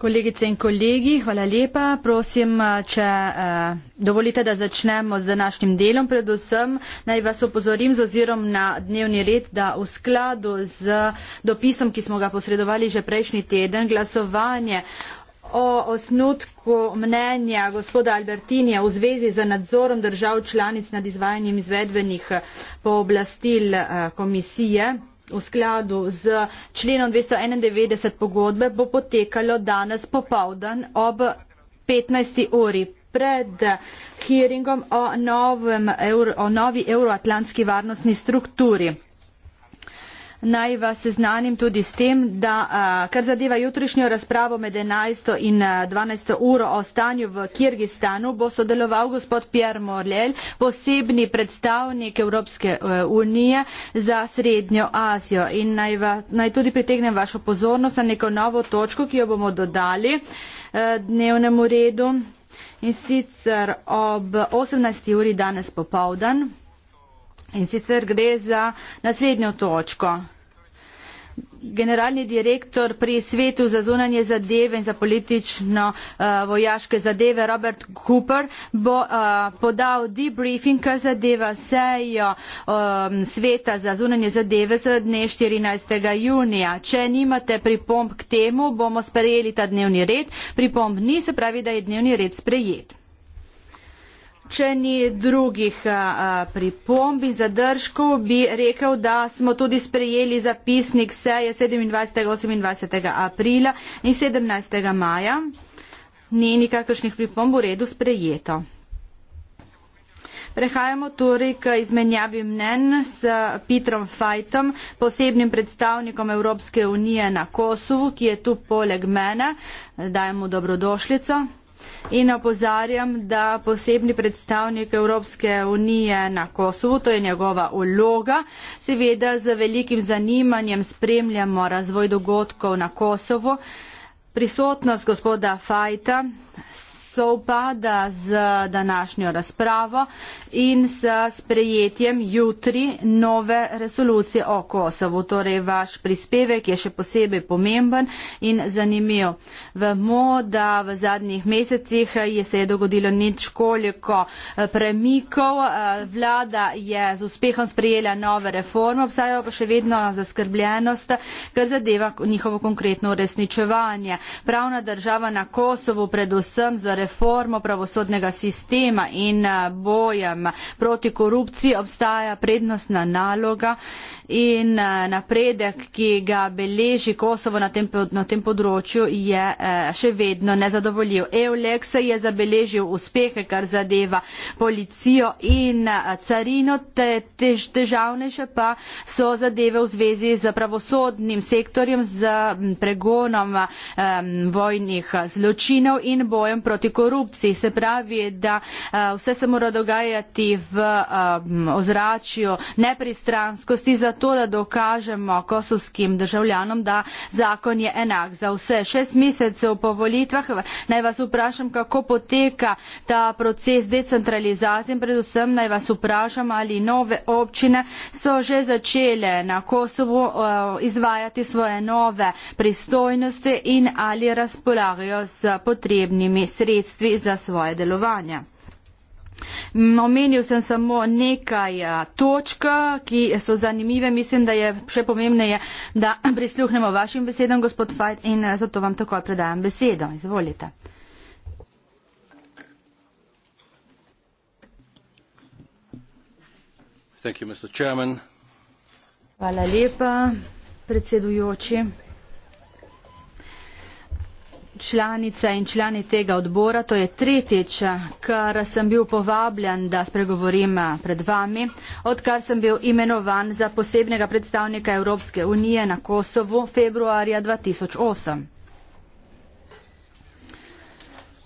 Kolegice in kolegi, hvala lepa. Prosim, eh, če eh, dovolite, da začnemo z današnjim delom. Predvsem naj vas opozorim z ozirom na dnevni red, da v skladu z dopisom, ki smo ga posredovali že prejšnji teden, glasovanje o osnutku mnenja gospoda Albertinija v zvezi z nadzorom držav članic nad izvajanjem izvedbenih pooblastil eh, komisije v skladu z členom 291 pogodbe bo potekalo danes popovdan ob 15. uri pred hearingom o, novem, o novi euroatlantski varnostni strukturi naj vas seznanim tudi s tem, da kar zadeva jutrišnjo razpravo med 11. in 12. uro o stanju v Kirgistanu, bo sodeloval gospod Pierre Morlel, posebni predstavnik Evropske e, unije za Srednjo Azijo. In naj, va, naj tudi pritegnem vašo pozornost na neko novo točko, ki jo bomo dodali e, dnevnemu redu. In sicer ob 18. uri danes popovdan. In sicer gre za naslednjo točko. Generalni direktor pri svetu za zunanje zadeve in za politično uh, vojaške zadeve Robert Cooper bo uh, podal debriefing, kar zadeva sejo um, sveta za zunanje zadeve z dne 14. junija. Če nimate pripomb k temu, bomo sprejeli ta dnevni red. Pripomb ni, se pravi, da je dnevni red sprejet. Če ni drugih pripomb in zadržkov, bi rekel, da smo tudi sprejeli zapisnik seje 27. in 28. aprila in 17. maja. Ni nikakršnih pripomb v redu sprejeto. Prehajamo torej k izmenjavi mnen s Petrom Fajtom, posebnim predstavnikom Evropske unije na Kosovu, ki je tu poleg mene. Dajemo dobrodošlico in opozarjam, da posebni predstavnik Evropske unije na Kosovu, to je njegova uloga, seveda z velikim zanimanjem spremljamo razvoj dogodkov na Kosovu. Prisotnost gospoda Fajta sovpada z današnjo razpravo in s sprejetjem jutri nove resolucije o Kosovu. Torej, vaš prispevek je še posebej pomemben in zanimiv. Vemo, da v zadnjih mesecih je se je dogodilo nič koliko eh, premikov. Eh, vlada je z uspehom sprejela nove reforme, obstajajo pa še vedno zaskrbljenost, kar zadeva njihovo konkretno uresničevanje. Pravna država na Kosovu predvsem zaradi reformo pravosodnega sistema in eh, bojem proti korupciji obstaja prednostna naloga in eh, napredek, ki ga beleži Kosovo na tem, na tem področju, je eh, še vedno nezadovoljiv. EULEX je zabeležil uspehe, kar zadeva policijo in carino, te tež, težavnejše pa so zadeve v zvezi z pravosodnim sektorjem, z pregonom um, vojnih zločinov in bojem proti korupciji, se pravi, da eh, vse se mora dogajati v eh, ozračju nepristranskosti, zato da dokažemo kosovskim državljanom, da zakon je enak za vse. Šest mesecev po volitvah, naj vas vprašam, kako poteka ta proces decentralizacije in predvsem naj vas vprašam, ali nove občine so že začele na Kosovo eh, izvajati svoje nove pristojnosti in ali razpolagajo s potrebnimi sredstvi sredstvi za svoje delovanje. Omenil sem samo nekaj točk, ki so zanimive. Mislim, da je še pomembneje, da prisluhnemo vašim besedam, gospod Fajt, in zato vam takoj predajam besedo. Izvolite. Hvala lepa, predsedujoči članica in člani tega odbora. To je tretjič, kar sem bil povabljen, da spregovorim pred vami, odkar sem bil imenovan za posebnega predstavnika Evropske unije na Kosovu februarja 2008.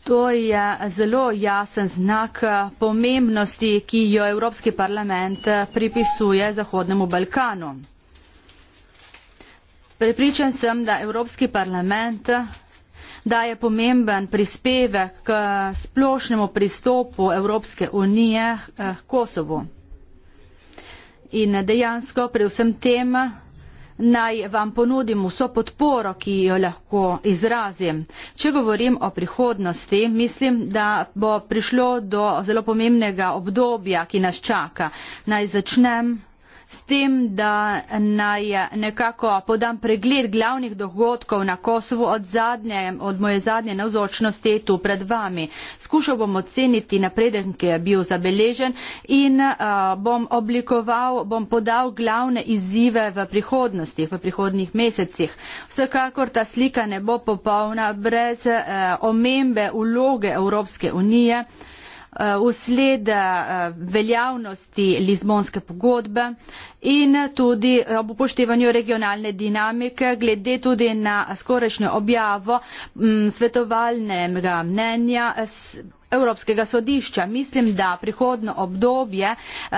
To je zelo jasen znak pomembnosti, ki jo Evropski parlament pripisuje Zahodnemu Balkanu. Pripričan sem, da Evropski parlament daje pomemben prispevek k splošnemu pristopu Evropske unije k eh, Kosovu. In dejansko pri vsem tem naj vam ponudim vso podporo, ki jo lahko izrazim. Če govorim o prihodnosti, mislim, da bo prišlo do zelo pomembnega obdobja, ki nas čaka. Naj začnem s tem, da naj nekako podam pregled glavnih dogodkov na Kosovo od, zadnje, od moje zadnje navzočnosti tu pred vami. Skušal bom oceniti napredek, ki je bil zabeležen in uh, bom oblikoval, bom podal glavne izzive v prihodnosti, v prihodnih mesecih. Vsekakor ta slika ne bo popolna brez uh, omembe uloge Evropske unije usled eh, veljavnosti Lizbonske pogodbe in tudi ob upoštevanju regionalne dinamike, glede tudi na skorešnjo objavo mm, svetovalnega mnenja Evropskega sodišča. Mislim, da prihodno obdobje eh,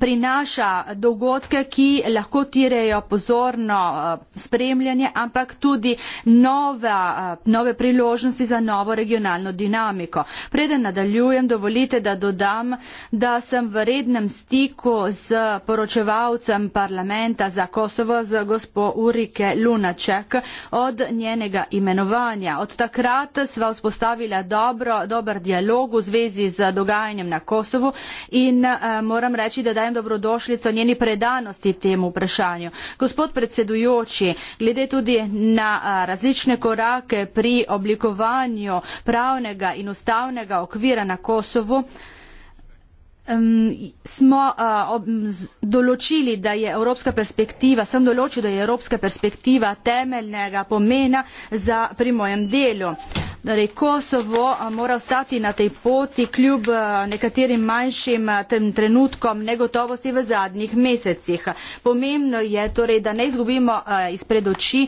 prinaša dogodke, ki lahko tirejo pozorno eh, spremljanje, ampak tudi nove, eh, nove priložnosti za novo regionalno dinamiko. Preden nadaljujem, dovolite, da dodam, da sem v rednem stiku z poročevalcem parlamenta za Kosovo, z gospo Urike Lunaček, od njenega imenovanja. Od takrat sva vzpostavila dobro, dober dialog dialogu v zvezi z dogajanjem na Kosovu in eh, moram reči, da dajem dobrodošljico njeni predanosti temu vprašanju. Gospod predsedujoči, glede tudi na eh, različne korake pri oblikovanju pravnega in ustavnega okvira na Kosovu, Um, smo uh, ob, z, določili, da je evropska perspektiva, sem določil, da je evropska perspektiva temeljnega pomena za, pri mojem delu. Uh, Torej, Kosovo mora ostati na tej poti kljub eh, nekaterim manjšim eh, tem trenutkom negotovosti v zadnjih mesecih. Pomembno je torej, da ne izgubimo eh, izpred oči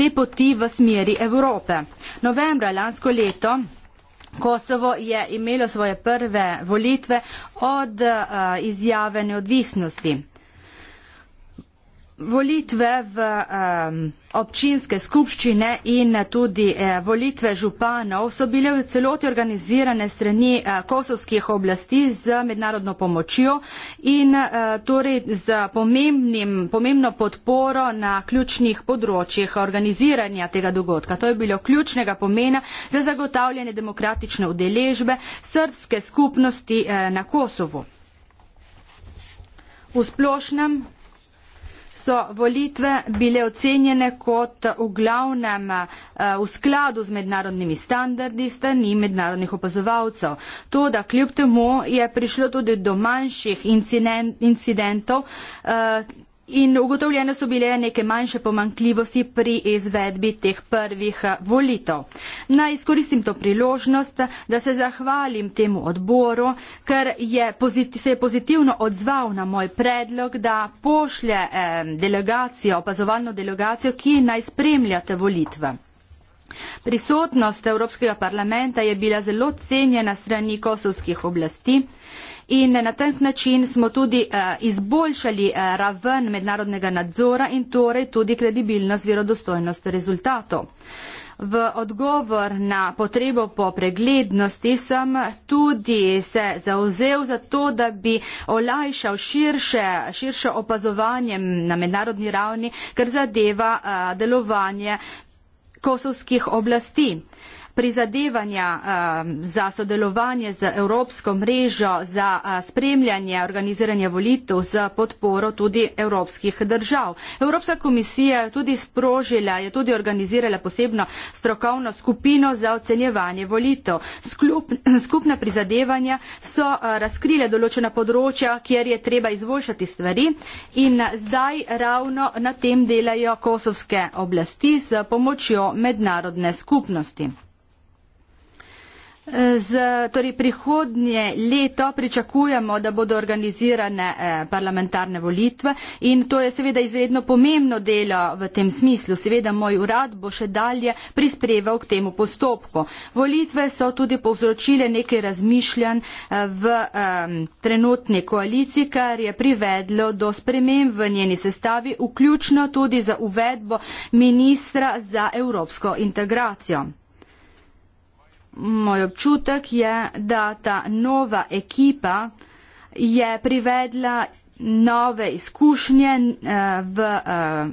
te poti v smeri Evrope. Novembra lansko leto Kosovo je imelo svoje prve volitve od izjave neodvisnosti volitve v um, občinske skupščine in tudi uh, volitve županov so bile v celoti organizirane strani uh, kosovskih oblasti z mednarodno pomočjo in uh, torej z pomembno podporo na ključnih področjih organiziranja tega dogodka. To je bilo ključnega pomena za zagotavljanje demokratične udeležbe srpske skupnosti uh, na Kosovu. V splošnem so volitve bile ocenjene kot v glavnem eh, v skladu z mednarodnimi standardi strani mednarodnih opazovalcev. To, da kljub temu je prišlo tudi do manjših incidentov, eh, In ugotovljene so bile neke manjše pomankljivosti pri izvedbi teh prvih eh, volitev. Naj izkoristim to priložnost, da se zahvalim temu odboru, ker je pozit se je pozitivno odzval na moj predlog, da pošlje eh, delegacijo, opazovalno delegacijo, ki naj spremljate volitve. Prisotnost Evropskega parlamenta je bila zelo cenjena strani kosovskih oblasti in na ta način smo tudi eh, izboljšali eh, raven mednarodnega nadzora in torej tudi kredibilnost, verodostojnost rezultatov. V odgovor na potrebo po preglednosti sem tudi se zauzel za to, da bi olajšal širše, širše opazovanje na mednarodni ravni, ker zadeva eh, delovanje kosovskih oblasti prizadevanja um, za sodelovanje z Evropsko mrežo za uh, spremljanje organiziranja volitev z podporo tudi evropskih držav. Evropska komisija je tudi sprožila, je tudi organizirala posebno strokovno skupino za ocenjevanje volitev. Skupna prizadevanja so uh, razkrile določena področja, kjer je treba izboljšati stvari in zdaj ravno na tem delajo kosovske oblasti s pomočjo mednarodne skupnosti. Z, torej prihodnje leto pričakujemo, da bodo organizirane eh, parlamentarne volitve in to je seveda izredno pomembno delo v tem smislu. Seveda moj urad bo še dalje prispreval k temu postopku. Volitve so tudi povzročile nekaj razmišljanj eh, v um, trenutni koaliciji, kar je privedlo do sprememb v njeni sestavi, vključno tudi za uvedbo ministra za evropsko integracijo moj občutek je, da ta nova ekipa je privedla nove izkušnje eh, v eh,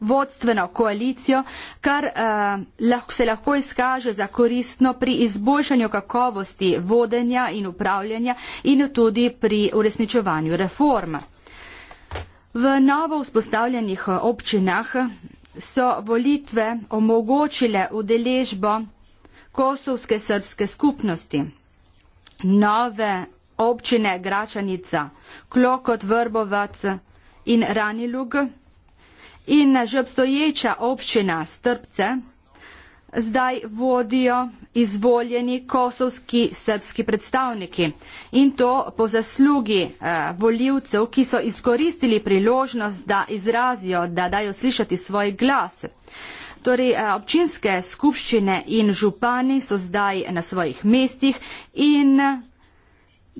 vodstveno koalicijo, kar eh, se lahko izkaže za koristno pri izboljšanju kakovosti vodenja in upravljanja in tudi pri uresničevanju reform. V novo vzpostavljenih občinah so volitve omogočile udeležbo kosovske srpske skupnosti. Nove občine Gračanica, Klokot Vrbovac in Ranilug in že obstoječa občina Strpce zdaj vodijo izvoljeni kosovski srpski predstavniki in to po zaslugi eh, voljivcev, ki so izkoristili priložnost, da izrazijo, da dajo slišati svoj glas. Eh, Torej, eh, občinske skupščine in župani so zdaj na svojih mestih in eh,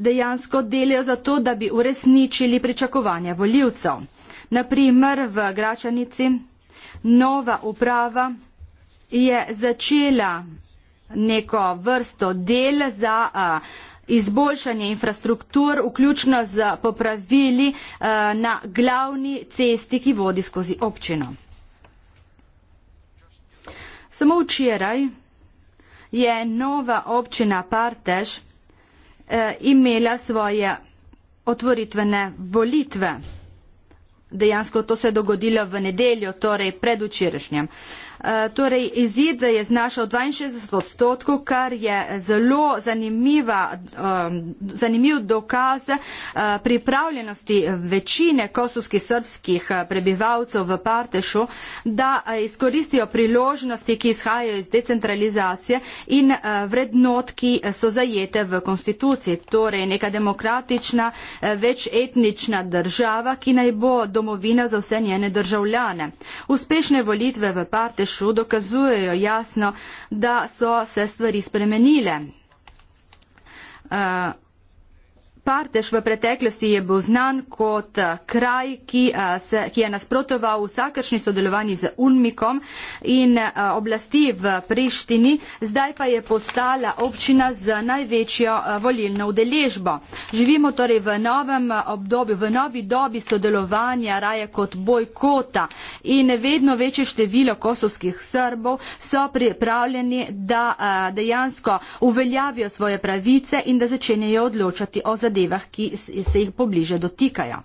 dejansko delijo za to, da bi uresničili pričakovanja voljivcev. Naprimer, v Gračanici nova uprava je začela neko vrsto del za a, eh, izboljšanje infrastruktur, vključno z popravili a, na glavni cesti, ki vodi skozi občino. Samo včeraj je nova občina Partež eh, imela svoje otvoritvene volitve. Dejansko to se je dogodilo v nedeljo, torej predvčerajšnjem. Eh, Eh, torej izid je znašal 62 odstotkov, kar je zelo zanimiva, ehm, zanimiv dokaz eh, pripravljenosti večine kosovskih srbskih eh, prebivalcev v Partešu, da izkoristijo priložnosti, ki izhajajo iz decentralizacije in vrednot, ki so zajete v konstituciji. Torej neka demokratična, večetnična država, ki naj bo domovina za vse njene državljane. Uspešne volitve v Partešu Marsovšu dokazujejo jasno, da so se stvari spremenile. Uh, Partež v preteklosti je bil znan kot eh, kraj, ki, eh, se, ki je nasprotoval vsakršni sodelovanji z Unmikom in eh, oblasti v Prištini, zdaj pa je postala občina z največjo volilno udeležbo. Živimo torej v novem obdobju, v novi dobi sodelovanja raje kot bojkota in vedno večje število kosovskih Srbov so pripravljeni, da dejansko uveljavijo svoje pravice in da začenjajo odločati o zadevah zadevah, ki se jih pobliže dotikajo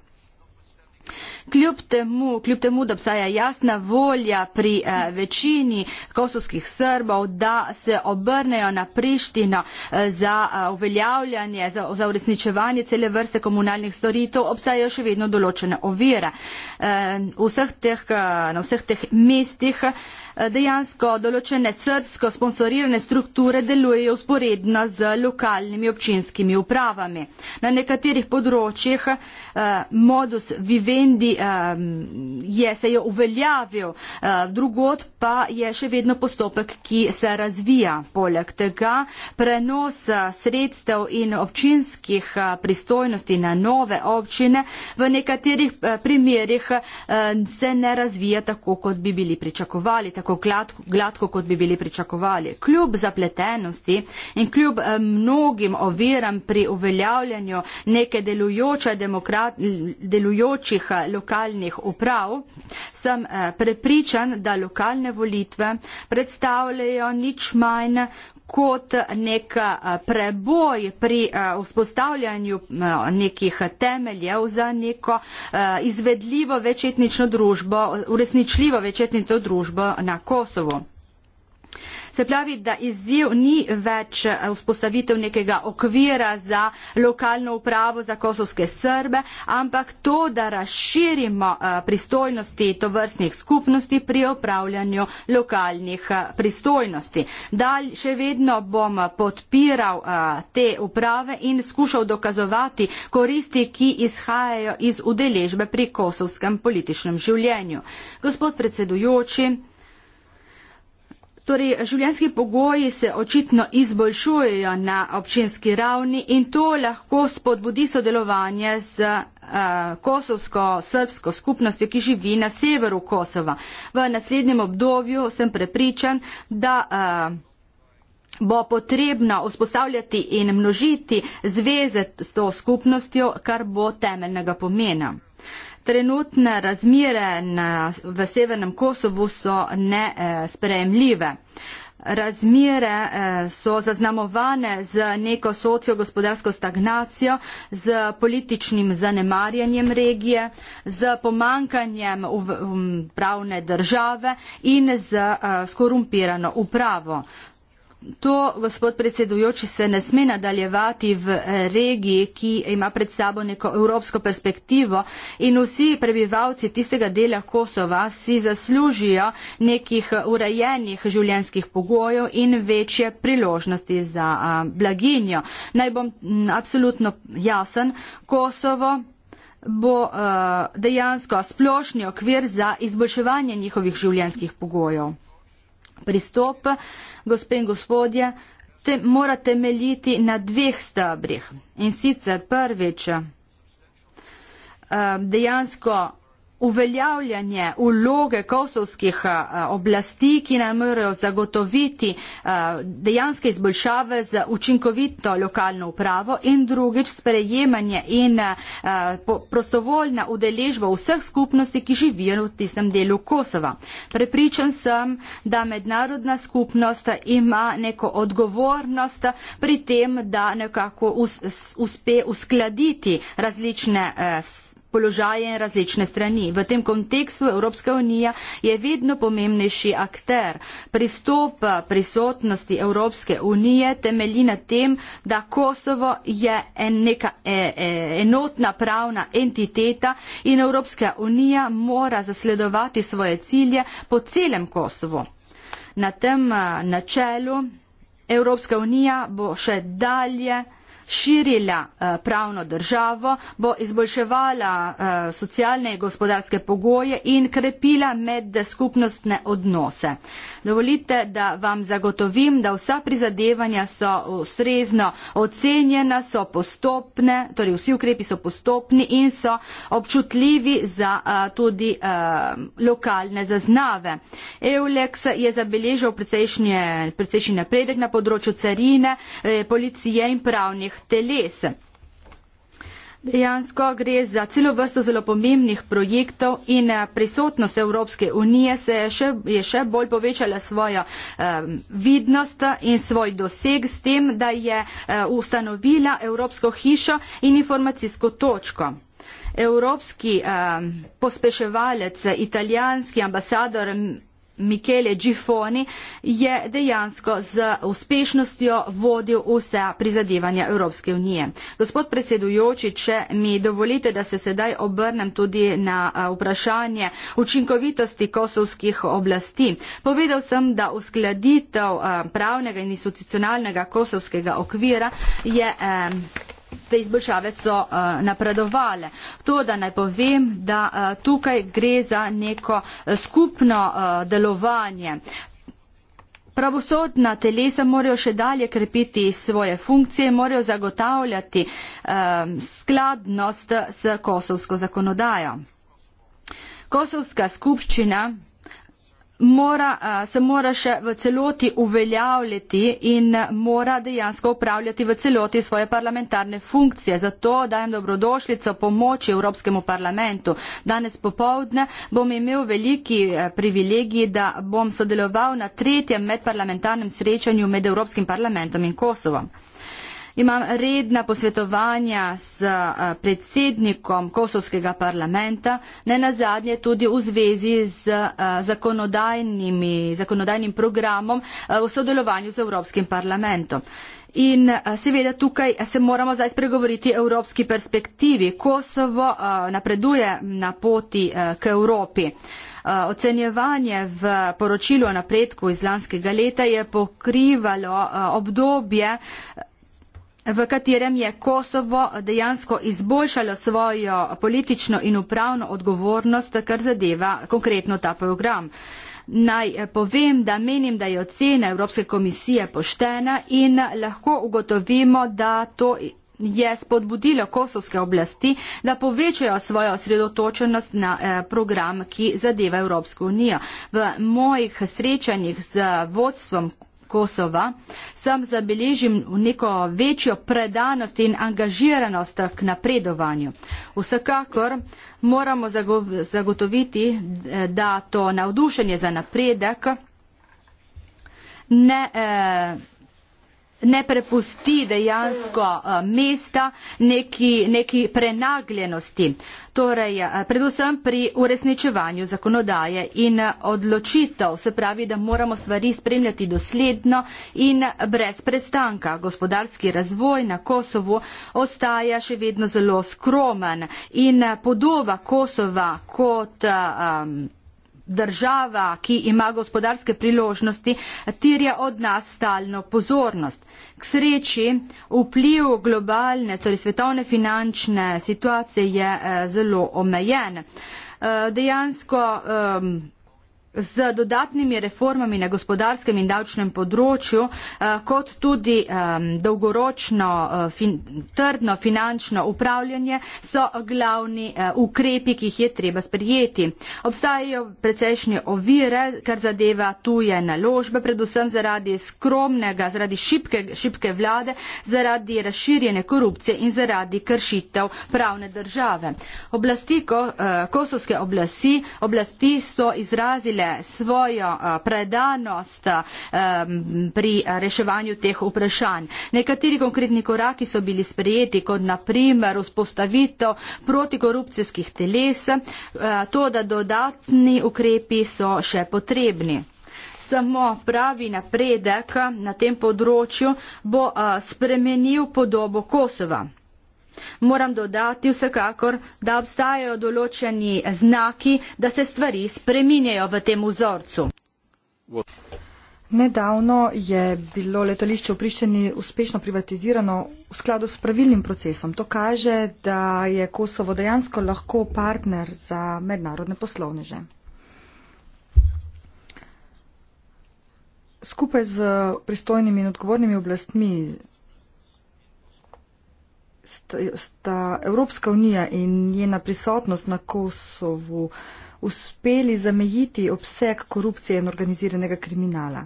kljub temu, kljub temu, da obstaja jasna volja pri eh, večini kosovskih Srbov, da se obrnejo na Prištino eh, za eh, uveljavljanje, za, za uresničevanje cele vrste komunalnih storitev, obstajajo še vedno določene ovire. Eh, vseh teh, eh, na vseh teh mestih eh, dejansko določene srbsko sponsorirane strukture delujejo usporedno z lokalnimi občinskimi upravami. Na nekaterih področjih eh, modus vivendi um, je, se je uveljavil, uh, drugot pa je še vedno postopek, ki se razvija. Poleg tega prenos uh, sredstev in občinskih uh, pristojnosti na nove občine v nekaterih uh, primerjih uh, se ne razvija tako, kot bi bili pričakovali, tako gladko, gladko kot bi bili pričakovali. Kljub zapletenosti in kljub mnogim oviram pri uveljavljanju neke delujoče demokrat, delujočih lokalnosti, lokalnih uprav, sem eh, prepričan, da lokalne volitve predstavljajo nič manj kot nek eh, preboj pri eh, vzpostavljanju nekih temeljev za neko izvedljivo večetnično družbo, uresničljivo večetnično družbo na Kosovo. Se pravi, da izziv ni več eh, vzpostavitev nekega okvira za lokalno upravo za kosovske srbe, ampak to, da razširimo eh, pristojnosti to vrstnih skupnosti pri upravljanju lokalnih eh, pristojnosti. Dalj še vedno bom podpiral te uprave in skušal dokazovati koristi, ki izhajajo iz udeležbe pri kosovskem političnem življenju. Gospod predsedujoči, Torej, življenski pogoji se očitno izboljšujejo na občinski ravni in to lahko spodbudi sodelovanje z eh, kosovsko-srbsko skupnostjo, ki živi na severu Kosova. V naslednjem obdobju sem prepričan, da eh, bo potrebno vzpostavljati in množiti zveze s to skupnostjo, kar bo temeljnega pomena trenutne razmire na, v severnem Kosovu so nesprejemljive. Eh, razmere eh, so zaznamovane z neko sociogospodarsko stagnacijo, z političnim zanemarjanjem regije, z pomankanjem pravne države in z eh, skorumpirano upravo. To, gospod predsedujoči, se ne sme nadaljevati v eh, regiji, ki ima pred sabo neko evropsko perspektivo in vsi prebivalci tistega dela Kosova si zaslužijo nekih eh, urejenih življenskih pogojev in večje priložnosti za eh, blaginjo. Naj bom absolutno jasen, Kosovo bo uh, dejansko splošni okvir za izboljševanje njihovih življenskih pogojev pristop, gospe in gospodje, te mora temeljiti na dveh stabrih. In sicer prvič, eh, dejansko uveljavljanje vloge kosovskih oblasti, ki naj morajo zagotoviti dejanske izboljšave z učinkovito lokalno upravo in drugič sprejemanje in prostovoljna udeležba vseh skupnosti, ki živijo v tistem delu Kosova. Prepričan sem, da mednarodna skupnost ima neko odgovornost pri tem, da nekako uspe uskladiti različne skupnosti položaje in različne strani. V tem kontekstu Evropska unija je vedno pomembnejši akter. Pristop eh, prisotnosti Evropske unije temelji na tem, da Kosovo je en neka e, e, enotna pravna entiteta in Evropska unija mora zasledovati svoje cilje po celem Kosovo. Na tem eh, načelu Evropska unija bo še dalje širila eh, pravno državo, bo izboljševala eh, socialne in gospodarske pogoje in krepila medskupnostne odnose. Dovolite, da vam zagotovim, da vsa prizadevanja so ustrezno ocenjena, so postopne, torej vsi ukrepi so postopni in so občutljivi za eh, tudi lokalne zaznave. EULEX je zabeležil precejšnji napredek na področju carine, policije in pravnih teles. Dejansko gre za celo vrsto zelo pomembnih projektov in eh, prisotnost Evropske unije se je še, je še bolj povečala svojo um, vidnost in svoj doseg s tem, da je uh, ustanovila Evropsko hišo in informacijsko točko. Evropski um, pospeševalec, italijanski ambasador Michele Giffoni je dejansko z uspešnostjo vodil vse prizadevanja Evropske unije. Gospod predsedujoči, če mi dovolite, da se sedaj obrnem tudi na vprašanje učinkovitosti kosovskih oblasti. Povedal sem, da uskladitev pravnega in institucionalnega kosovskega okvira je te izboljšave so uh, napredovale. To, da naj povem, da uh, tukaj gre za neko eh, skupno uh, delovanje. Pravosodna telesa morajo še dalje krepiti svoje funkcije, morajo zagotavljati um, skladnost s kosovsko zakonodajo. Kosovska skupščina mora, se mora še v celoti uveljavljati in mora dejansko upravljati v celoti svoje parlamentarne funkcije. Zato dajem dobrodošljico pomoči Evropskemu parlamentu. Danes popovdne bom imel veliki privilegiji, da bom sodeloval na tretjem medparlamentarnem srečanju med Evropskim parlamentom in Kosovom. Imam redna posvetovanja s eh, predsednikom kosovskega parlamenta, ne nazadnje tudi v zvezi z eh, zakonodajnim programom eh, v sodelovanju z Evropskim parlamentom. In seveda tukaj se moramo zdaj spregovoriti o evropski perspektivi. Kosovo napreduje na poti k Evropi. Ocenjevanje v poročilu o napredku iz lanskega leta je pokrivalo obdobje v katerem je Kosovo dejansko izboljšalo svojo politično in upravno odgovornost, kar zadeva konkretno ta program. Naj eh, povem, da menim, da je ocena Evropske komisije poštena in lahko ugotovimo, da to je spodbudilo kosovske oblasti, da povečajo svojo sredotočenost na eh, program, ki zadeva Evropsko unijo. V mojih srečanjih z vodstvom Kosova, sam zabeležim neko večjo predanost in angažiranost k napredovanju. Vsekakor moramo zagotoviti, da to navdušenje za napredek ne. Eh, ne prepusti dejansko eh, mesta neki, neki prenagljenosti, torej eh, predvsem pri uresničevanju zakonodaje in eh, odločitev, se pravi, da moramo stvari spremljati dosledno in brez prestanka. Gospodarski razvoj na Kosovu ostaja še vedno zelo skromen in podoba Kosova kot um, država, ki ima gospodarske priložnosti, tirja od nas stalno pozornost. K sreči vpliv globalne, torej svetovne finančne situacije je eh, zelo omejen. Eh, dejansko ehm, z dodatnimi reformami na gospodarskem in davčnem področju, eh, kot tudi dolgoročno eh, fin, trdno finančno upravljanje so glavni eh, ukrepi, ki jih je treba sprijeti. Obstajajo precejšnje ovire, kar zadeva tuje naložbe, predvsem zaradi skromnega, zaradi šipke, šipke vlade, zaradi razširjene korupcije in zaradi kršitev pravne države. Oblasti, ko, kosovske oblasti, oblasti so izrazile pokazale svojo eh, predanost eh, pri reševanju teh vprašanj. Nekateri konkretni koraki so bili sprejeti, kot naprimer vzpostavitev protikorupcijskih teles, eh, to, da dodatni ukrepi so še potrebni. Samo pravi napredek na tem področju bo spremenil podobo Kosova. Moram dodati vsekakor, da obstajajo določeni znaki, da se stvari spreminjajo v tem vzorcu. Nedavno je bilo letališče v Prištini uspešno privatizirano v skladu s pravilnim procesom. To kaže, da je Kosovo dejansko lahko partner za mednarodne poslovneže. Skupaj z pristojnimi in odgovornimi oblastmi sta, sta Evropska unija in njena prisotnost na Kosovu uspeli zamejiti obseg korupcije in organiziranega kriminala.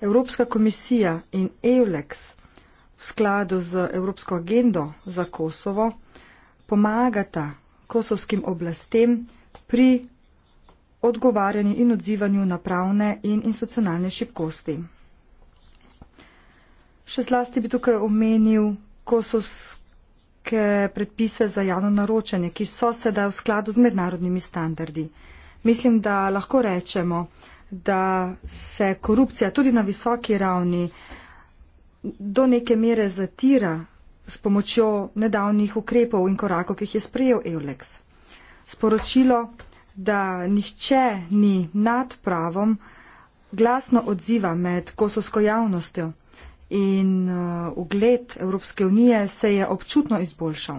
Evropska komisija in EULEX v skladu z Evropsko agendo za Kosovo pomagata kosovskim oblastem pri odgovarjanju in odzivanju na pravne in institucionalne šibkosti. Še zlasti bi tukaj omenil kosovsko evropske eh, predpise za javno naročanje, ki so sedaj v skladu z mednarodnimi standardi. Mislim, da lahko rečemo, da se korupcija tudi na visoki ravni do neke mere zatira s pomočjo nedavnih ukrepov in korakov, ki jih je sprejel Eulex. Sporočilo, da nihče ni nad pravom, glasno odziva med kosovsko javnostjo in uh, ugled Evropske unije se je občutno izboljšal.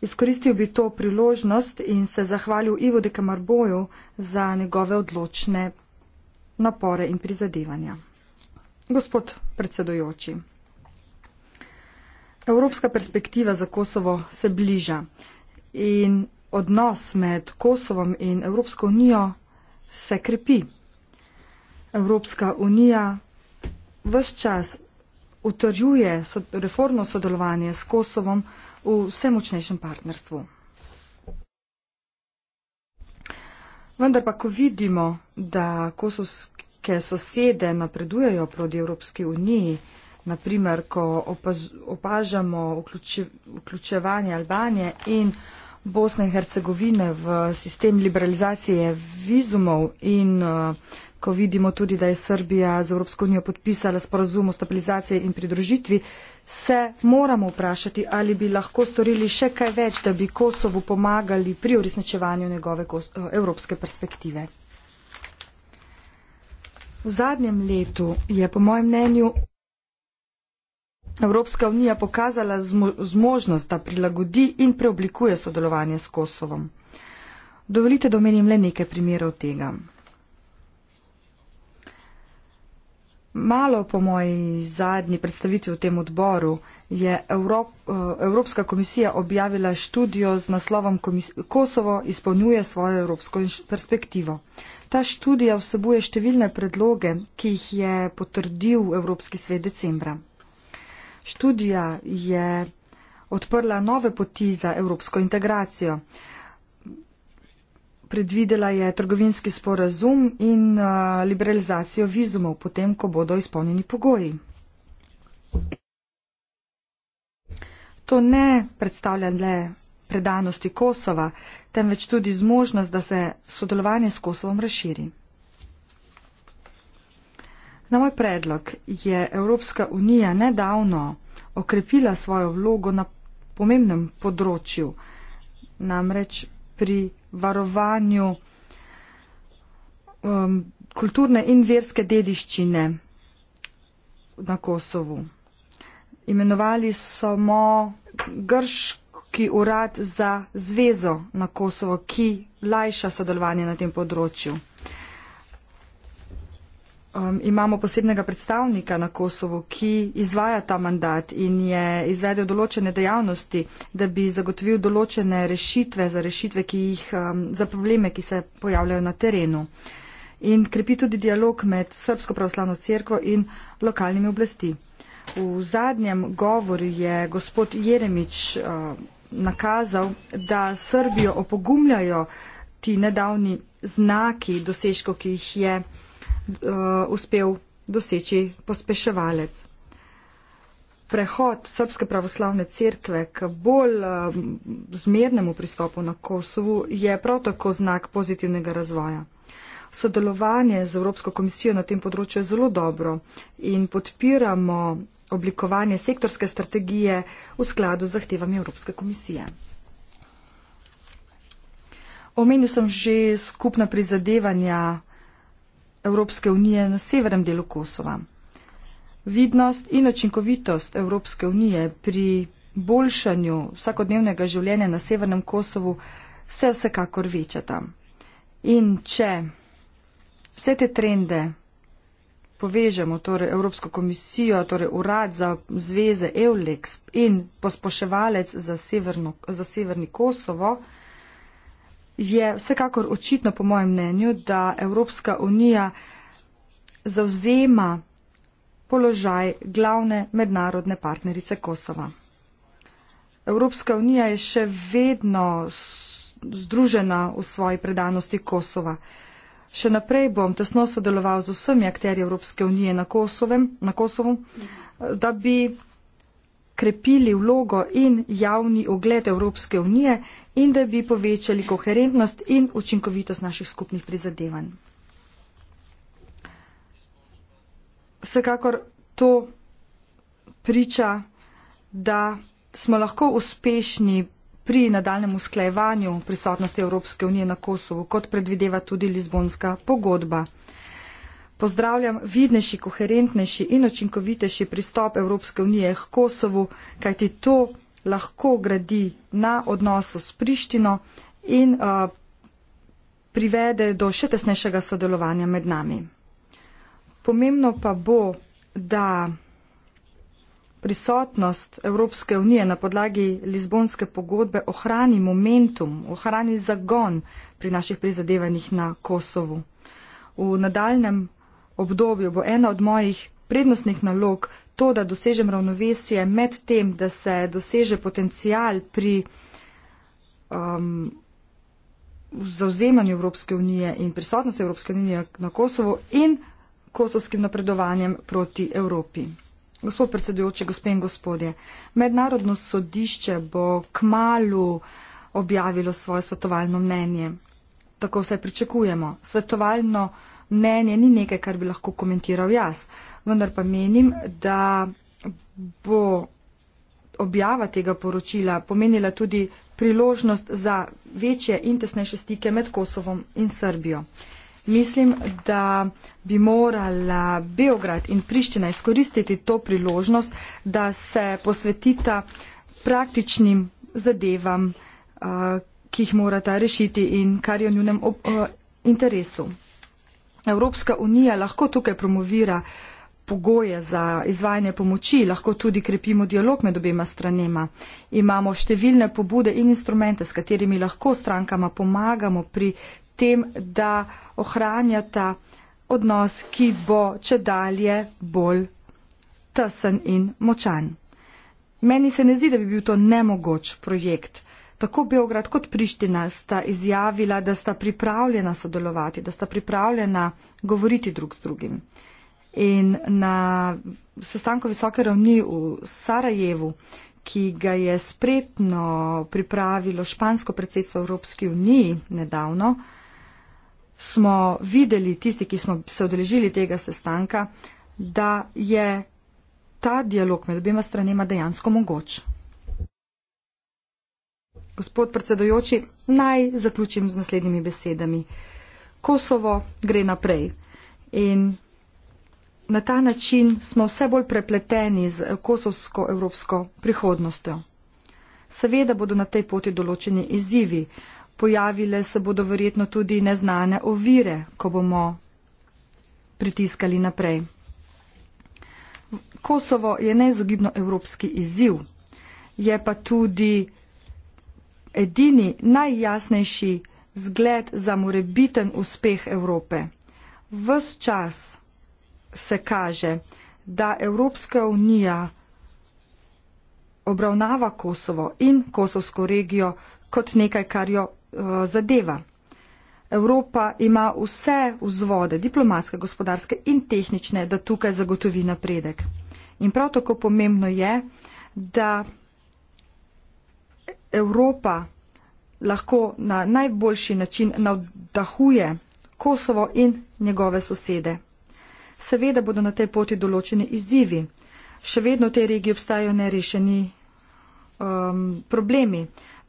Izkoristil bi to priložnost in se zahvalil Ivo de Camarboju za njegove odločne napore in prizadevanja. Gospod predsedujoči, evropska perspektiva za Kosovo se bliža in odnos med Kosovom in Evropsko unijo se krepi. Evropska unija vse čas utrjuje reformno sodelovanje s Kosovom v vse močnejšem partnerstvu. Vendar pa, ko vidimo, da kosovske sosede napredujejo proti Evropski uniji, naprimer, ko opažamo vključevanje Albanije in Bosne in Hercegovine v sistem liberalizacije vizumov in ko vidimo tudi, da je Srbija z Evropsko unijo podpisala sporazum o stabilizaciji in pridružitvi, se moramo vprašati, ali bi lahko storili še kaj več, da bi Kosovu pomagali pri uresničevanju njegove eh, evropske perspektive. V zadnjem letu je, po mojem mnenju, Evropska unija pokazala zmožnost, da prilagodi in preoblikuje sodelovanje s Kosovom. Dovolite, da omenim le nekaj primerov tega. Malo po moji zadnji predstavitvi v tem odboru je Evrop, eh, Evropska komisija objavila študijo z naslovom Kosovo izpolnjuje svojo evropsko perspektivo. Ta študija vsebuje številne predloge, ki jih je potrdil Evropski svet decembra. Študija je odprla nove poti za evropsko integracijo predvidela je trgovinski sporazum in uh, liberalizacijo vizumov, potem, ko bodo izpolnjeni pogoji. To ne predstavlja le predanosti Kosova, temveč tudi zmožnost, da se sodelovanje s Kosovom razširi. Na moj predlog je Evropska unija nedavno okrepila svojo vlogo na pomembnem področju, namreč pri varovanju um, kulturne in verske dediščine na Kosovu. Imenovali smo grški urad za zvezo na Kosovo, ki lajša sodelovanje na tem področju. Um, imamo posebnega predstavnika na Kosovo, ki izvaja ta mandat in je izvedel določene dejavnosti, da bi zagotovil določene rešitve za rešitve, ki jih um, za probleme, ki se pojavljajo na terenu. In krepi tudi dialog med Srpsko pravoslavno crkvo in lokalnimi oblasti. V zadnjem govoru je gospod Jeremič uh, nakazal, da Srbijo opogumljajo ti nedavni znaki dosežkov, ki jih je uh, uspel doseči pospeševalec. Prehod Srpske pravoslavne cerkve k bolj uh, zmernemu pristopu na Kosovo je prav tako znak pozitivnega razvoja. Sodelovanje z Evropsko komisijo na tem področju je zelo dobro in podpiramo oblikovanje sektorske strategije v skladu z zahtevami Evropske komisije. Omenil sem že skupna prizadevanja Evropske unije na severnem delu Kosova. Vidnost in očinkovitost Evropske unije pri boljšanju vsakodnevnega življenja na severnem Kosovu se vsekakor večata. In če vse te trende povežemo, torej Evropsko komisijo, torej urad za zveze Eulex in posploševalec za, za severni Kosovo, je vsekakor očitno, po mojem mnenju, da Evropska unija zavzema položaj glavne mednarodne partnerice Kosova. Evropska unija je še vedno združena v svoji predanosti Kosova. Še naprej bom tesno sodeloval z vsemi akteri Evropske unije na Kosovem, na Kosovu, da bi krepili vlogo in javni ogled Evropske unije in da bi povečali koherentnost in učinkovitost naših skupnih prizadevanj. Vsekakor to priča, da smo lahko uspešni pri nadaljem usklajevanju prisotnosti Evropske unije na Kosovo, kot predvideva tudi Lizbonska pogodba. Pozdravljam vidnejši, koherentnejši in očinkovitejši pristop Evropske unije k Kosovu, kajti to lahko gradi na odnosu s Prištino in uh, privede do še tesnejšega sodelovanja med nami. Pomembno pa bo, da prisotnost Evropske unije na podlagi Lizbonske pogodbe ohrani momentum, ohrani zagon pri naših prizadevanjih na Kosovu. V nadaljem obdobju bo ena od mojih prednostnih nalog to, da dosežem ravnovesje med tem, da se doseže potencial pri um, zauzemanju Evropske unije in prisotnosti Evropske unije na Kosovo in kosovskim napredovanjem proti Evropi. Gospod predsedujoče, gospe in gospodje, mednarodno sodišče bo k malu objavilo svoje svetovalno mnenje. Tako vse pričakujemo. Svetovalno mnenje mnenje ni nekaj, kar bi lahko komentiral jaz. Vendar pa menim, da bo objava tega poročila pomenila tudi priložnost za večje in tesnejše stike med Kosovom in Srbijo. Mislim, da bi morala Beograd in Priština izkoristiti to priložnost, da se posvetita praktičnim zadevam, eh, ki jih morata rešiti in kar je v njunem eh, interesu. Evropska unija lahko tukaj promovira pogoje za izvajanje pomoči, lahko tudi krepimo dialog med obema stranema. Imamo številne pobude in instrumente, s katerimi lahko strankama pomagamo pri tem, da ohranjata odnos, ki bo če dalje bolj tesen in močan. Meni se ne zdi, da bi bil to nemogoč projekt. Tako Beograd kot Priština sta izjavila, da sta pripravljena sodelovati, da sta pripravljena govoriti drug z drugim. In na sestanku visoke ravni v Sarajevu, ki ga je spretno pripravilo špansko predsedstvo Evropske unije nedavno, smo videli, tisti, ki smo se odeležili tega sestanka, da je ta dialog med obima stranima dejansko mogoč. Gospod predsedujoči, naj zaključim z naslednjimi besedami. Kosovo gre naprej in na ta način smo vse bolj prepleteni z kosovsko-evropsko prihodnostjo. Seveda bodo na tej poti določeni izzivi, pojavile se bodo verjetno tudi neznane ovire, ko bomo pritiskali naprej. Kosovo je neizogibno evropski izziv, je pa tudi edini najjasnejši zgled za morebiten uspeh Evrope. Ves čas se kaže, da Evropska unija obravnava Kosovo in kosovsko regijo kot nekaj, kar jo uh, zadeva. Evropa ima vse vzvode, diplomatske, gospodarske in tehnične, da tukaj zagotovi napredek. In prav tako pomembno je, da Evropa lahko na najboljši način navdahuje Kosovo in njegove sosede. Seveda bodo na tej poti določeni izzivi. Še vedno v tej regiji obstajajo nerešeni um, problemi,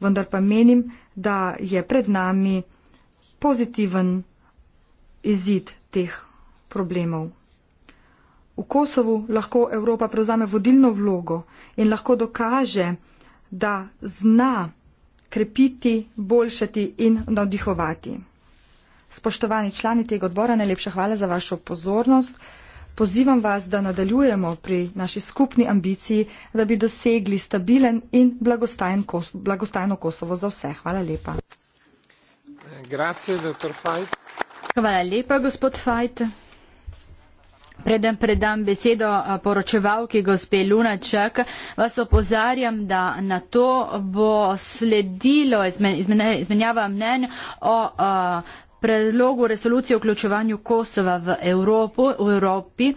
vendar pa menim, da je pred nami pozitiven izid teh problemov. V Kosovu lahko Evropa prevzame vodilno vlogo in lahko dokaže, da zna krepiti, boljšati in navdihovati. Spoštovani člani tega odbora, najlepša hvala za vašo pozornost. Pozivam vas, da nadaljujemo pri naši skupni ambiciji, da bi dosegli stabilen in blagostajen kos blagostajno Kosovo za vse. Hvala lepa. Grazie, Hvala lepa, gospod Fajt. Preden predam besedo poročevalki gospe Lunaček, vas opozarjam, da na to bo sledilo izmen, izmenjava mnen o a, predlogu resolucije o vključevanju Kosova v, Evropu, v Evropi.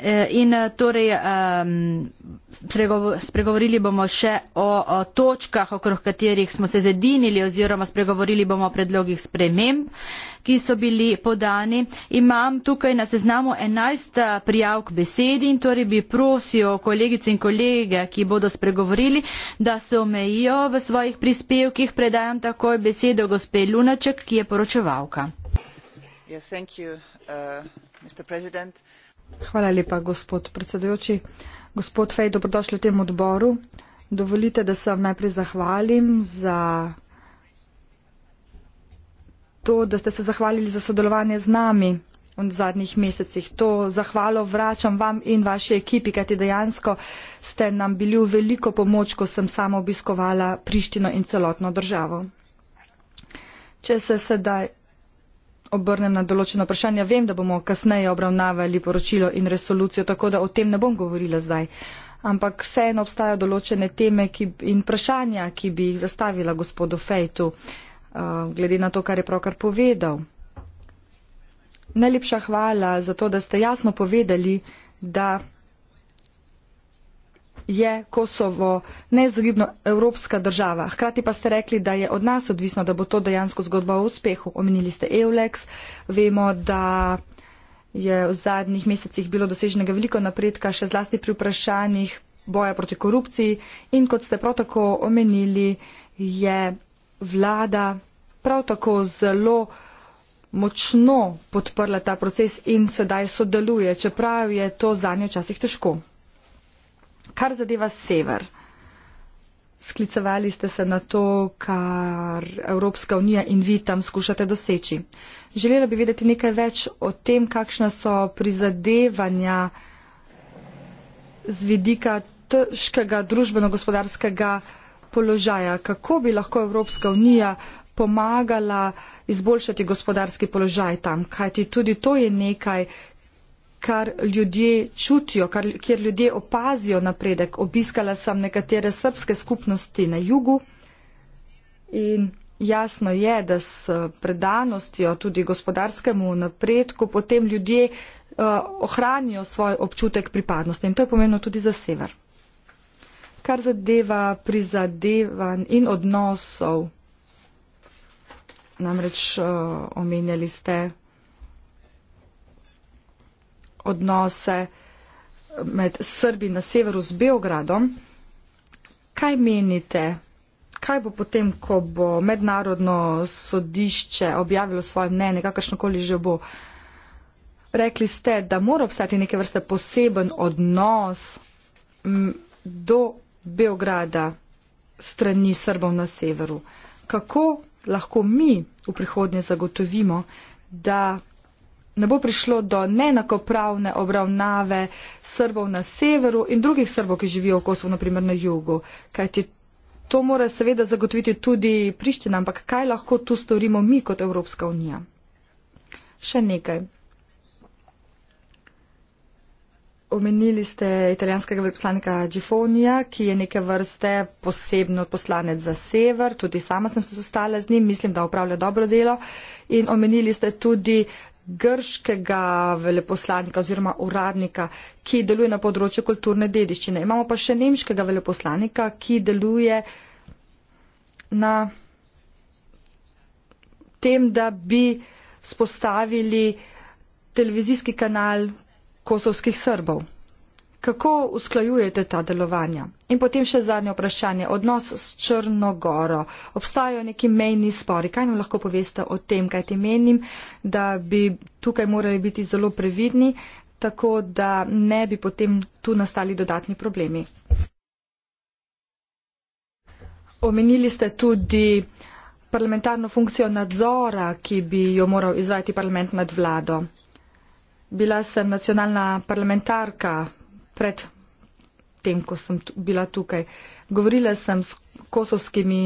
E, in e, torej um, spregovo, spregovorili bomo še o, o točkah, okrog katerih smo se zedinili oziroma spregovorili bomo o predlogih sprememb, ki so bili podani. Imam tukaj na seznamu 11 prijav k besedi in torej bi prosil kolegice in kolege, ki bodo spregovorili, da se omejijo v svojih prispevkih. Predajam takoj besedo gospe Lunaček, ki je poročevalka. Yes, thank you, uh, Hvala lepa, gospod predsedujoči. Gospod Fej, dobrodošli v tem odboru. Dovolite, da se vam najprej zahvalim za to, da ste se zahvalili za sodelovanje z nami v zadnjih mesecih. To zahvalo vračam vam in vaši ekipi, kajti dejansko ste nam bili v veliko pomoč, ko sem sama obiskovala Prištino in celotno državo. Če se sedaj obrnem na določeno vprašanje. Vem, da bomo kasneje obravnavali poročilo in resolucijo, tako da o tem ne bom govorila zdaj. Ampak vseeno obstajajo določene teme ki, in vprašanja, ki bi jih zastavila gospodu Fejtu, uh, glede na to, kar je pravkar povedal. Najlepša hvala za to, da ste jasno povedali, da je Kosovo neizogibno evropska država. Hkrati pa ste rekli, da je od nas odvisno, da bo to dejansko zgodba o uspehu. Omenili ste EULEX, vemo, da je v zadnjih mesecih bilo doseženega veliko napredka, še zlasti pri vprašanjih boja proti korupciji in kot ste prav tako omenili, je vlada prav tako zelo močno podprla ta proces in sedaj sodeluje, čeprav je to zanje včasih težko kar zadeva sever. Sklicovali ste se na to, kar Evropska unija in vi tam skušate doseči. Želela bi vedeti nekaj več o tem, kakšna so prizadevanja z vidika težkega družbeno-gospodarskega položaja. Kako bi lahko Evropska unija pomagala izboljšati gospodarski položaj tam, kajti tudi to je nekaj, kar ljudje čutijo, kar, kjer ljudje opazijo napredek. Obiskala sem nekatere srpske skupnosti na jugu in jasno je, da s predanostjo tudi gospodarskemu napredku potem ljudje uh, ohranijo svoj občutek pripadnosti in to je pomembno tudi za sever. Kar zadeva prizadevanj in odnosov, namreč uh, omenjali ste odnose med Srbi na severu z Beogradom. Kaj menite, kaj bo potem, ko bo mednarodno sodišče objavilo svoje mnenje, kakršnokoli že bo? Rekli ste, da mora obstati neke vrste poseben odnos do Beograda strani Srbov na severu. Kako lahko mi v prihodnje zagotovimo, da ne bo prišlo do neenakopravne obravnave Srbov na severu in drugih Srbov, ki živijo v Kosovo, naprimer na jugu. Kajti to mora seveda zagotoviti tudi Priština, ampak kaj lahko tu storimo mi kot Evropska unija? Še nekaj. Omenili ste italijanskega veleposlanika Džifonija, ki je neke vrste posebno poslanec za sever. Tudi sama sem se sestala z njim, mislim, da upravlja dobro delo. In omenili ste tudi grškega veleposlanika oziroma uradnika, ki deluje na področju kulturne dediščine. Imamo pa še nemškega veleposlanika, ki deluje na tem, da bi spostavili televizijski kanal kosovskih Srbov. Kako usklajujete ta delovanja? In potem še zadnje vprašanje. Odnos s Črnogoro. Obstajajo neki mejni spori. Kaj nam lahko poveste o tem, kaj ti menim, da bi tukaj morali biti zelo previdni, tako da ne bi potem tu nastali dodatni problemi? Omenili ste tudi parlamentarno funkcijo nadzora, ki bi jo moral izvajati parlament nad vlado. Bila sem nacionalna parlamentarka pred tem, ko sem bila tukaj. Govorila sem s kosovskimi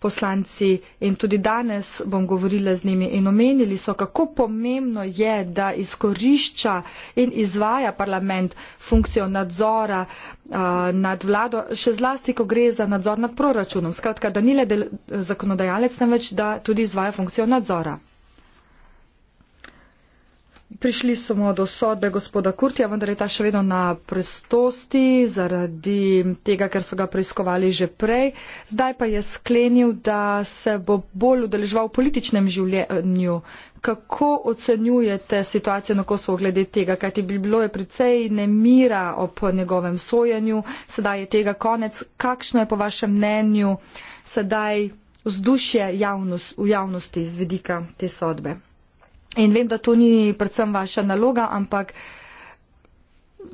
poslanci in tudi danes bom govorila z njimi in omenili so, kako pomembno je, da izkorišča in izvaja parlament funkcijo nadzora uh, nad vlado, še zlasti, ko gre za nadzor nad proračunom. Skratka, da ni le zakonodajalec, temveč da tudi izvaja funkcijo nadzora prišli smo do sodbe gospoda Kurtija, vendar je ta še vedno na prestosti zaradi tega, ker so ga preiskovali že prej. Zdaj pa je sklenil, da se bo bolj udeleževal v političnem življenju. Kako ocenjujete situacijo na Kosovo glede tega, kaj ti bi bilo je precej nemira ob njegovem sojenju, sedaj je tega konec. Kakšno je po vašem mnenju sedaj vzdušje javnost, v javnosti z vidika te sodbe? In vem, da to ni predvsem vaša naloga, ampak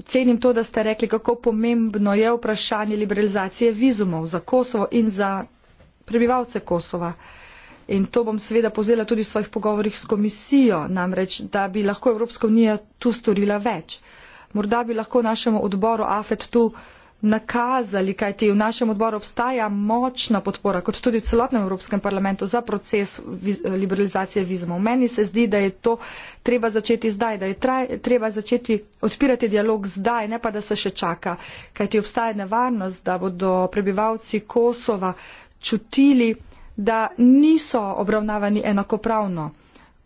cenim to, da ste rekli, kako pomembno je vprašanje liberalizacije vizumov za Kosovo in za prebivalce Kosova. In to bom seveda povzela tudi v svojih pogovorjih s komisijo, namreč, da bi lahko Evropska unija tu storila več. Morda bi lahko našemu odboru AFET tu nakazali, kaj ti v našem odboru obstaja močna podpora, kot tudi v celotnem Evropskem parlamentu, za proces liberalizacije vizumov. Meni se zdi, da je to treba začeti zdaj, da je traj, treba začeti odpirati dialog zdaj, ne pa da se še čaka, kaj ti obstaja nevarnost, da bodo prebivalci Kosova čutili, da niso obravnavani enakopravno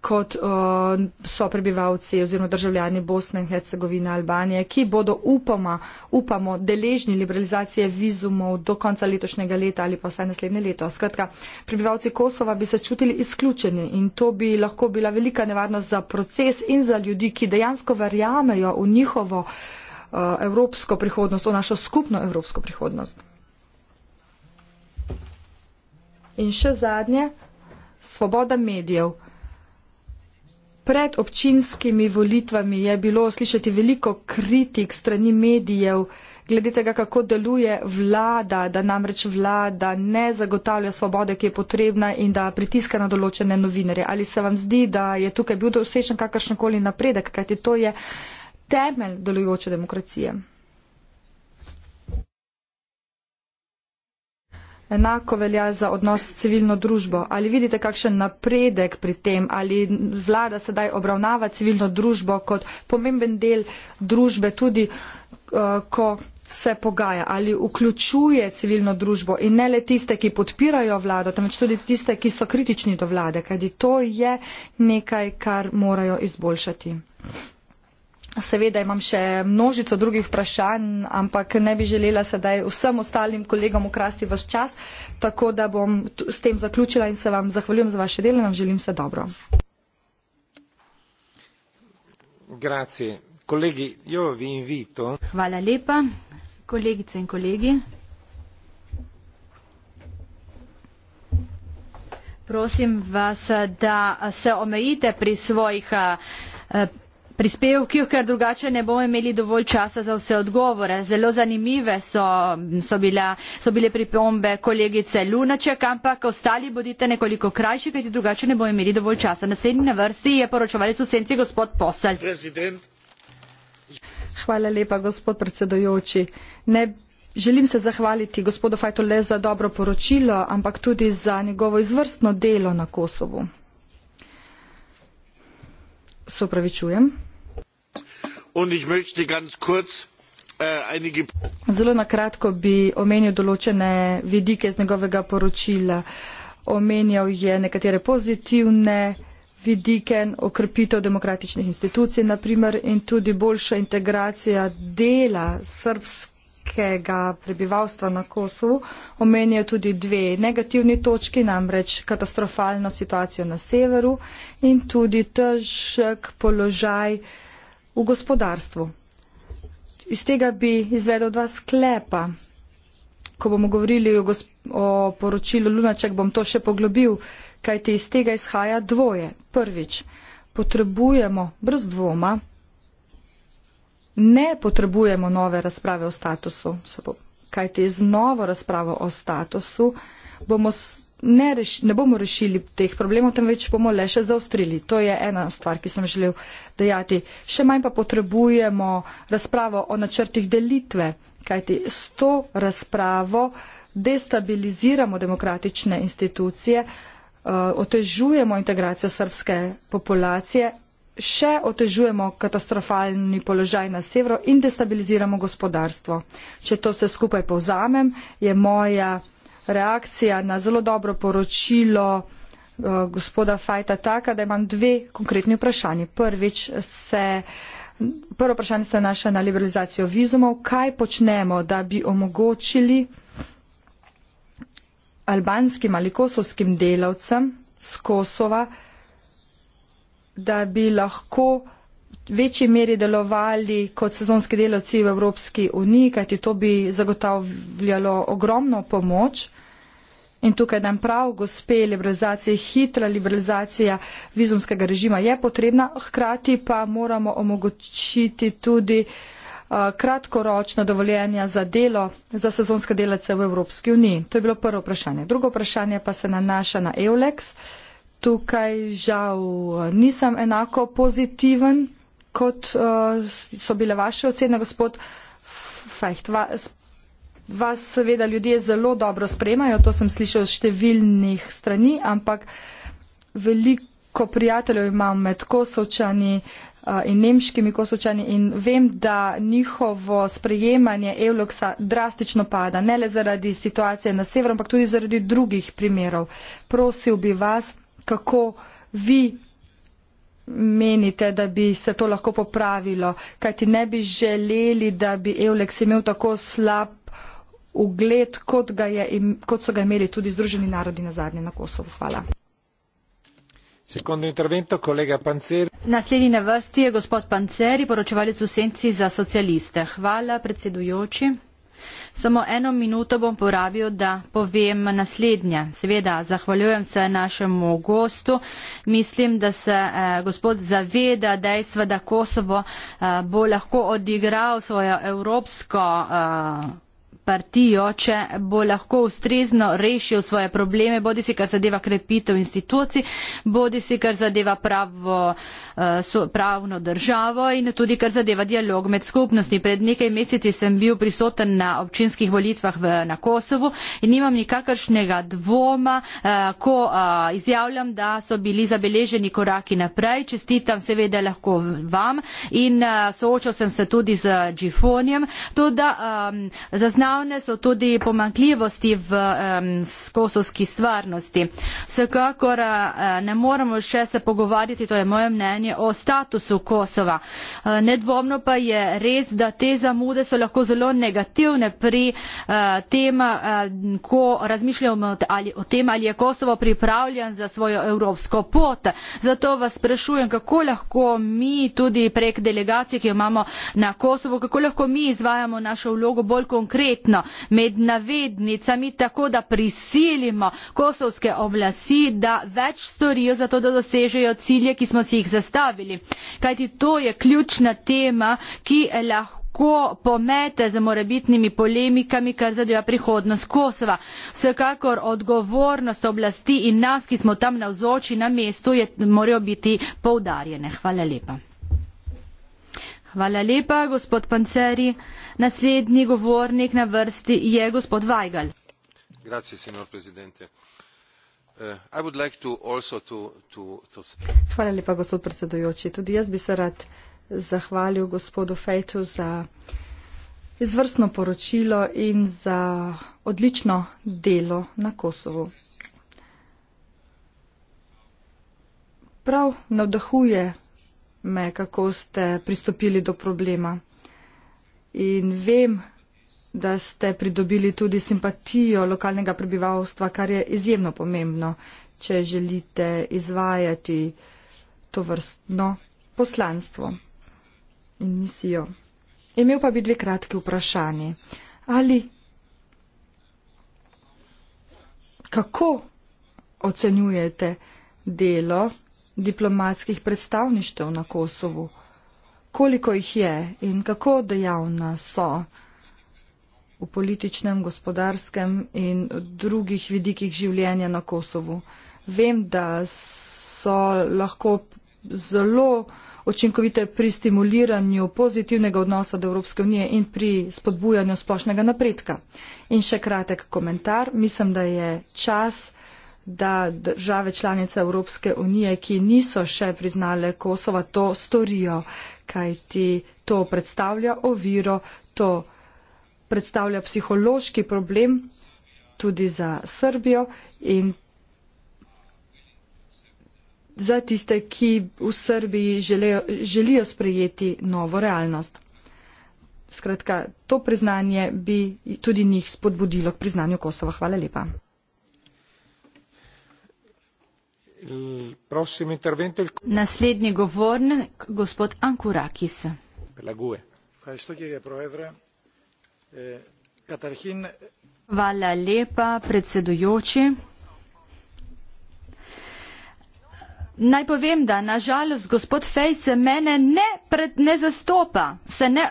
kot uh, so prebivalci oziroma državljani Bosne in Hercegovine, Albanije, ki bodo upamo, upamo deležni liberalizacije vizumov do konca letošnjega leta ali pa vsaj naslednje leto. Skratka, prebivalci Kosova bi se čutili izključeni in to bi lahko bila velika nevarnost za proces in za ljudi, ki dejansko verjamejo v njihovo uh, evropsko prihodnost, v našo skupno evropsko prihodnost. In še zadnje, svoboda medijev pred občinskimi volitvami je bilo slišati veliko kritik strani medijev glede tega, kako deluje vlada, da namreč vlada ne zagotavlja svobode, ki je potrebna in da pritiska na določene novinarje. Ali se vam zdi, da je tukaj bil dosežen kakršnokoli napredek, kajti to je temelj delujoče demokracije? Enako velja za odnos s civilno družbo. Ali vidite kakšen napredek pri tem, ali vlada sedaj obravnava civilno družbo kot pomemben del družbe, tudi uh, ko se pogaja ali vključuje civilno družbo in ne le tiste, ki podpirajo vlado, temveč tudi tiste, ki so kritični do vlade, kajti to je nekaj, kar morajo izboljšati. Seveda imam še množico drugih vprašanj, ampak ne bi želela sedaj vsem ostalim kolegom ukrasti vaš čas, tako da bom s tem zaključila in se vam zahvaljujem za vaše delo in vam želim vse dobro. Grazie. Kolegi, jo vi invito. Hvala lepa, kolegice in kolegi. Prosim vas, da se omejite pri svojih eh, prispevkih, ker drugače ne bomo imeli dovolj časa za vse odgovore. Zelo zanimive so, so, bila, so bile pripombe kolegice Lunaček, ampak ostali bodite nekoliko krajši, ker drugače ne bomo imeli dovolj časa. Naslednji na vrsti je poročevalec v senci gospod Posel. Hvala lepa, gospod predsedojoči. Ne želim se zahvaliti gospodu Fajtole za dobro poročilo, ampak tudi za njegovo izvrstno delo na Kosovu. Se upravičujem. Äh, Zelo na kratko bi omenil določene vidike z njegovega poročila. Omenjal je nekatere pozitivne vidike, okrepitev demokratičnih institucij naprimer in tudi boljša integracija dela srbskega prebivalstva na Kosovu. Omenjal tudi dve negativni točki, namreč katastrofalno situacijo na severu in tudi težek položaj v gospodarstvu. Iz tega bi izvedel dva sklepa. Ko bomo govorili o, o poročilu Lunaček, bom to še poglobil, kajte iz tega izhaja dvoje. Prvič, potrebujemo brez dvoma, ne potrebujemo nove razprave o statusu, kajte z novo razpravo o statusu bomo ne, reš, ne bomo rešili teh problemov, temveč bomo le še zaostrili. To je ena stvar, ki sem želel dejati. Še manj pa potrebujemo razpravo o načrtih delitve, kajti s to razpravo destabiliziramo demokratične institucije, eh, otežujemo integracijo srpske populacije, še otežujemo katastrofalni položaj na severu in destabiliziramo gospodarstvo. Če to vse skupaj povzamem, je moja reakcija na zelo dobro poročilo eh, gospoda Fajta taka, da imam dve konkretni vprašanji. Prvič se, prvo vprašanje se naša na liberalizacijo vizumov. Kaj počnemo, da bi omogočili albanskim ali kosovskim delavcem z Kosova, da bi lahko v večji meri delovali kot sezonski delavci v Evropski uniji, kajti to bi zagotavljalo ogromno pomoč. In tukaj nam prav, gospe, liberalizacija, hitra liberalizacija vizumskega režima je potrebna, hkrati pa moramo omogočiti tudi eh, kratkoročna dovoljenja za delo za sezonske delece v Evropski uniji. To je bilo prvo vprašanje. Drugo vprašanje pa se nanaša na EULEX. Tukaj žal eh, nisem enako pozitiven, kot eh, so bile vaše ocene, gospod Fajht vas seveda ljudje zelo dobro spremajo, to sem slišal z številnih strani, ampak veliko prijateljev imam med kosovčani in nemškimi kosovčani in vem, da njihovo sprejemanje Evloksa drastično pada, ne le zaradi situacije na severu, ampak tudi zaradi drugih primerov. Prosil bi vas, kako vi menite, da bi se to lahko popravilo, kajti ne bi želeli, da bi Evloks imel tako slab ugled, kot, je, kot so ga imeli tudi Združeni narodi na zadnje na Kosovo. Hvala. Naslednji na vrsti je gospod Panceri, poročevalec v senci za socialiste. Hvala, predsedujoči. Samo eno minuto bom porabil, da povem naslednje. Seveda, zahvaljujem se našemu gostu. Mislim, da se eh, gospod zaveda dejstva, da Kosovo eh, bo lahko odigral svojo evropsko. Eh, partijo, če bo lahko ustrezno rešil svoje probleme, bodi si kar zadeva krepitev institucij, bodi si kar zadeva pravo, eh, pravno državo in tudi kar zadeva dialog med skupnostmi. Pred nekaj meseci sem bil prisoten na občinskih volitvah v, na Kosovu in nimam nikakršnega dvoma, eh, ko eh, izjavljam, da so bili zabeleženi koraki naprej. Čestitam seveda lahko vam in soočal sem se tudi z Džifonijem. Tudi, um, ehm, zaznal glavne so tudi pomankljivosti v um, kosovski stvarnosti. Vsekakor uh, ne moramo še se pogovarjati, to je moje mnenje, o statusu Kosova. Uh, nedvomno pa je res, da te zamude so lahko zelo negativne pri uh, tem, uh, ko razmišljamo ali, o tem, ali je Kosovo pripravljen za svojo evropsko pot. Zato vas sprašujem, kako lahko mi tudi prek delegacije, ki jo imamo na Kosovo, kako lahko mi izvajamo našo vlogo bolj konkretno očitno med navednicami, tako da prisilimo kosovske oblasti, da več storijo za to, da dosežejo cilje, ki smo si jih zastavili. Kajti to je ključna tema, ki lahko ko pomete za morebitnimi polemikami, kar zadeva prihodnost Kosova. Vsekakor odgovornost oblasti in nas, ki smo tam navzoči na mestu, je, morajo biti poudarjene. Hvala lepa. Hvala lepa, gospod Panceri. Naslednji govornik na vrsti je gospod Vajgal. Uh, eh, like to, to, to... Hvala lepa, gospod predsedujoči. Tudi jaz bi se rad zahvalil gospodu Fejtu za izvrstno poročilo in za odlično delo na Kosovu. Prav navdahuje me, kako ste pristopili do problema. In vem, da ste pridobili tudi simpatijo lokalnega prebivalstva, kar je izjemno pomembno, če želite izvajati to vrstno poslanstvo in misijo. Imel pa bi dve kratki vprašanji. Ali kako ocenjujete delo diplomatskih predstavništev na Kosovu? Koliko jih je in kako dejavna so v političnem, gospodarskem in drugih vidikih življenja na Kosovu? Vem, da so lahko zelo očinkovite pri stimuliranju pozitivnega odnosa do Evropske unije in pri spodbujanju splošnega napredka. In še kratek komentar. Mislim, da je čas, da da države članice Evropske unije, ki niso še priznale Kosova, to storijo, kajti to predstavlja oviro, to predstavlja psihološki problem tudi za Srbijo in za tiste, ki v Srbiji želejo, želijo sprejeti novo realnost. Skratka, to priznanje bi tudi njih spodbudilo k priznanju Kosova. Hvala lepa. naslednji govornik gospod ankourakis. E. hvala lepa predsedujoči naj povem da na žalost gospod fejs mene ne pred ne zastopa se ne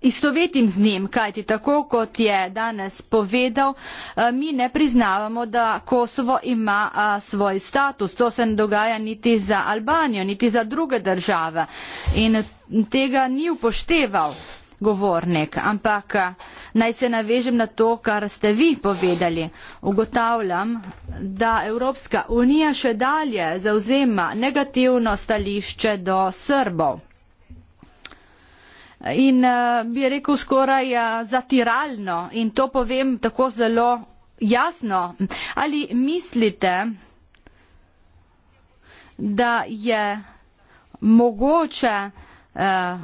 istovetim z njim, kajti tako kot je danes povedal, eh, mi ne priznavamo, da Kosovo ima eh, svoj status. To se ne dogaja niti za Albanijo, niti za druge države. In tega ni upošteval govornik, ampak eh, naj se navežem na to, kar ste vi povedali. Ugotavljam, da Evropska unija še dalje zauzema negativno stališče do Srbov in eh, bi rekel skoraj eh, zatiralno in to povem tako zelo jasno. Ali mislite, da je mogoče eh,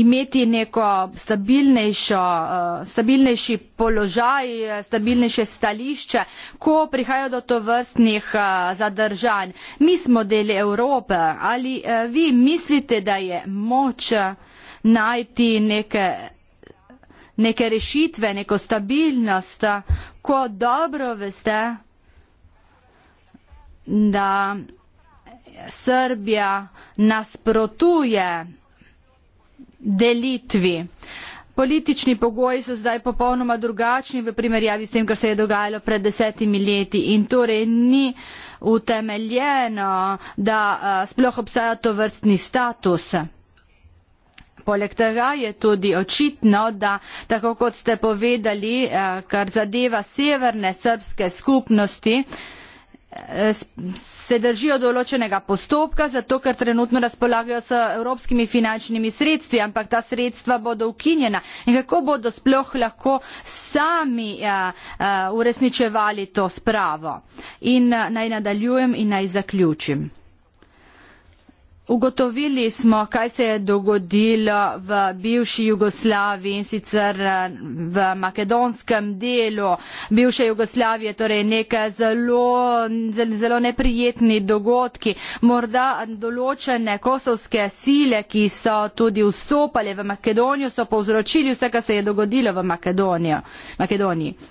imeti neko stabilnejšo, eh, stabilnejši položaj, stabilnejše stališče, ko prihajajo do tovrstnih eh, zadržanj. Mi smo del Evrope, ali eh, vi mislite, da je moč najti neke, neke rešitve, neko stabilnost, ko dobro veste, da Srbija nasprotuje delitvi. Politični pogoji so zdaj popolnoma drugačni v primerjavi s tem, kar se je dogajalo pred desetimi leti in torej ni utemeljeno, da uh, sploh obstaja to vrstni status. Poleg tega je tudi očitno, da tako kot ste povedali, uh, kar zadeva severne srpske skupnosti, uh, Eh, se držijo določenega postopka, zato ker trenutno razpolagajo s evropskimi finančnimi sredstvi, ampak ta sredstva bodo ukinjena. In kako bodo sploh lahko sami uh, uh, uresničevali to spravo? In uh, naj nadaljujem in naj zaključim. Ugotovili smo, kaj se je dogodilo v bivši Jugoslaviji in sicer eh, v makedonskem delu bivše Jugoslavije, torej nekaj zelo, zelo neprijetni dogodki. Morda določene kosovske sile, ki so tudi vstopali v Makedonijo, so povzročili vse, kar se je dogodilo v Makedoniji.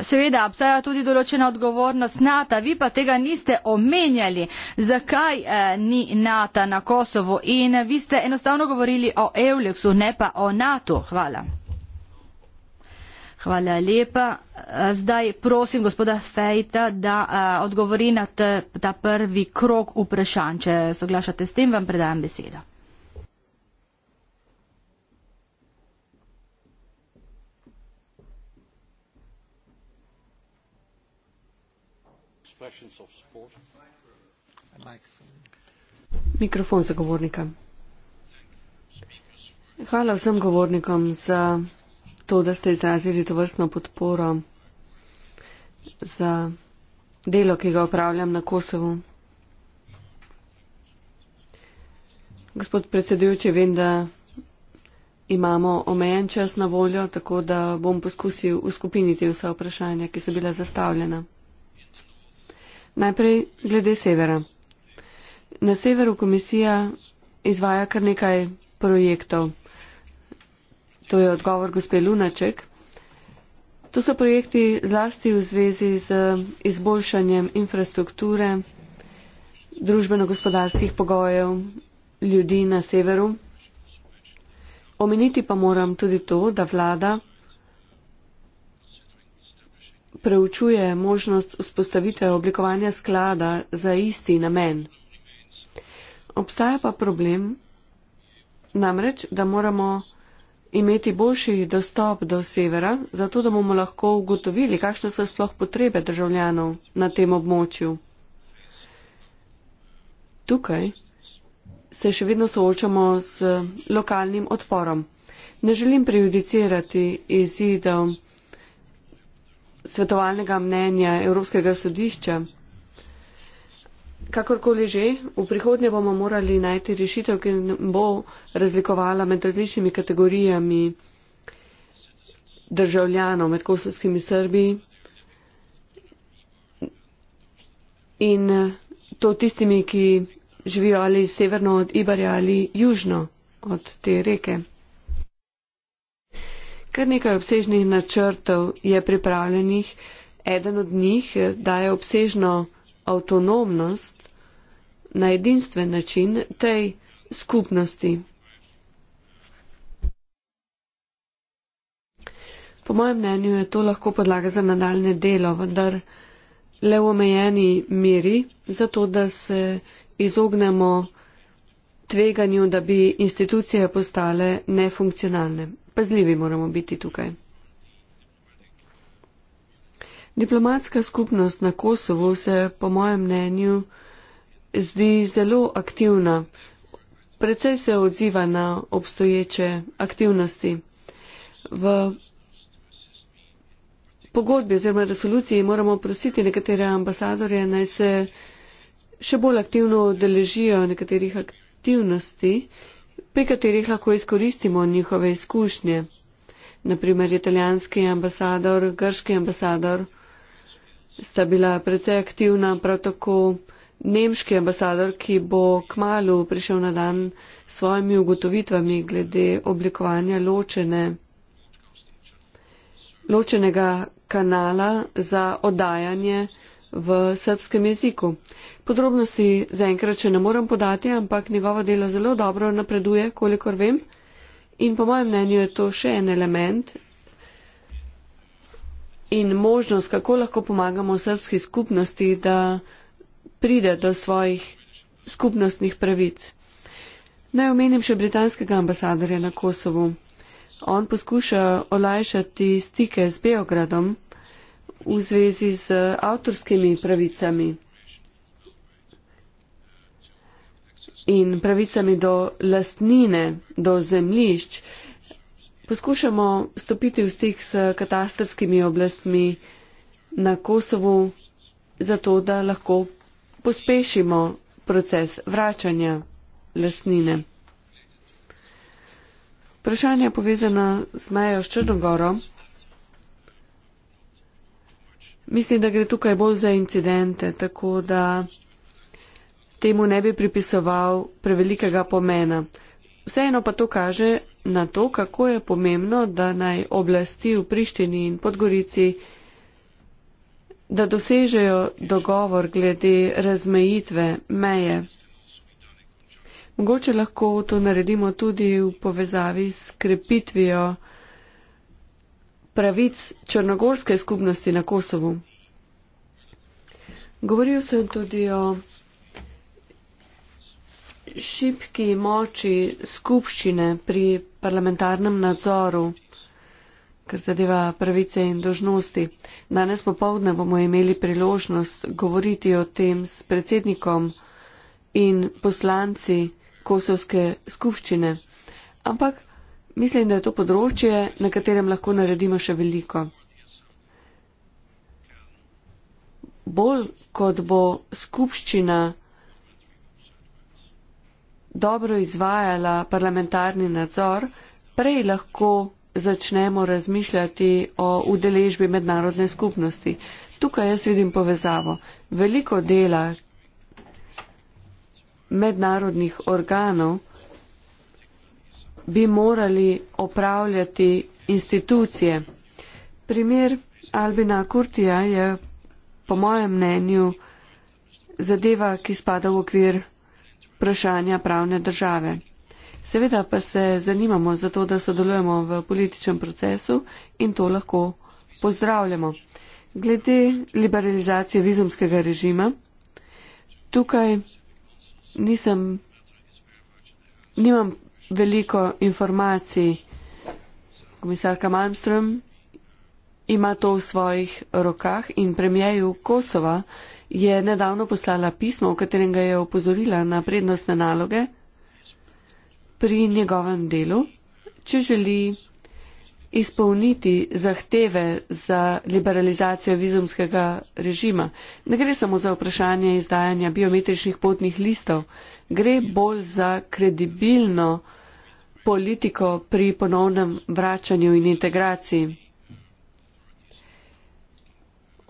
Seveda obstaja tudi določena odgovornost NATO, vi pa tega niste omenjali, zakaj eh, ni NATO na Kosovo in eh, vi ste enostavno govorili o Euleksu, ne pa o NATO. Hvala. Hvala lepa. Eh, zdaj prosim gospoda Fejta, da eh, odgovori na ta prvi krok vprašanj. Če soglašate s tem, vam predajam besedo. expressions of support. Mikrofon za govornika. Hvala vsem govornikom za to, da ste izrazili to vrstno podporo za delo, ki ga upravljam na Kosovu. Gospod predsedujoči, vem, da imamo omejen čas na voljo, tako da bom poskusil uskupiniti vsa vprašanja, ki so bila zastavljena. Najprej glede severa. Na severu komisija izvaja kar nekaj projektov. To je odgovor gospe Lunaček. To so projekti zlasti v zvezi z izboljšanjem infrastrukture, družbeno-gospodarskih pogojev ljudi na severu. Omeniti pa moram tudi to, da vlada preučuje možnost vzpostavitve oblikovanja sklada za isti namen. Obstaja pa problem, namreč, da moramo imeti boljši dostop do severa, zato da bomo lahko ugotovili, kakšne so sploh potrebe državljanov na tem območju. Tukaj se še vedno soočamo z lokalnim odporom. Ne želim prejudicirati izidov svetovalnega mnenja Evropskega sodišča. Kakorkoli že, v prihodnje bomo morali najti rešitev, ki bo razlikovala med različnimi kategorijami državljanov, med kosovskimi Srbi in eh, to tistimi, ki živijo ali severno od Ibarja ali južno od te reke. Kar nekaj obsežnih načrtov je pripravljenih. Eden od njih eh, daje obsežno avtonomnost na edinstven način tej skupnosti. Po mojem mnenju je to lahko podlaga za nadaljne delo, vendar le v omejeni meri, zato da se izognemo tveganju, da bi institucije postale nefunkcionalne. Pazljivi moramo biti tukaj. Diplomatska skupnost na Kosovo se, po mojem mnenju, zdi zelo aktivna. Predvsej se odziva na obstoječe aktivnosti. V pogodbi oziroma resoluciji moramo prositi nekatere ambasadorje, naj se še bolj aktivno odeležijo nekaterih aktivnosti, pri katerih lahko izkoristimo njihove izkušnje. Naprimer, italijanski ambasador, grški ambasador sta bila precej aktivna, prav tako nemški ambasador, ki bo k malu prišel na dan s svojimi ugotovitvami glede oblikovanja ločene, ločenega kanala za odajanje v srpskem jeziku. Podrobnosti zaenkrat še ne morem podati, ampak njegovo delo zelo dobro napreduje, kolikor vem. In po mojem mnenju je to še en element in možnost, kako lahko pomagamo srpski skupnosti, da pride do svojih skupnostnih pravic. Naj omenim še britanskega ambasadorja na Kosovu. On poskuša olajšati stike z Beogradom v zvezi z avtorskimi pravicami in pravicami do lastnine, do zemlišč, poskušamo stopiti v stik s katastarskimi oblastmi na Kosovu, zato da lahko pospešimo proces vračanja lastnine. Vprašanje povezano z Majo Ščrnogorom. Mislim, da gre tukaj bolj za incidente, tako da temu ne bi pripisoval prevelikega pomena. Vseeno pa to kaže na to, kako je pomembno, da naj oblasti v Prištini in Podgorici, da dosežejo dogovor glede razmejitve meje. Mogoče lahko to naredimo tudi v povezavi s krepitvijo pravic črnogorske skupnosti na Kosovu. Govoril sem tudi o šipki moči skupščine pri parlamentarnem nadzoru, kar zadeva pravice in dožnosti. Danes popovdne bomo imeli priložnost govoriti o tem s predsednikom in poslanci Kosovske skupščine. Ampak Mislim, da je to področje, na katerem lahko naredimo še veliko. Bolj kot bo skupščina dobro izvajala parlamentarni nadzor, prej lahko začnemo razmišljati o udeležbi mednarodne skupnosti. Tukaj jaz vidim povezavo. Veliko dela mednarodnih organov bi morali opravljati institucije. Primer Albina Kurtija je po mojem mnenju zadeva, ki spada v okvir vprašanja pravne države. Seveda pa se zanimamo za to, da sodelujemo v političnem procesu in to lahko pozdravljamo. Glede liberalizacije vizumskega režima, tukaj nisem, nimam veliko informacij. Komisarka Malmström ima to v svojih rokah in premijeju Kosova je nedavno poslala pismo, v katerem ga je opozorila na prednostne naloge pri njegovem delu, če želi izpolniti zahteve za liberalizacijo vizumskega režima. Ne gre samo za vprašanje izdajanja biometričnih potnih listov, gre bolj za kredibilno politiko pri ponovnem vračanju in integraciji.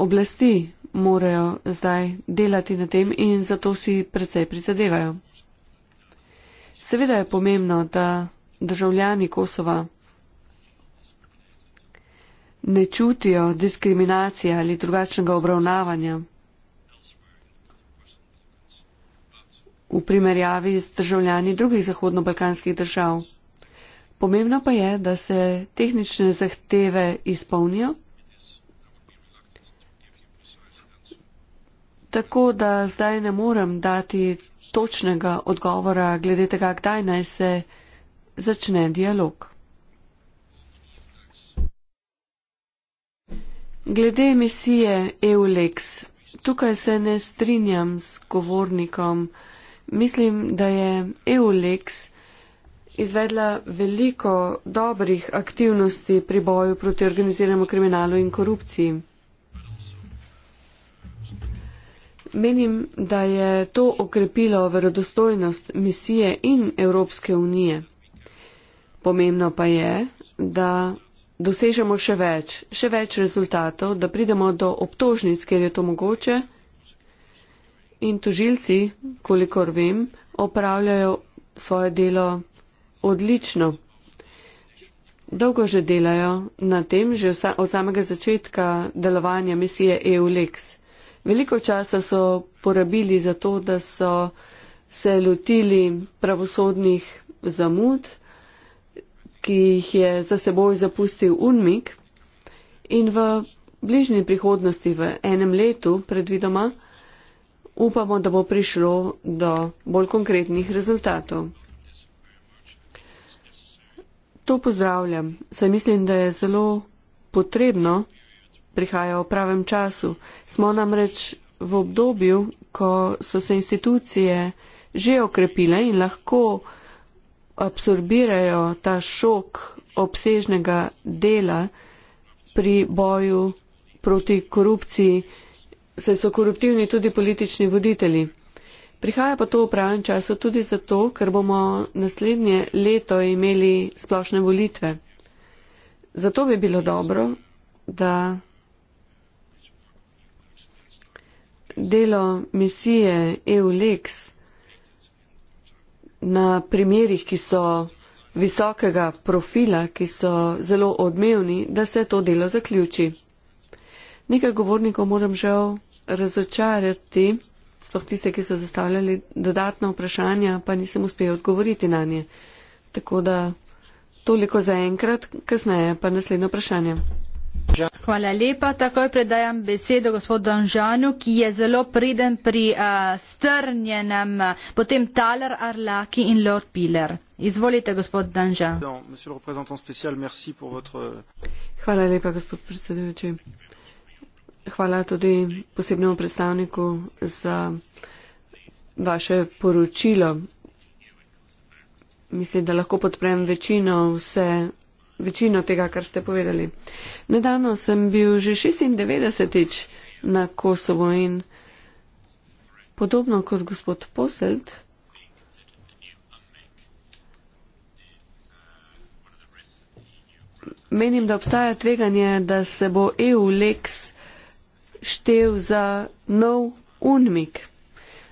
Oblasti morajo zdaj delati na tem in zato si precej prizadevajo. Seveda je pomembno, da državljani Kosova ne čutijo diskriminacije ali drugačnega obravnavanja v primerjavi z državljani drugih zahodno-balkanskih držav. Pomembno pa je, da se tehnične zahteve izpolnijo, tako da zdaj ne morem dati točnega odgovora glede tega, kdaj naj se začne dialog. Glede emisije EULEX, tukaj se ne strinjam s govornikom. Mislim, da je EULEX izvedla veliko dobrih aktivnosti pri boju proti organiziranemu kriminalu in korupciji. Menim, da je to okrepilo verodostojnost misije in Evropske unije. Pomembno pa je, da dosežemo še več, še več rezultatov, da pridemo do obtožnic, ker je to mogoče. In tožilci, kolikor vem, opravljajo svoje delo odlično. Dolgo že delajo na tem, že od samega začetka delovanja misije EULEX. Veliko časa so porabili za to, da so se lotili pravosodnih zamud, ki jih je za seboj zapustil UNMIK in v bližnji prihodnosti, v enem letu predvidoma, upamo, da bo prišlo do bolj konkretnih rezultatov to pozdravljam, saj mislim, da je zelo potrebno, prihaja v pravem času. Smo namreč v obdobju, ko so se institucije že okrepile in lahko absorbirajo ta šok obsežnega dela pri boju proti korupciji, saj so koruptivni tudi politični voditelji. Prihaja pa to v pravem času tudi zato, ker bomo naslednje leto imeli splošne volitve. Zato bi bilo dobro, da delo misije EULEX na primerih, ki so visokega profila, ki so zelo odmevni, da se to delo zaključi. Nekaj govornikov moram žal razočarati sploh tiste, ki so zastavljali dodatna vprašanja, pa nisem uspel odgovoriti na nje. Tako da toliko za enkrat, kasneje pa naslednje vprašanje. Hvala lepa. Takoj predajam besedo gospodu Donžanu, ki je zelo priden pri uh, strnjenem, uh, potem Taler Arlaki in Lord Piller. Izvolite, gospod Donžan. Hvala lepa, gospod predsedujoči. Hvala tudi posebnemu predstavniku za vaše poročilo. Mislim, da lahko podprem večino, vse, večino tega, kar ste povedali. Nedavno sem bil že 96-tič na Kosovo in podobno kot gospod Poselt. Menim, da obstaja tveganje, da se bo EU-LEX štev za nov unmik.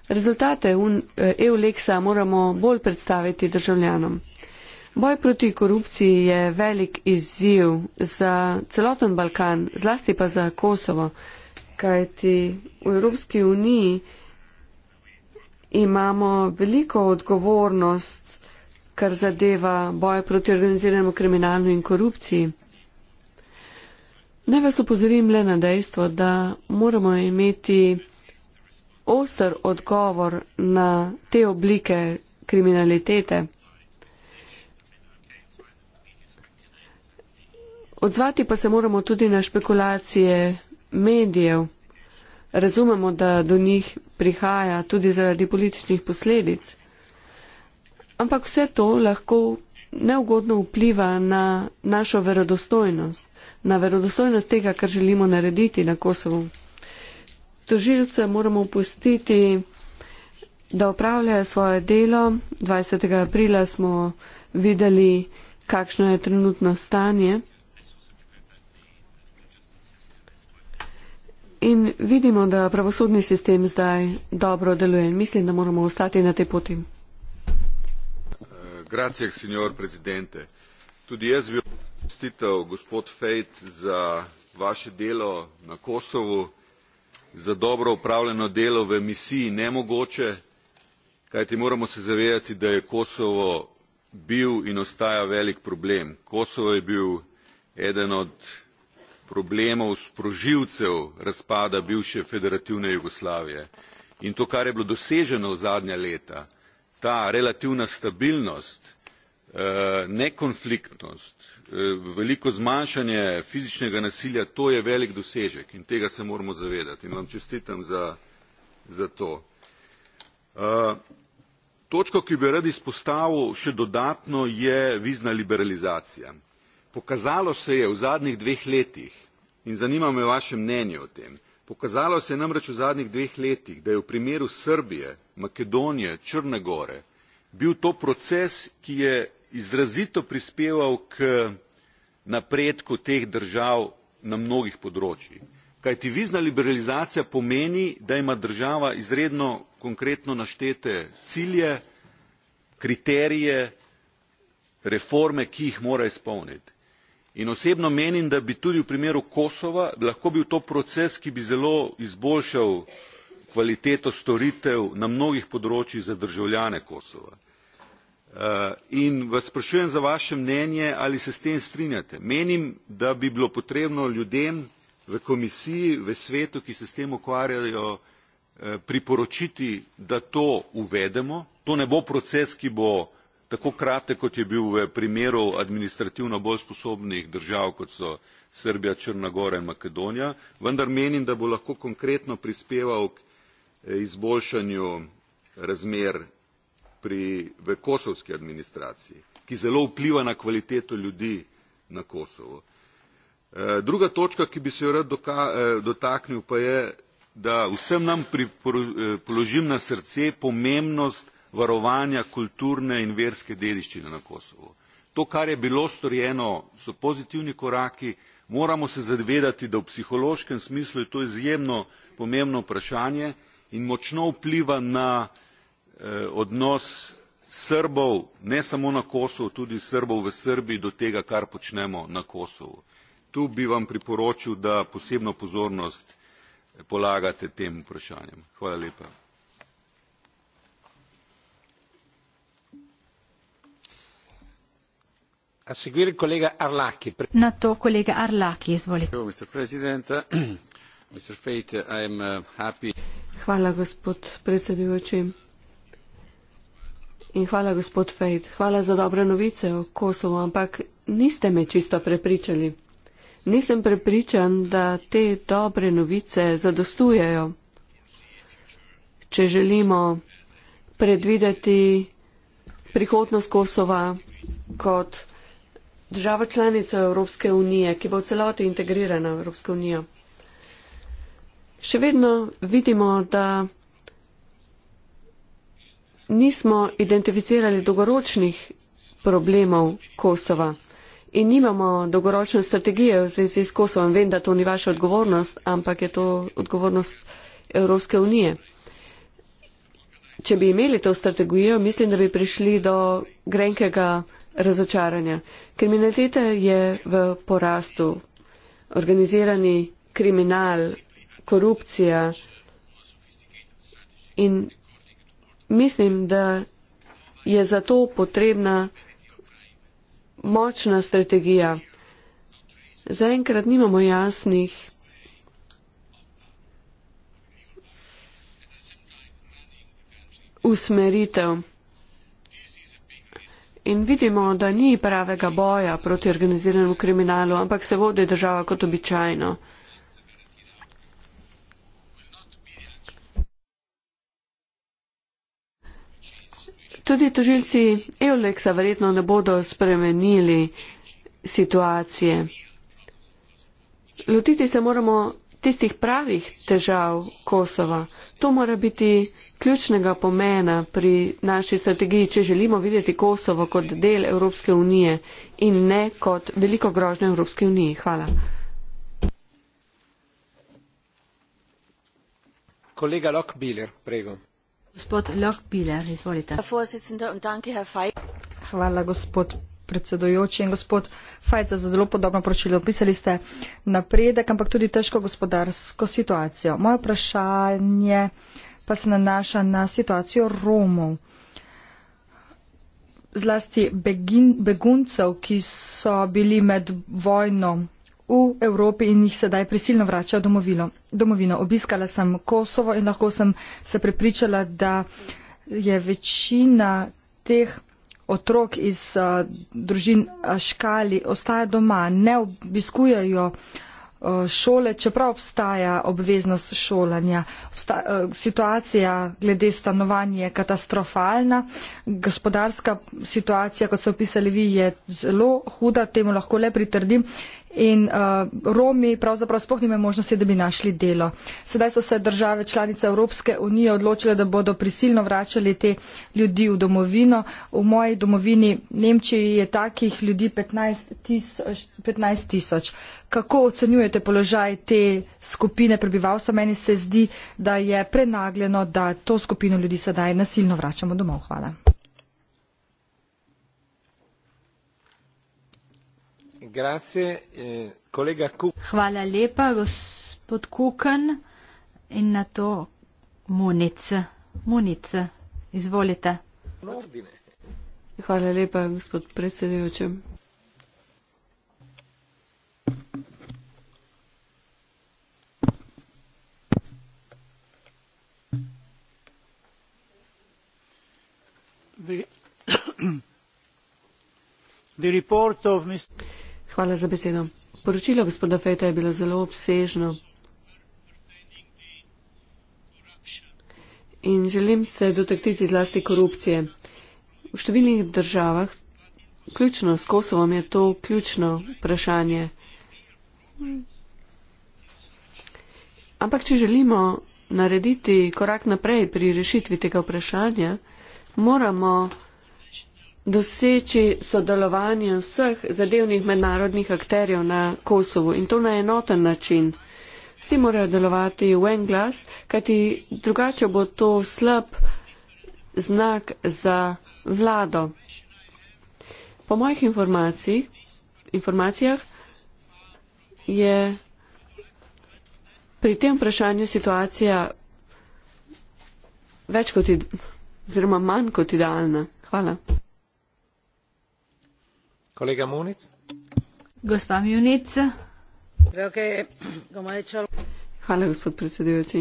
Rezultate un, eh, EU-leksa moramo bolj predstaviti državljanom. Boj proti korupciji je velik izziv za celoten Balkan, zlasti pa za Kosovo, kajti v Evropski uniji imamo veliko odgovornost, kar zadeva boj proti organiziranemu kriminalu in korupciji. Naj vas upozorim le na dejstvo, da moramo imeti oster odgovor na te oblike kriminalitete. Odzvati pa se moramo tudi na špekulacije medijev. Razumemo, da do njih prihaja tudi zaradi političnih posledic. Ampak vse to lahko neugodno vpliva na našo verodostojnost na verodostojnost tega, kar želimo narediti na Kosovu. Tožilce moramo upustiti, da upravljajo svoje delo. 20. aprila smo videli, kakšno je trenutno stanje. In vidimo, da pravosodni sistem zdaj dobro deluje. Mislim, da moramo ostati na tej poti. Grazie, signor presidente. Tudi jaz bi čestitev gospod Fejt za vaše delo na Kosovu, za dobro upravljeno delo v misiji nemogoče, kajti moramo se zavedati, da je Kosovo bil in ostaja velik problem. Kosovo je bil eden od problemov sprožilcev razpada bivše federativne Jugoslavije. In to, kar je bilo doseženo v zadnja leta, ta relativna stabilnost, Eh, nekonfliktnost, eh, veliko zmanjšanje fizičnega nasilja, to je velik dosežek in tega se moramo zavedati in vam čestitam za, za to. Eh, točko, ki bi rad izpostavil še dodatno, je vizna liberalizacija. Pokazalo se je v zadnjih dveh letih in zanima me vaše mnenje o tem. Pokazalo se je namreč v zadnjih dveh letih, da je v primeru Srbije, Makedonije, Črne gore bil to proces, ki je izrazito prispeval k napredku teh držav na mnogih področjih. kajti vizna liberalizacija pomeni da ima država izredno konkretno naštete cilje kriterije reforme ki jih mora izpolniti. in osebno menim da bi tudi v primeru kosova lahko bil to proces ki bi zelo izboljšal kvaliteto storitev na mnogih področjih za državljane kosova. Eh, in vas sprašujem za vaše mnenje, ali se s tem strinjate. Menim, da bi bilo potrebno ljudem v komisiji, v svetu, ki se s tem ukvarjajo, eh, priporočiti, da to uvedemo. To ne bo proces, ki bo tako kratek, kot je bil v primeru administrativno bolj sposobnih držav, kot so Srbija, Črnagora in Makedonija, vendar menim, da bo lahko konkretno prispeval k eh, izboljšanju razmer pri, v kosovski administraciji, ki zelo vpliva na kvaliteto ljudi na Kosovo. E, druga točka, ki bi se jo rad doka, e, dotaknil, pa je, da vsem nam e, položim na srce pomembnost varovanja kulturne in verske dediščine na Kosovo. To, kar je bilo storjeno, so pozitivni koraki, moramo se zavedati, da v psihološkem smislu je to izjemno pomembno vprašanje in močno vpliva na Eh, odnos srbov ne samo na kosovu tudi srbov v srbiji do tega kar počnemo na kosovu tu bi vam priporočil da posebno pozornost polagate tem vprašanjem hvala lepa A seguire il collega Arlacchi. Nato collega Arlacchi, svolite. Grazie, Mr. President. Mr. Fate, I am uh, happy. Hvala, gospod predsedujoči. In hvala, gospod Fejt, hvala za dobre novice o Kosovo, ampak niste me čisto prepričali. Nisem prepričan, da te dobre novice zadostujejo, če želimo predvideti prihodnost Kosova kot država članica Evropske unije, ki bo v celoti integrirana v Evropsko unijo. Še vedno vidimo, da nismo identificirali dolgoročnih problemov Kosova in nimamo dolgoročne strategije v zvezi s Kosovom. Vem, da to ni vaša odgovornost, ampak je to odgovornost Evropske unije. Če bi imeli to strategijo, mislim, da bi prišli do grenkega razočaranja. Kriminalitete je v porastu. Organizirani kriminal, korupcija in mislim, da je zato potrebna močna strategija. Zaenkrat nimamo jasnih usmeritev. In vidimo, da ni pravega boja proti organiziranemu kriminalu, ampak se vodi država kot običajno. Tudi tožilci Euleksa verjetno ne bodo spremenili situacije. Lotiti se moramo tistih pravih težav Kosova. To mora biti ključnega pomena pri naši strategiji, če želimo videti Kosovo kot del Evropske unije in ne kot veliko grožnje Evropske unije. Hvala. Kolega Lok Biler, prego. Hvala, gospod predsedujoči in gospod Fajca za zelo podobno poročilo. Opisali ste napredek, ampak tudi težko gospodarsko situacijo. Moje vprašanje pa se nanaša na situacijo Romov, zlasti begin, beguncev, ki so bili med vojno v Evropi in jih sedaj prisilno vračajo domovino. domovino. Obiskala sem Kosovo in lahko sem se prepričala, da je večina teh otrok iz uh, družin Škali ostaja doma, ne obiskujajo eh, šole, čeprav obstaja obveznost šolanja. Obsta eh, situacija glede stanovanja je katastrofalna, gospodarska situacija, kot ste opisali vi, je zelo huda, temu lahko le pritrdim in uh, Romi pravzaprav spoh nime možnosti, da bi našli delo. Sedaj so se države članice Evropske unije odločile, da bodo prisilno vračali te ljudi v domovino. V moji domovini Nemčiji je takih ljudi 15 tisoč. Kako ocenjujete položaj te skupine prebivalstva? Meni se zdi, da je prenagljeno, da to skupino ljudi sedaj nasilno vračamo domov. Hvala. Eh, Hvala lepa, gospod Kukan in na to Munica. Munica, izvolite. Hvala lepa, gospod predsedujoči. The, the report of Mr. Hvala za besedo. Poročilo gospoda Fejta je bilo zelo obsežno. In želim se dotaktiti zlasti korupcije. V številnih državah, ključno s Kosovom, je to ključno vprašanje. Ampak, če želimo narediti korak naprej pri rešitvi tega vprašanja, moramo doseči sodelovanje vseh zadevnih mednarodnih akterjev na Kosovu in to na enoten način. Vsi morajo delovati v en glas, kajti drugače bo to slab znak za vlado. Po mojih informacijah je pri tem vprašanju situacija več kot, oziroma manj kot idealna. Hvala. Hvala, gospod predsedujoči.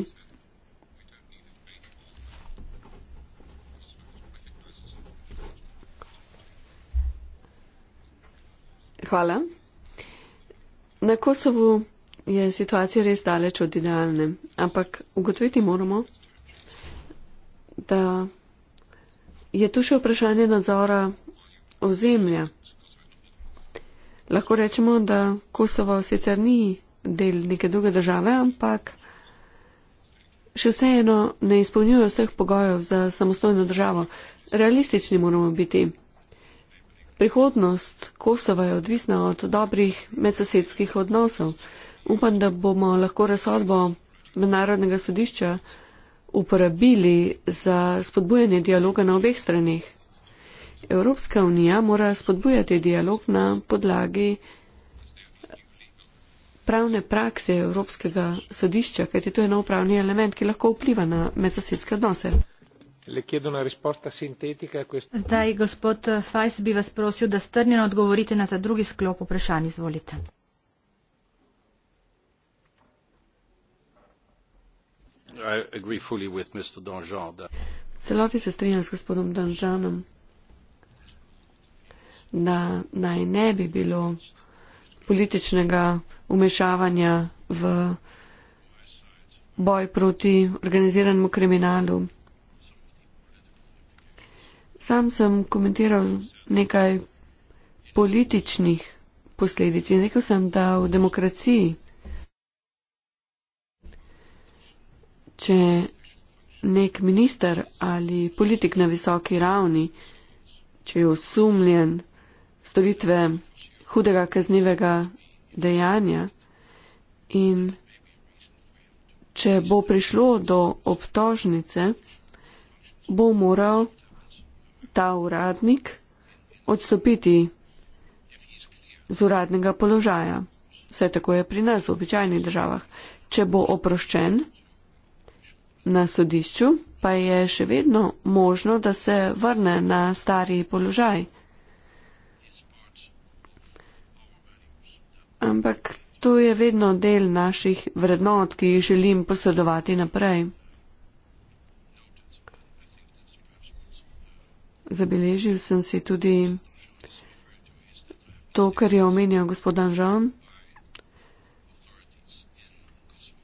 Hvala. Na Kosovu je situacija res daleč od idealne, ampak ugotoviti moramo, da je tu še vprašanje nadzora ozemlja lahko rečemo, da Kosovo sicer ni del neke druge države, ampak še vseeno ne izpolnjuje vseh pogojev za samostojno državo. Realistični moramo biti. Prihodnost Kosova je odvisna od dobrih medsosedskih odnosov. Upam, da bomo lahko razsodbo mednarodnega sodišča uporabili za spodbujanje dialoga na obeh stranih. Evropska unija mora spodbujati dialog na podlagi pravne prakse Evropskega sodišča, ker je to eno upravni element, ki lahko vpliva na medsosedske odnose. Zdaj, gospod Fajs, bi vas prosil, da strnjeno odgovorite na ta drugi sklop vprašanj. Izvolite. Celoti se strinjam s gospodom Danžanom da naj ne bi bilo političnega umešavanja v boj proti organiziranemu kriminalu. Sam sem komentiral nekaj političnih posledic in rekel sem, da v demokraciji, če nek minister ali politik na visoki ravni, če je osumljen, storitve hudega kaznivega dejanja in če bo prišlo do obtožnice, bo moral ta uradnik odstopiti z uradnega položaja. Vse tako je pri nas v običajnih državah. Če bo oproščen na sodišču, pa je še vedno možno, da se vrne na stari položaj. ampak to je vedno del naših vrednot, ki jih želim posredovati naprej. Zabeležil sem si tudi to, kar je omenjal gospodan Žan,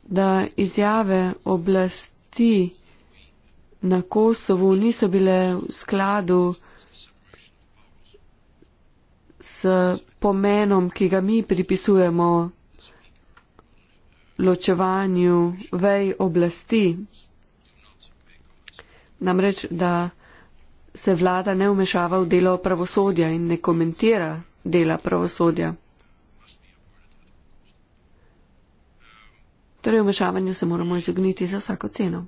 da izjave oblasti na Kosovu niso bile v skladu s pomenom, ki ga mi pripisujemo ločevanju vej oblasti. Namreč, da se vlada ne umešava v delo pravosodja in ne komentira dela pravosodja. Torej, umešavanju se moramo izogniti za vsako ceno.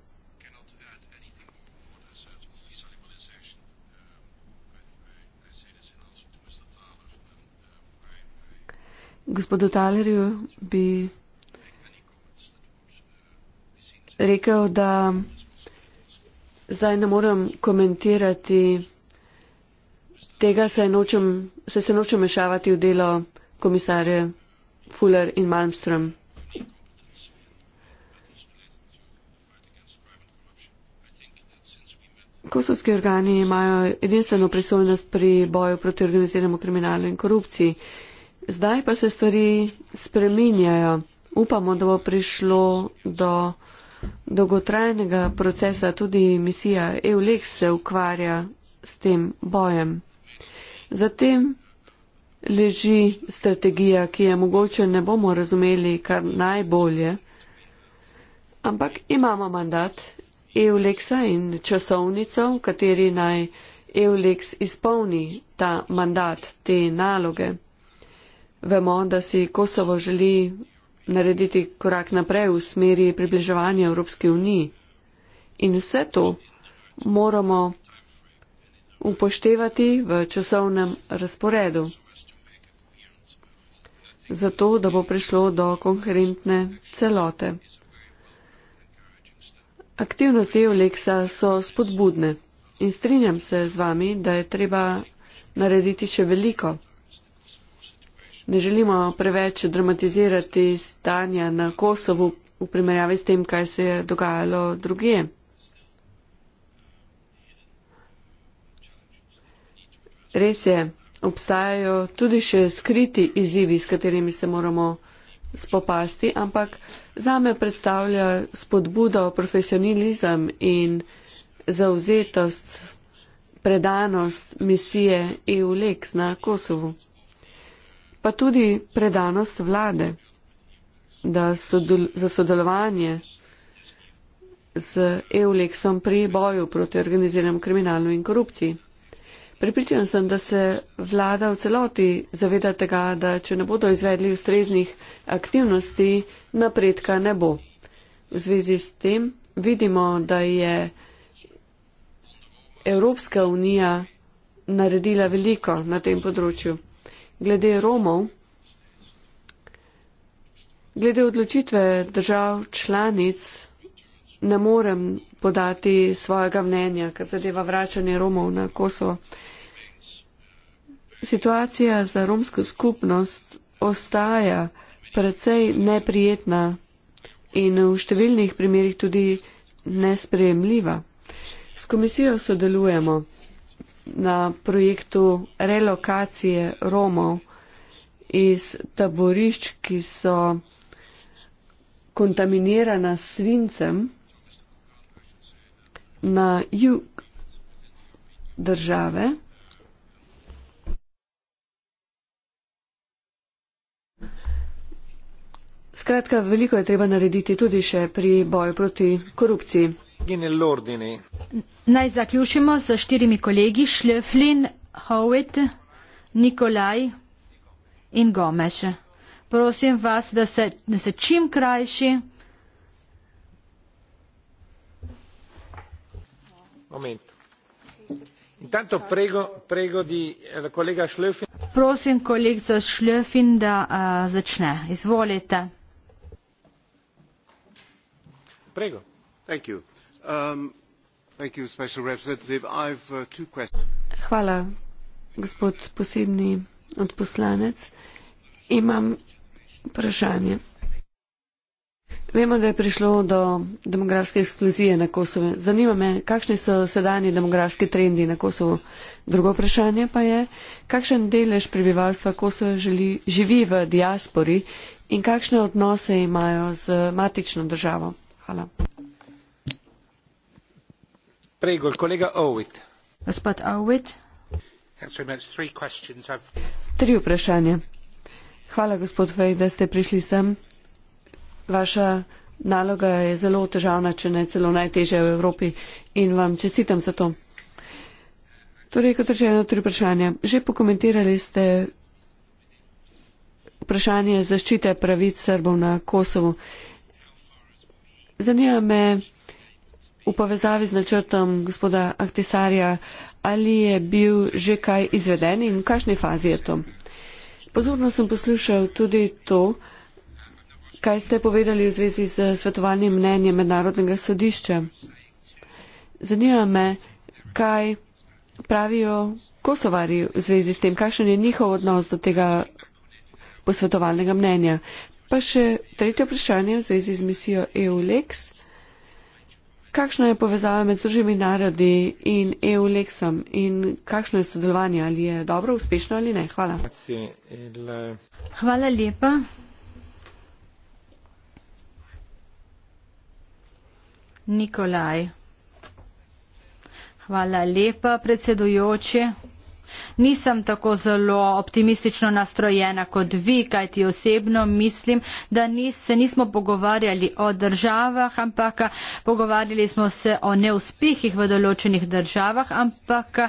Gospodu Talerju bi rekel, da zdaj ne moram komentirati tega, saj se, se nočem mešavati v delo komisarja Fuller in Malmström. Kosovski organi imajo edinstveno prisolnost pri boju proti organiziranemu kriminalu in korupciji. Zdaj pa se stvari spreminjajo. Upamo, da bo prišlo do dolgotrajnega procesa, tudi misija EULEX se ukvarja s tem bojem. Zatem leži strategija, ki je mogoče ne bomo razumeli kar najbolje, ampak imamo mandat EULEX-a in časovnico, kateri naj EULEX izpolni ta mandat, te naloge. Vemo, da si Kosovo želi narediti korak naprej v smeri približevanja Evropske unije. In vse to moramo upoštevati v časovnem razporedu, zato da bo prišlo do konkurentne celote. Aktivnosti Oleksa so spodbudne in strinjam se z vami, da je treba narediti še veliko ne želimo preveč dramatizirati stanja na Kosovu v primerjavi s tem, kaj se je dogajalo druge. Res je, obstajajo tudi še skriti izzivi, s katerimi se moramo spopasti, ampak za me predstavlja spodbudo profesionalizem in zauzetost, predanost misije EU-LEX na Kosovu pa tudi predanost vlade sodel za sodelovanje z EULEX-om pri boju proti organiziranemu kriminalu in korupciji. Pripričan sem, da se vlada v celoti zaveda tega, da če ne bodo izvedli ustreznih aktivnosti, napredka ne bo. V zvezi s tem vidimo, da je Evropska unija naredila veliko na tem področju glede Romov, glede odločitve držav članic ne morem podati svojega mnenja, kar zadeva vračanje Romov na Kosovo. Situacija za romsko skupnost ostaja precej neprijetna in v številnih primerjih tudi nesprejemljiva. S komisijo sodelujemo na projektu relokacije Romov iz taborišč, ki so kontaminirana s svincem na jug države. Skratka, veliko je treba narediti tudi še pri boju proti korupciji. Naj zaključimo s štirimi kolegi Šleflin, Howitt, Nikolaj in Gomeš. Prosim vas, da se, da se čim krajši. Momento. Intanto prego, prego di kolega eh, Šlefin. Prosim kolegico Šlefin, da uh, začne. Izvolite. Prego. Thank you. Um, uh, hvala gospod posebni odposlanec imam vprašanje vemo da je prišlo do demografske eksplozije na kosovu zanima me kakšni so sedanji demografski trendi na kosovu drugo vprašanje pa je kakšen delež prebivalstva kosova želi živi v diaspori in kakšne odnose imajo z matično državo hvala Gospod Owit. Tri vprašanja. Hvala, gospod Fej, da ste prišli sem. Vaša naloga je zelo težavna, če ne celo najtežja v Evropi in vam čestitam za to. Torej, kot rečeno, tri vprašanja. Že pokomentirali ste vprašanje zaščite pravic Srbov na Kosovu. Zanima me, v povezavi z načrtom gospoda Ahtisarja, ali je bil že kaj izveden in v kakšni fazi je to? Pozorno sem poslušal tudi to, kaj ste povedali v zvezi z svetovanjem mnenja Mednarodnega sodišča. Zanima me, kaj pravijo kosovari v zvezi s tem, kakšen je njihov odnos do tega posvetovalnega mnenja. Pa še tretje vprašanje v zvezi z misijo EU-LEX kakšna je povezava med Združenimi narodi in EU Lexom in kakšno je sodelovanje, ali je dobro, uspešno ali ne? Hvala. Hvala lepa. Nikolaj. Hvala lepa, predsedujoče. Nisem tako zelo optimistično nastrojena kot vi, kajti osebno mislim, da nis, se nismo pogovarjali o državah, ampak pogovarjali smo se o neuspehih v določenih državah, ampak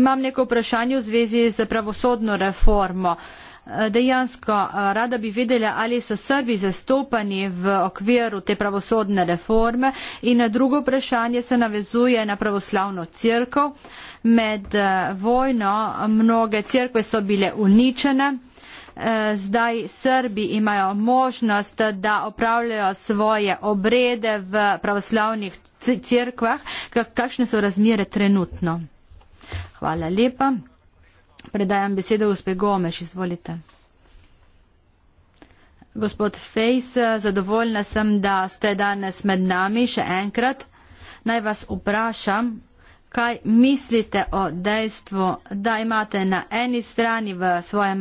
imam neko vprašanje v zvezi z pravosodno reformo. Uh, dejansko eh, rada bi vedela, ali so Srbi zastopani v okviru te pravosodne reforme in na eh, drugo vprašanje se navezuje na pravoslavno crkvo. Med eh, vojno mnoge crkve so bile uničene. Zdaj Srbi imajo možnost, da opravljajo svoje obrede v pravoslavnih crkvah. Kakšne so razmere trenutno? Hvala lepa. Predajam besedo gospe Gomeš, izvolite. Gospod Fejs, zadovoljna sem, da ste danes med nami še enkrat. Naj vas vprašam, kaj mislite o dejstvu, da imate na eni strani v svojem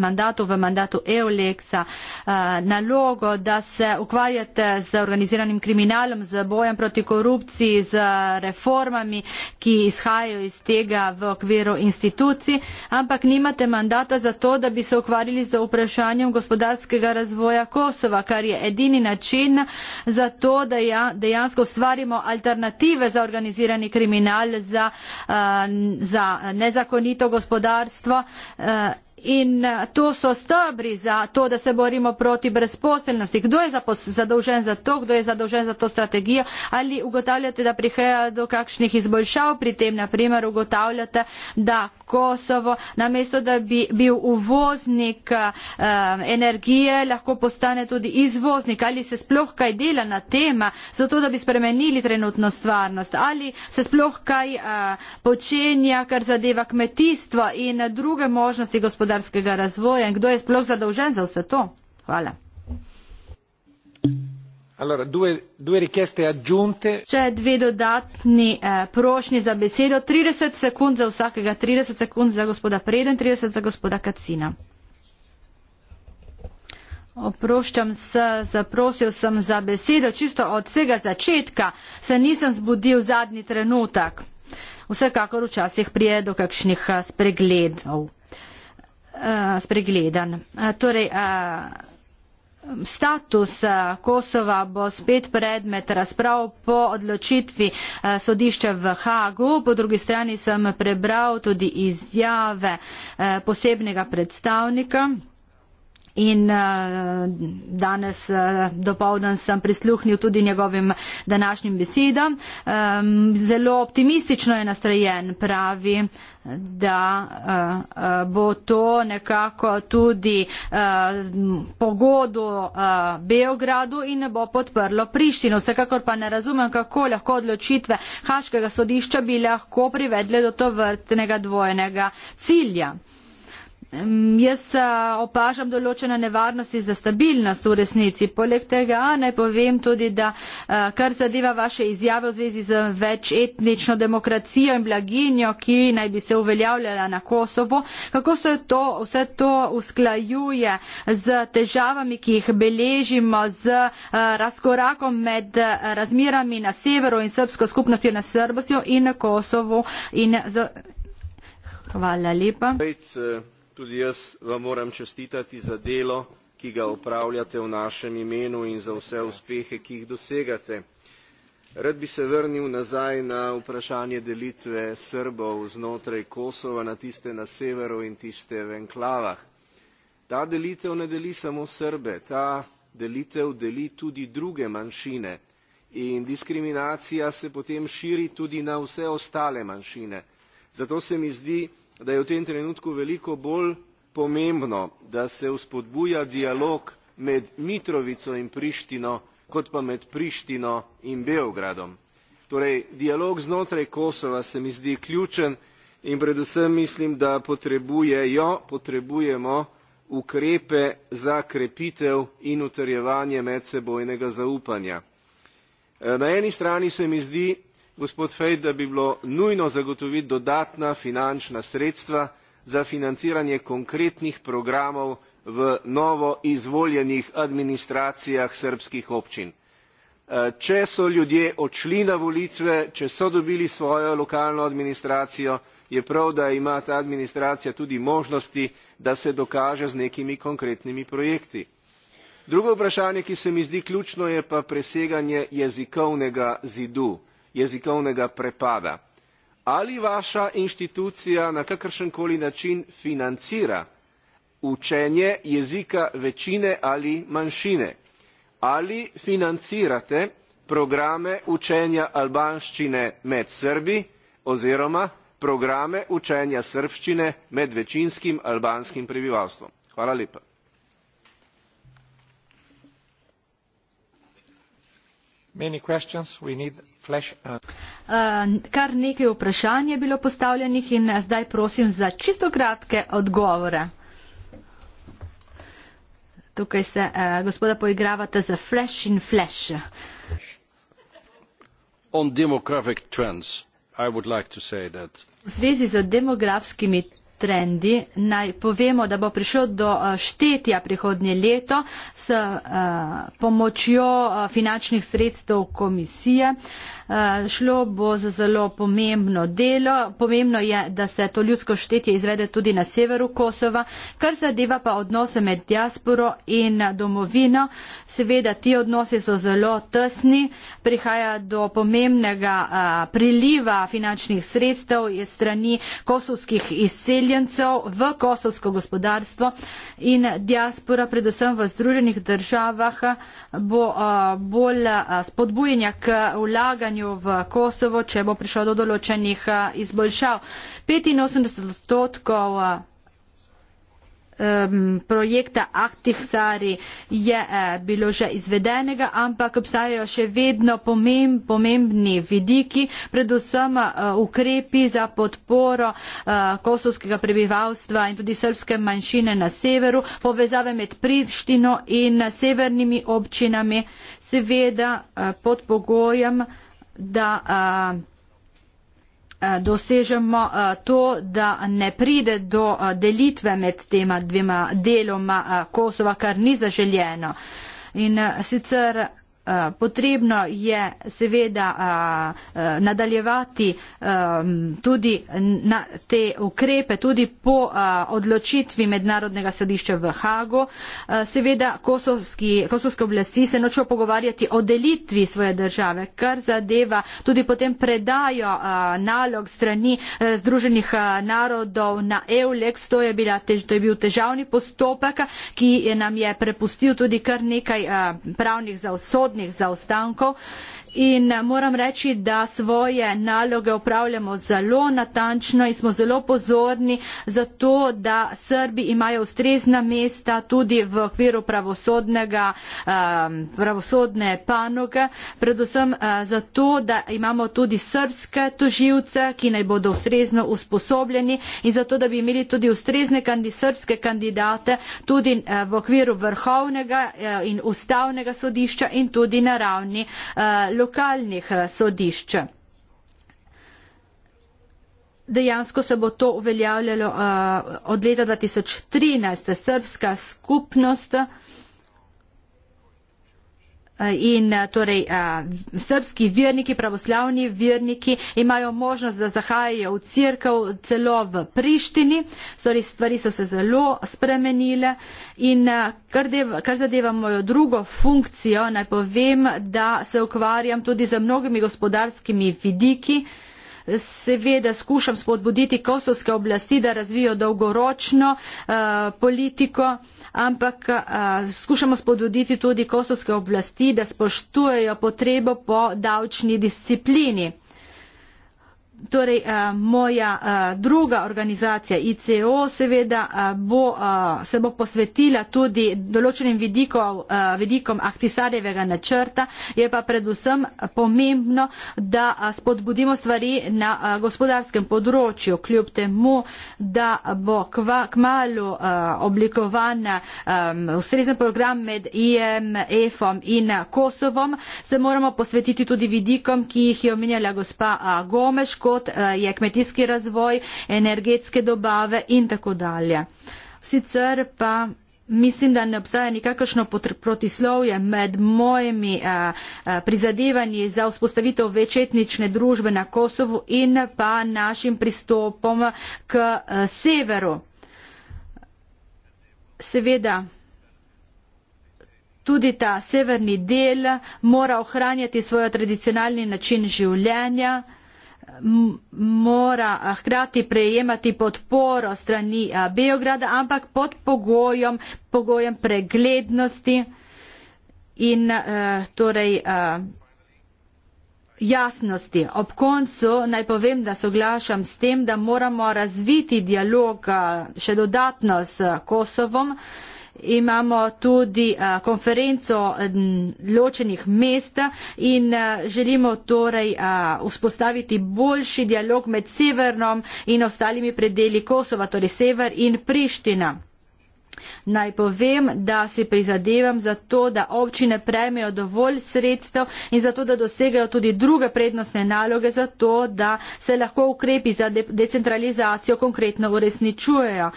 mandatu, v mandatu EOLEX-a, eh, nalogo, da se ukvarjate z organiziranim kriminalom, z bojem proti korupciji, z reformami, ki izhajajo iz tega v okviru institucij, ampak nimate mandata za to, da bi se ukvarjali z vprašanjem gospodarskega razvoja Kosova, kar je edini način za to, da ja, dejansko stvarimo alternative za organizirani kriminal materijal za, eh, za nezakonito gospodarstvo eh, in eh, to so stebri za to, da se borimo proti brezposelnosti. Kdo je zadolžen za to, kdo je zadolžen za to strategijo? Ali ugotavljate, da prihaja do kakšnih izboljšav pri tem? Naprimer, ugotavljate, da Kosovo, namesto da bi bil uvoznik eh, energije, lahko postane tudi izvoznik. Ali se sploh kaj dela na tema, zato da bi spremenili trenutno stvarnost? Ali se sploh kaj eh, počenja, kar zadeva kmetijstvo in druge možnosti gospodarstva? gospodarskega razvoja in kdo je sploh zadolžen za vse to? Hvala. Allora, due, due richieste aggiunte. Če dve dodatni eh, prošnji za besedo, 30 sekund za vsakega, 30 sekund za gospoda Predo in 30 za gospoda Kacina. Oproščam se, zaprosil sem za besedo čisto od vsega začetka, se nisem zbudil zadnji trenutek. Vsekakor včasih prije do kakšnih eh, spregledov. Eh, spregledan. Eh, torej, eh, status Kosova bo spet predmet razprav po odločitvi sodišča v Hagu. Po drugi strani sem prebral tudi izjave posebnega predstavnika in uh, danes uh, eh, dopovdan sem prisluhnil tudi njegovim današnjim besedam. Um, zelo optimistično je nastrojen, pravi da uh, uh, bo to nekako tudi uh, pogodu uh, Beogradu in bo podprlo Prištino. Vsekakor pa ne razumem, kako lahko odločitve Haškega sodišča bi lahko privedle do to vrtnega dvojnega cilja. Jaz opažam določene nevarnosti za stabilnost v resnici. Poleg tega naj povem tudi, da kar zadeva vaše izjave v zvezi z večetnično demokracijo in blaginjo, ki naj bi se uveljavljala na Kosovo, kako se to, vse to usklajuje z težavami, ki jih beležimo, z razkorakom med razmirami na severu in srbsko skupnostjo na Srbosti in Kosovo. In z... Hvala lepa. Pec, uh... Tudi jaz vam moram čestitati za delo, ki ga opravljate v našem imenu in za vse uspehe, ki jih dosegate. Rad bi se vrnil nazaj na vprašanje delitve Srbov znotraj Kosova na tiste na severu in tiste v enklavah. Ta delitev ne deli samo Srbe, ta delitev deli tudi druge manjšine in diskriminacija se potem širi tudi na vse ostale manjšine. Zato se mi zdi, da da je v tem trenutku veliko bolj pomembno da se vzpodbuja dialog med mitrovico in prištino kot pa med prištino in beogradom torej dialog znotraj kosova se mi zdi ključen in predvsem mislim da potrebujejo potrebujemo ukrepe za krepitev in utrjevanje medsebojnega zaupanja. E, na eni strani se mi zdi gospod feit da bi bilo nujno zagotoviti dodatna finančna sredstva za financiranje konkretnih programov v novo izvoljenih administracijah srbskih občin. Eh, če so ljudje odšli na volitve, če so dobili svojo lokalno administracijo, je prav, da ima ta administracija tudi možnosti, da se dokaže z nekimi konkretnimi projekti. Drugo vprašanje, ki se mi zdi ključno, je pa preseganje jezikovnega zidu jezikovnega prepada. Ali vaša inštitucija na kakršen koli način financira učenje jezika večine ali manjšine? Ali financirate programe učenja albanščine med Srbi oziroma programe učenja srbščine med večinskim albanskim prebivalstvom? Hvala lepa. Many questions. We need Uh, kar nekaj vprašanj je bilo postavljenih in zdaj prosim za čisto kratke odgovore. Tukaj se uh, gospoda poigravate za flash in flash. On demographic trends, I would like to say that. V zvezi z demografskimi trendi. Naj povemo, da bo prišlo do eh, štetja prihodnje leto s eh, pomočjo eh, finančnih sredstev komisije. Šlo bo za zelo pomembno delo. Pomembno je, da se to ljudsko štetje izvede tudi na severu Kosova, kar zadeva pa odnose med diasporo in domovino. Seveda ti odnosi so zelo tesni, prihaja do pomembnega priliva finančnih sredstev iz strani kosovskih izseljev priseljencev v kosovsko gospodarstvo in diaspora, predvsem v združenih državah, bo bolj spodbujenja k vlaganju v Kosovo, če bo prišlo do določenih izboljšav. 85 odstotkov projekta Aktihsari je eh, bilo že izvedenega, ampak obstajajo še vedno pomembni vidiki, predvsem eh, ukrepi za podporo eh, kosovskega prebivalstva in tudi srpske manjšine na severu, povezave med Prištino in severnimi občinami, seveda pod pogojem, da Eh, dosežemo eh, to, da ne pride do eh, delitve med tema dvema deloma Kosova, kar ni zaželjeno. In sicer Eh, potrebno je seveda eh, eh, nadaljevati ehm, tudi na te ukrepe, tudi po odločitvi Mednarodnega sodišča v Hagu. Seveda kosovski, kosovske oblasti se nočejo pogovarjati o delitvi svoje države, kar zadeva tudi potem predajo nalog strani Združenih narodov na EULEX. To je, bila, to je bil težavni postopek, ki nam je prepustil tudi kar nekaj pravnih zaosodnosti zdravstvenih zaostankov in moram reči, da svoje naloge opravljamo zelo natančno in smo zelo pozorni za to, da Srbi imajo ustrezna mesta tudi v okviru pravosodnega, um, pravosodne panoge, predvsem uh, zato, da imamo tudi srbske toživce, ki naj bodo ustrezno usposobljeni in zato, da bi imeli tudi ustrezne kandid, srbske kandidate tudi uh, v okviru vrhovnega uh, in ustavnega sodišča in tudi na ravni lokalnega lokalnih eh, sodišč. Dejansko se bo to uveljavljalo eh, od leta 2013. Srbska skupnost in eh, torej eh, srbski verniki, pravoslavni verniki imajo možnost, da zahajajo v crkav celo v Prištini, torej stvari so se zelo spremenile in eh, kar, dev, kar zadeva mojo drugo funkcijo, naj povem, da se ukvarjam tudi z mnogimi gospodarskimi vidiki, seveda skušam spodbuditi kosovske oblasti, da razvijo dolgoročno eh, politiko, ampak eh, skušamo spodbuditi tudi kosovske oblasti, da spoštujejo potrebo po davčni disciplini. Torej, eh, moja eh, druga organizacija ICO seveda eh, bo, eh, se bo posvetila tudi določenim vidikov, eh, vidikom aktisarjevega načrta. Je pa predvsem pomembno, da eh, spodbudimo stvari na eh, gospodarskem področju, kljub temu, da bo kva, kmalo eh, oblikovan eh, ustrezen program med IMF-om e in Kosovom. Se moramo posvetiti tudi vidikom, ki jih je omenjala gospa eh, Gomeško kot eh, je kmetijski razvoj, energetske dobave in tako dalje. Sicer pa mislim, da ne obstaja nikakršno protislovje med mojimi eh, eh, prizadevanji za vzpostavitev večetnične družbe na Kosovu in pa našim pristopom k severu. Seveda, tudi ta severni del mora ohranjati svoj tradicionalni način življenja mora eh, hkrati prejemati podporo strani eh, Beograda, ampak pod pogojem, pogojem preglednosti in eh, torej jasnosti. Ob koncu naj povem, da soglašam s tem, da moramo razviti dialog še dodatno s Kosovom imamo tudi eh, konferenco eh, ločenih mest in eh, želimo torej vzpostaviti boljši dialog med severnom in ostalimi predeli Kosova, torej sever in Priština. Naj povem, da si prizadevam za to, da občine prejmejo dovolj sredstev in za to, da dosegajo tudi druge prednostne naloge, za to, da se lahko ukrepi za decentralizacijo konkretno uresničujejo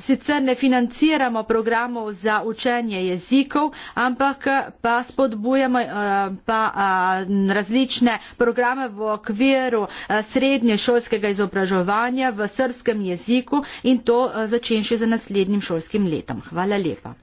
sicer ne financiramo programov za učenje jezikov, ampak eh, pa spodbujamo eh, pa eh, različne programe v okviru srednje šolskega izobraževanja v srpskem jeziku in to začenši z naslednjim šolskim letom. Hvala lepa.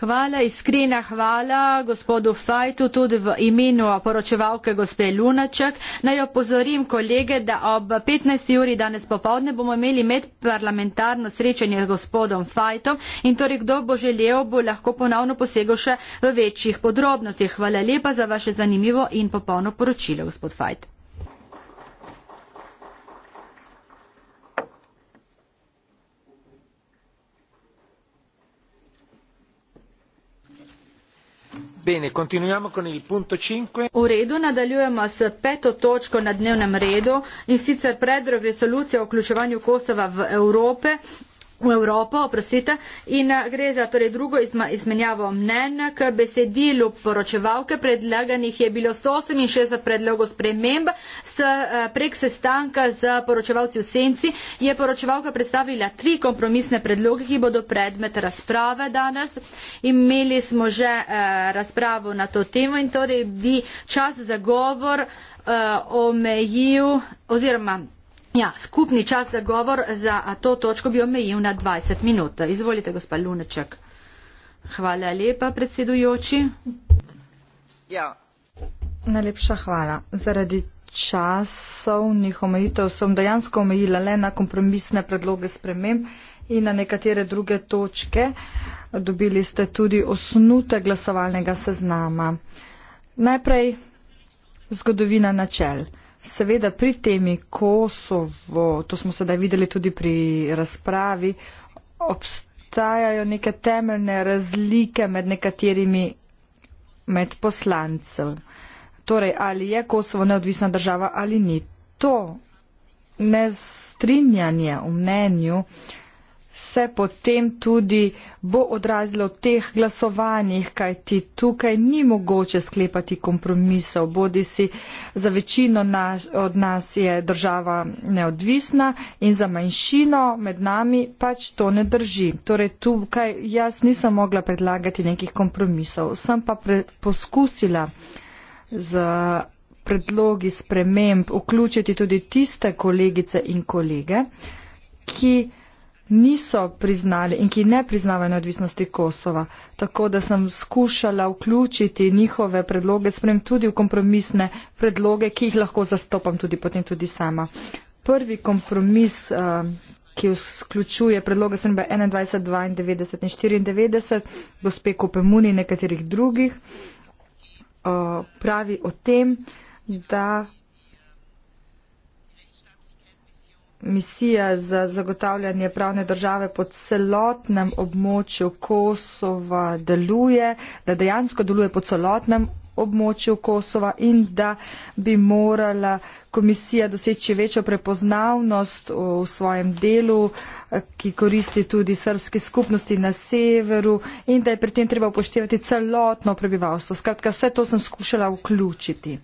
Hvala, iskrena hvala gospodu Fajtu, tudi v imenu poročevalke gospe Lunaček. Naj opozorim kolege, da ob 15. uri danes popovdne bomo imeli medparlamentarno srečanje z gospodom Fajtom in torej kdo bo želel, bo lahko ponovno posegel še v večjih podrobnostih. Hvala lepa za vaše zanimivo in popolno poročilo, gospod Fajt. Bene, continuiamo con il punto 5. V redu, nadaljujemo s peto točko na dnevnem redu in sicer predlog resolucije o vključevanju Kosova v Evropo v Evropo, oprostite, in eh, gre za torej drugo izmenjavo mnen k besedilu poročevalke. Predlaganih je bilo 168 predlogov sprememb s, eh, prek sestanka z poročevalci v Senci. Je poročevalka predstavila tri kompromisne predloge, ki bodo predmet razprave danes. Imeli smo že eh, razpravo na to temo in torej bi čas za govor eh, omejil oziroma Ja, skupni čas za govor za to točko bi omejil na 20 minut. Izvolite, gospod Luneček. Hvala lepa, predsedujoči. Ja. Najlepša hvala. Zaradi časovnih omejitev sem dejansko omejila le na kompromisne predloge spremem in na nekatere druge točke. Dobili ste tudi osnute glasovalnega seznama. Najprej zgodovina načel. Seveda pri temi Kosovo, to smo sedaj videli tudi pri razpravi, obstajajo neke temeljne razlike med nekaterimi med poslancev. Torej, ali je Kosovo neodvisna država ali ni. To nestrinjanje v mnenju uh, se potem tudi bo odrazilo v teh glasovanjih, kajti tukaj ni mogoče sklepati kompromisov. Bodi si za večino naš, od nas je država neodvisna in za manjšino med nami pač to ne drži. Torej tukaj jaz nisem mogla predlagati nekih kompromisov, sem pa pre, poskusila z predlogi sprememb vključiti tudi tiste kolegice in kolege, ki niso priznali in ki ne priznavajo neodvisnosti Kosova. Tako da sem skušala vključiti njihove predloge, sprem tudi v kompromisne predloge, ki jih lahko zastopam tudi potem tudi sama. Prvi kompromis, eh, ki vključuje predloge SNB 21, 92 in 94, gospe Kopemuni in nekaterih drugih, eh, pravi o tem, da misija za zagotavljanje pravne države po celotnem območju Kosova deluje, da dejansko deluje po celotnem območju Kosova in da bi morala komisija doseči večjo prepoznavnost v svojem delu, ki koristi tudi srpski skupnosti na severu in da je pri tem treba upoštevati celotno prebivalstvo. Skratka, vse to sem skušala vključiti.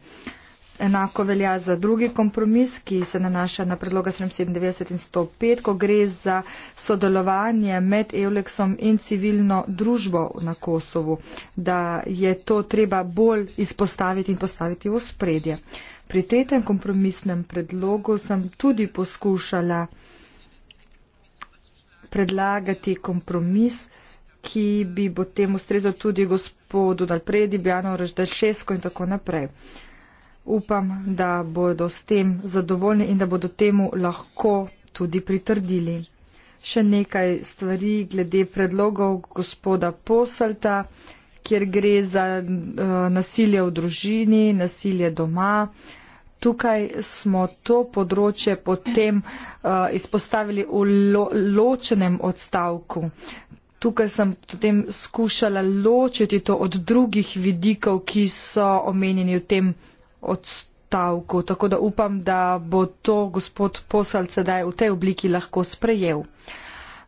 Enako velja za drugi kompromis, ki se nanaša na predloga 97 in 105, ko gre za sodelovanje med Euleksom in civilno družbo na Kosovu, da je to treba bolj izpostaviti in postaviti v spredje. Pri tretjem kompromisnem predlogu sem tudi poskušala predlagati kompromis, ki bi potem ustrezal tudi gospodu Dalpredi, Bjano Reždešesko in tako naprej. Uh, upam, da bodo s tem zadovoljni in da bodo temu lahko tudi pritrdili. Še nekaj stvari glede predlogov gospoda Posalta, kjer gre za uh, nasilje v družini, nasilje doma. Tukaj smo to področje potem uh, izpostavili v lo ločenem odstavku. Tukaj sem potem skušala ločiti to od drugih vidikov, ki so omenjeni v tem odstavku, tako da upam, da bo to gospod poslalc sedaj v tej obliki lahko sprejel.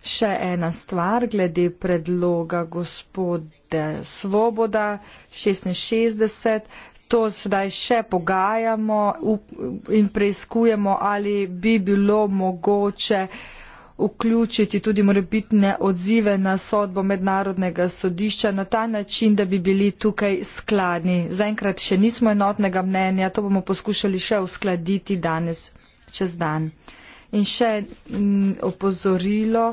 Še ena stvar glede predloga gospode Svoboda 66. To sedaj še pogajamo in preizkujemo, ali bi bilo mogoče uh, vključiti tudi morebitne odzive na sodbo mednarodnega sodišča na ta način, da bi bili tukaj skladni. Zaenkrat še nismo enotnega mnenja, to bomo poskušali še uskladiti danes čez dan. In še mm, opozorilo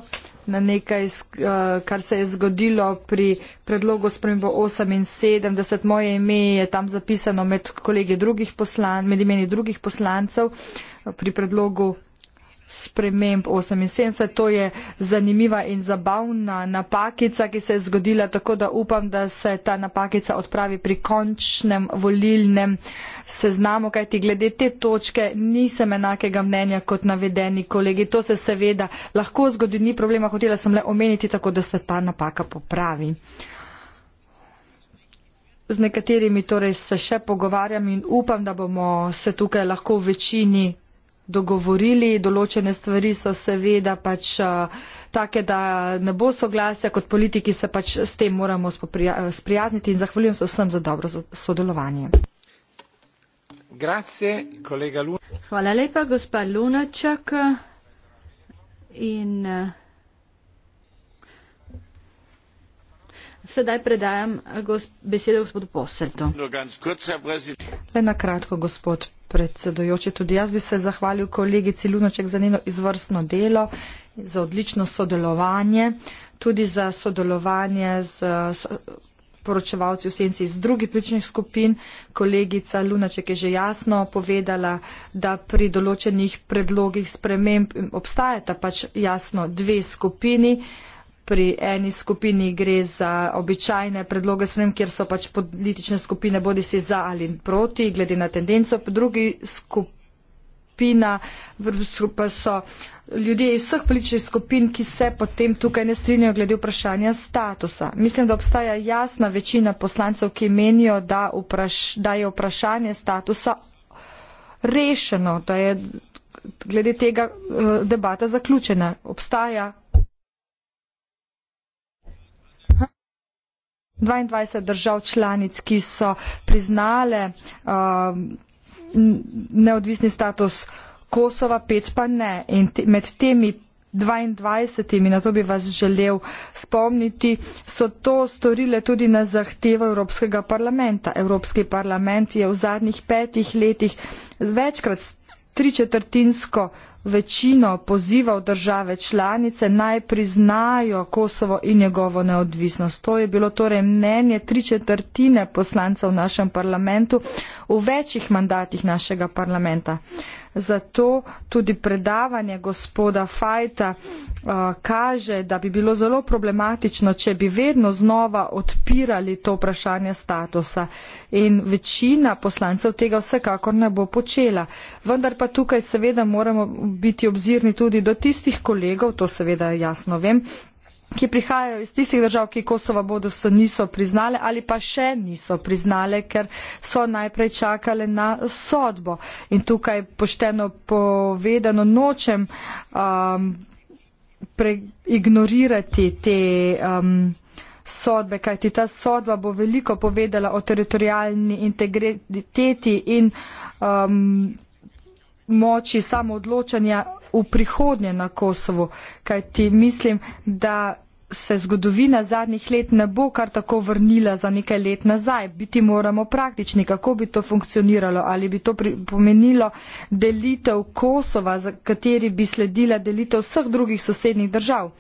na nekaj, eh, kar se je zgodilo pri predlogu spremembo 78. Moje ime je tam zapisano med kolegi drugih poslan, med imeni drugih poslancev pri predlogu sprememb 78. To je zanimiva in zabavna napakica, ki se je zgodila, tako da upam, da se ta napakica odpravi pri končnem volilnem seznamu, kajti glede te točke nisem enakega mnenja kot navedeni kolegi. To se seveda lahko zgodi, ni problema, hotela sem le omeniti, tako da se ta napaka popravi. Z nekaterimi torej se še pogovarjam in upam, da bomo se tukaj lahko v večini dogovorili, določene stvari so seveda pač take, da ne bo soglasja, kot politiki se pač s tem moramo sprijazniti in zahvaljujem se vsem za dobro sodelovanje. Grazie, kolega Luna. Hvala lepa, gospa Lunaček. In sedaj predajam besedo gospodu Poseltu. Le na kratko, gospod predsedujoče. Tudi jaz bi se zahvalil kolegici Lunoček za njeno izvrstno delo, za odlično sodelovanje, tudi za sodelovanje z poročevalci v senci iz drugih pričnih skupin. Kolegica Lunaček je že jasno povedala, da pri določenih predlogih sprememb obstajata pač jasno dve skupini. Uh, pri eni skupini gre za običajne predloge sprem, kjer so pač politične skupine bodi si za ali proti, glede na tendenco. Drugi skupina pa so ljudje iz vseh političnih skupin, ki se potem tukaj ne strinjajo glede vprašanja statusa. Mislim, da obstaja jasna večina poslancev, ki menijo, da, vpraš, da je vprašanje statusa rešeno, da je glede tega eh, debata zaključena. Obstaja 22 držav članic, ki so priznale uh, neodvisni status Kosova, pet pa ne. In te, med temi 22, in na to bi vas želel spomniti, so to storile tudi na zahtevo Evropskega parlamenta. Evropski parlament je v zadnjih petih letih večkrat tri četrtinsko večino pozival države članice naj priznajo Kosovo in njegovo neodvisnost. To je bilo torej mnenje tri četrtine poslancev v našem parlamentu v večjih mandatih našega parlamenta. Zato tudi predavanje gospoda Fajta uh, kaže, da bi bilo zelo problematično, če bi vedno znova odpirali to vprašanje statusa. In večina poslancev tega vsekakor ne bo počela. Vendar pa tukaj seveda moramo biti obzirni tudi do tistih kolegov, to seveda jasno vem ki prihajajo iz tistih držav, ki Kosova bodo so niso priznale ali pa še niso priznale, ker so najprej čakale na sodbo. In tukaj pošteno povedano nočem um, preignorirati te. Um, sodbe, kajti ta sodba bo veliko povedala o teritorijalni integriteti in um, moči samoodločanja v prihodnje na Kosovo, kajti mislim, da se zgodovina zadnjih let ne bo kar tako vrnila za nekaj let nazaj. Biti moramo praktični, kako bi to funkcioniralo, ali bi to pomenilo delitev Kosova, za kateri bi sledila delitev vseh drugih sosednjih držav.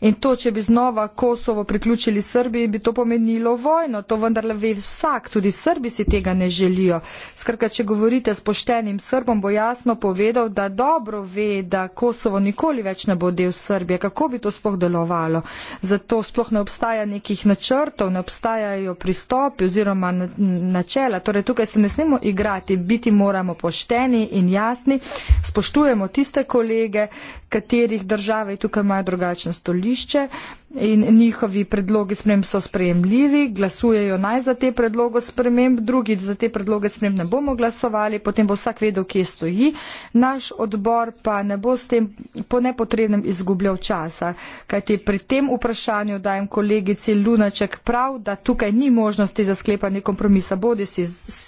In to, če bi znova Kosovo priključili Srbiji, bi to pomenilo vojno. To vendarle ve vsak, tudi Srbi si tega ne želijo. Skratka, če govorite s poštenim Srbom, bo jasno povedal, da dobro ve, da Kosovo nikoli več ne bo del Srbije. Kako bi to spoh delovalo? zato sploh ne obstaja nekih načrtov, ne obstajajo pristopi oziroma načela. Torej, tukaj se ne smemo igrati, biti moramo pošteni in jasni, spoštujemo tiste kolege, katerih države tukaj imajo drugačno stolišče in njihovi predlogi sprem so sprejemljivi, glasujejo naj za te predloge sprem, drugi za te predloge sprem ne bomo glasovali, potem bo vsak vedel, kje stoji, naš odbor pa ne bo s tem po nepotrebnem izgubljal časa. Kajti pri tem vprašanju dajem kolegici Lunaček prav, da tukaj ni možnosti za sklepanje kompromisa, bodi si,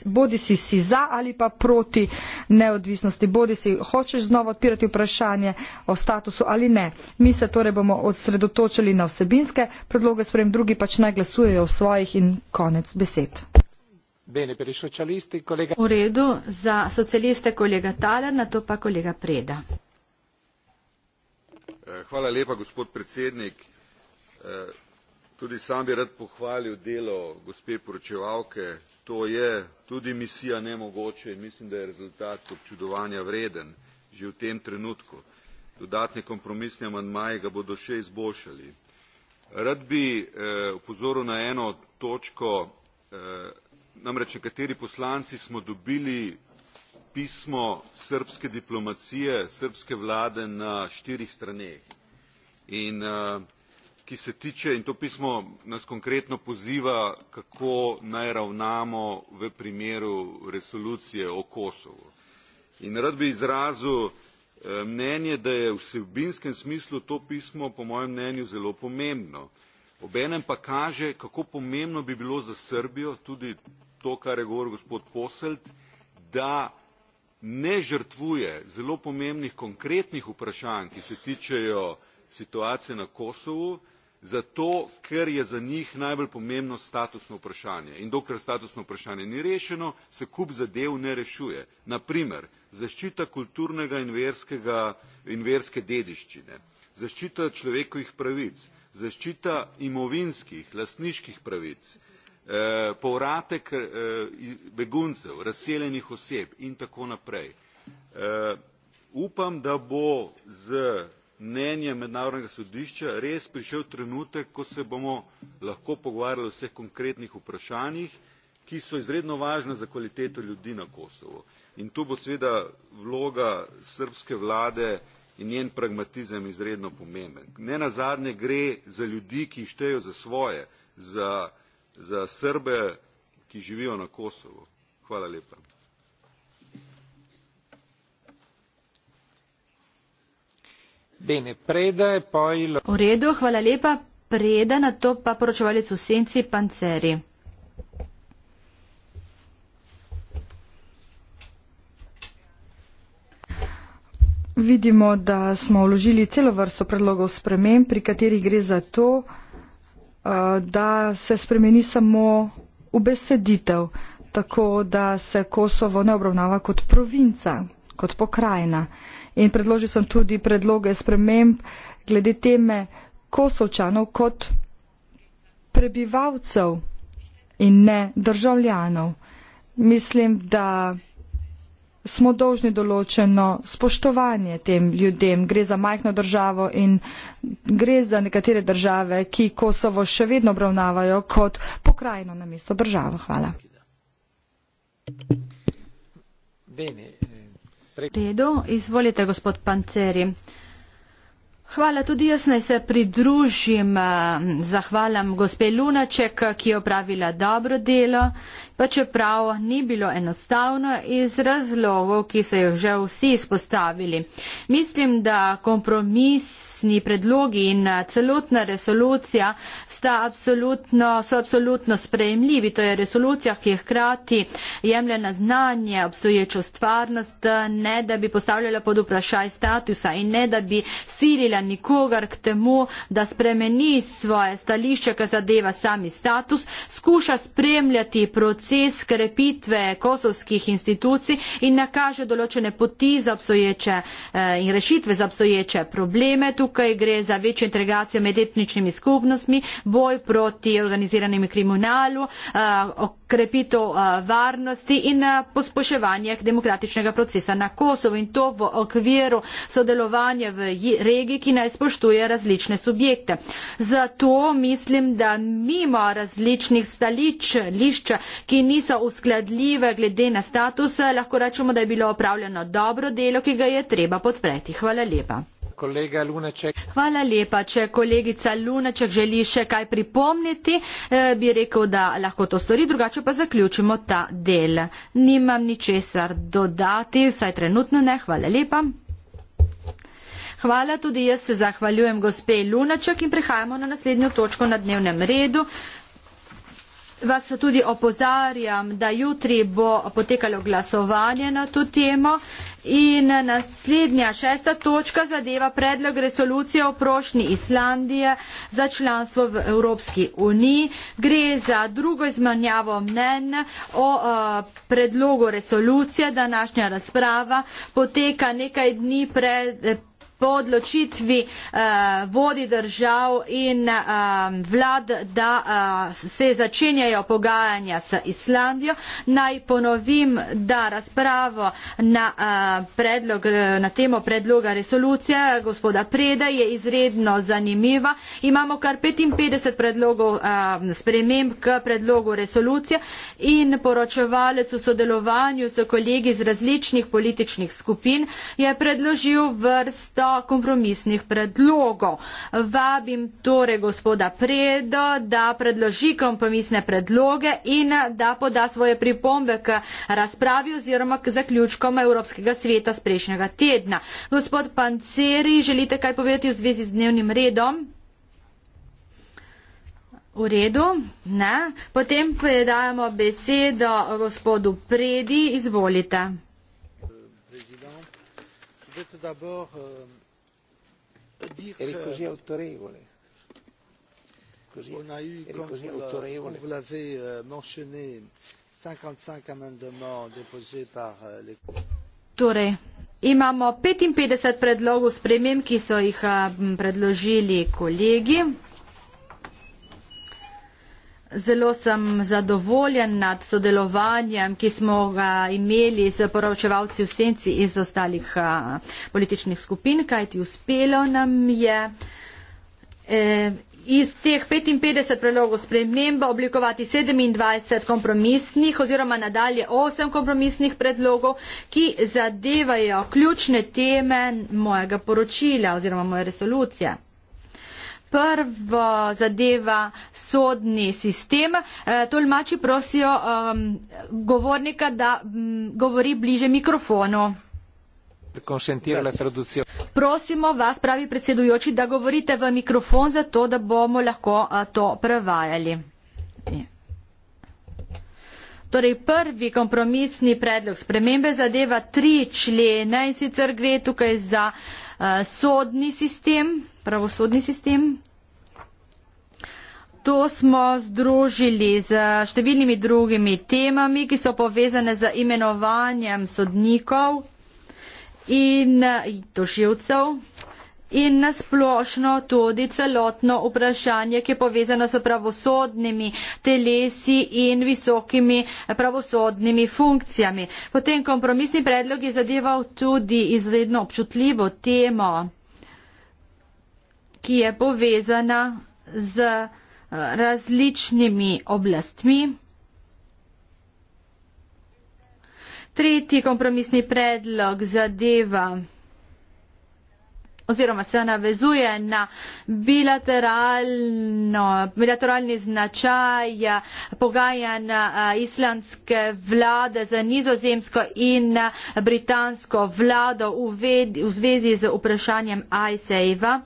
bodi si, si za ali pa proti neodvisnosti, bodi si hočeš znova odpirati vprašanje o statusu ali ne. Mi se torej bomo osredotočili na vsebinske predloge sprem, drugi pač naj glasujejo o svojih in konec besed. Bene, kolega... V redu za socialiste kolega Taler, na to pa kolega Preda. Eh, hvala lepa, gospod predsednik. Eh, tudi sam bi rad pohvalil delo gospe poročevalke. To je tudi misija nemogoče in mislim, da je rezultat občudovanja vreden že v tem trenutku. Dodatne kompromisne amandmaje ga bodo še izboljšali rad bi eh, opozoril na eno točko eh, namreč nekateri poslanci smo dobili pismo srbske diplomacije srbske vlade na štirih straneh in eh, ki se tiče in to pismo nas konkretno poziva kako naj ravnamo v primeru resolucije o kosovu in rad bi izrazil Eh, mnenje da je v vsebinskem smislu to pismo po mojem mnenju zelo pomembno obenem pa kaže kako pomembno bi bilo za srbijo tudi to kar je govoril gospod posselt da ne žrtvuje zelo pomembnih konkretnih vprašanj ki se tičejo situacije na kosovu zato ker je za njih najbolj pomembno statusno vprašanje in dokler statusno vprašanje ni rešeno se kup zadev ne rešuje naprimer zaščita kulturnega in, in verske dediščine zaščita človekovih pravic zaščita imovinskih lastniških pravic eh, povratek eh, beguncev razseljenih oseb in tako naprej eh, upam da bo z mnenje mednarodnega sodišča res prišel trenutek, ko se bomo lahko pogovarjali o vseh konkretnih vprašanjih, ki so izredno važne za kvaliteto ljudi na Kosovo. In tu bo seveda vloga srpske vlade in njen pragmatizem izredno pomemben. Ne na zadnje gre za ljudi, ki štejo za svoje, za, za Srbe, ki živijo na Kosovo. Hvala lepa. V redu, hvala lepa. Preda, na to pa poročevalec v senci Panceri. Vidimo, da smo vložili celo vrsto predlogov sprememb, pri katerih gre za to, eh, da se spremeni samo ubeseditev, tako da se Kosovo ne obravnava kot provinca, kot pokrajina. In predložil sem tudi predloge sprememb glede teme kosovčanov kot prebivalcev in ne državljanov. Mislim, da smo dolžni določeno spoštovanje tem ljudem. Gre za majhno državo in gre za nekatere države, ki Kosovo še vedno obravnavajo kot pokrajino na mesto državo. Hvala. Bene, eh... Redo, izvolite, gospod Panceri. Hvala tudi jaz naj se pridružim. Eh, Zahvaljam gospe Lunaček, ki je opravila dobro delo, pa čeprav ni bilo enostavno iz razlogov, ki so jih že vsi izpostavili. Mislim, da kompromisni predlogi in eh, celotna resolucija absolutno, so absolutno sprejemljivi. To je resolucija, ki je hkrati jemlja na znanje obstoječo stvarnost, ne da bi postavljala pod vprašaj statusa in ne da bi silila prisilja nikogar k temu, da spremeni svoje stališče, kar zadeva sami status, skuša spremljati proces krepitve kosovskih institucij in nakaže določene poti za obstoječe eh, in rešitve za obstoječe probleme. Tukaj gre za večjo integracijo med etničnimi skupnostmi, boj proti organiziranemu kriminalu, eh, krepitev eh, varnosti in eh, pospoševanje demokratičnega procesa na Kosovo in to v okviru sodelovanja v regiji, ki naj spoštuje različne subjekte. Zato mislim, da mimo različnih stališč, ki niso uskladljive glede na status, lahko rečemo, da je bilo opravljeno dobro delo, ki ga je treba podpreti. Hvala lepa. Kolega Lunaček. Hvala lepa. Če kolegica Lunaček želi še kaj pripomniti, eh, bi rekel, da lahko to stori, drugače pa zaključimo ta del. Nimam ničesar dodati, vsaj trenutno ne. Hvala lepa. Hvala, tudi jaz se zahvaljujem gospe Lunaček in prehajamo na naslednjo točko na dnevnem redu. Vas tudi opozarjam, da jutri bo potekalo glasovanje na to temo in naslednja šesta točka zadeva predlog resolucije o prošnji Islandije za članstvo v Evropski uniji. Gre za drugo izmanjavo mnen o a, predlogu resolucije. Današnja razprava poteka nekaj dni pred. Eh, po odločitvi eh, vodi držav in eh, vlad, da eh, se začenjajo pogajanja s Islandijo. Naj ponovim, da razpravo na, eh, predlog, eh, na temo predloga resolucije gospoda Preda je izredno zanimiva. Imamo kar 55 predlogov eh, sprememb k predlogu resolucije in poročevalec v sodelovanju s kolegi iz različnih političnih skupin je predložil vrsto do kompromisnih predlogov. Vabim torej gospoda Predo, da predloži kompromisne predloge in da poda svoje pripombe k razpravi oziroma k zaključkom Evropskega sveta z prejšnjega tedna. Gospod Panceri, želite kaj povedati v zvezi z dnevnim redom? V redu, ne. Potem predajamo besedo gospodu Predi, izvolite. Je tudi dobro dire elle est que... così autorevole. Così, on a eu, comme vous, vous l'avez euh, mentionné, 55 amendements déposés par euh, les. Torej, imamo 55 predlogov sprememb, ki so jih eh, predložili kolegi. Zelo sem zadovoljen nad sodelovanjem, ki smo ga imeli s poročevalci v senci iz ostalih političnih skupin, kajti uspelo nam je e, iz teh 55 predlogov sprememba oblikovati 27 kompromisnih oziroma nadalje 8 kompromisnih predlogov, ki zadevajo ključne teme mojega poročila oziroma moje resolucije prva zadeva sodni sistem. E, tolmači prosijo um, govornika, da um, govori bliže mikrofonu. Prosimo vas, pravi predsedujoči, da govorite v mikrofon, zato da bomo lahko e, to prevajali. Ja. Torej, prvi kompromisni predlog spremembe zadeva tri člene in sicer gre tukaj za uh, sodni sistem pravosodni sistem. To smo združili z številnimi drugimi temami, ki so povezane z imenovanjem sodnikov in eh, toživcev in nasplošno tudi celotno vprašanje, ki je povezano s pravosodnimi telesi in visokimi pravosodnimi funkcijami. Potem kompromisni predlog je zadeval tudi izredno občutljivo temo ki je povezana z eh, različnimi oblastmi. Tretji kompromisni predlog zadeva oziroma se navezuje na bilateralni značaj eh, pogajanj eh, islandske vlade za nizozemsko in britansko vlado v, ved, v zvezi z vprašanjem ICEV-a.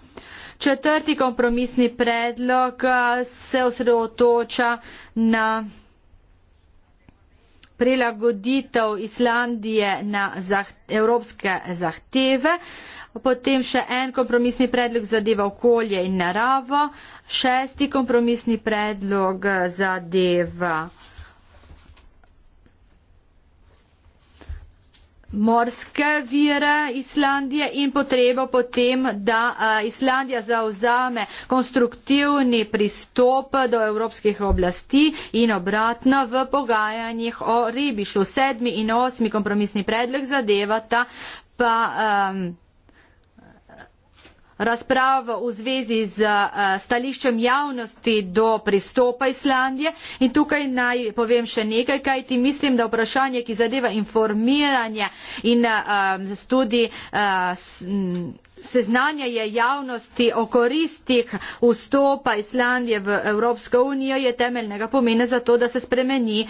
Četrti kompromisni predlog eh, se osredotoča na prilagoditev Islandije na zaht evropske zahteve. Potem še en kompromisni predlog zadeva okolje in naravo. Šesti kompromisni predlog zadeva. morske vire Islandije in potrebo potem, da Islandija zauzame konstruktivni pristop do evropskih oblasti in obratno v pogajanjih o ribištvu. Sedmi in osmi kompromisni predlog zadevata pa um, razprav v zvezi z eh, stališčem javnosti do pristopa Islandije. In tukaj naj povem še nekaj, kaj ti mislim, da vprašanje, ki zadeva informiranje in eh, tudi eh, seznanje je javnosti o koristih vstopa Islandije v Evropsko unijo je temeljnega pomena za to, da se spremeni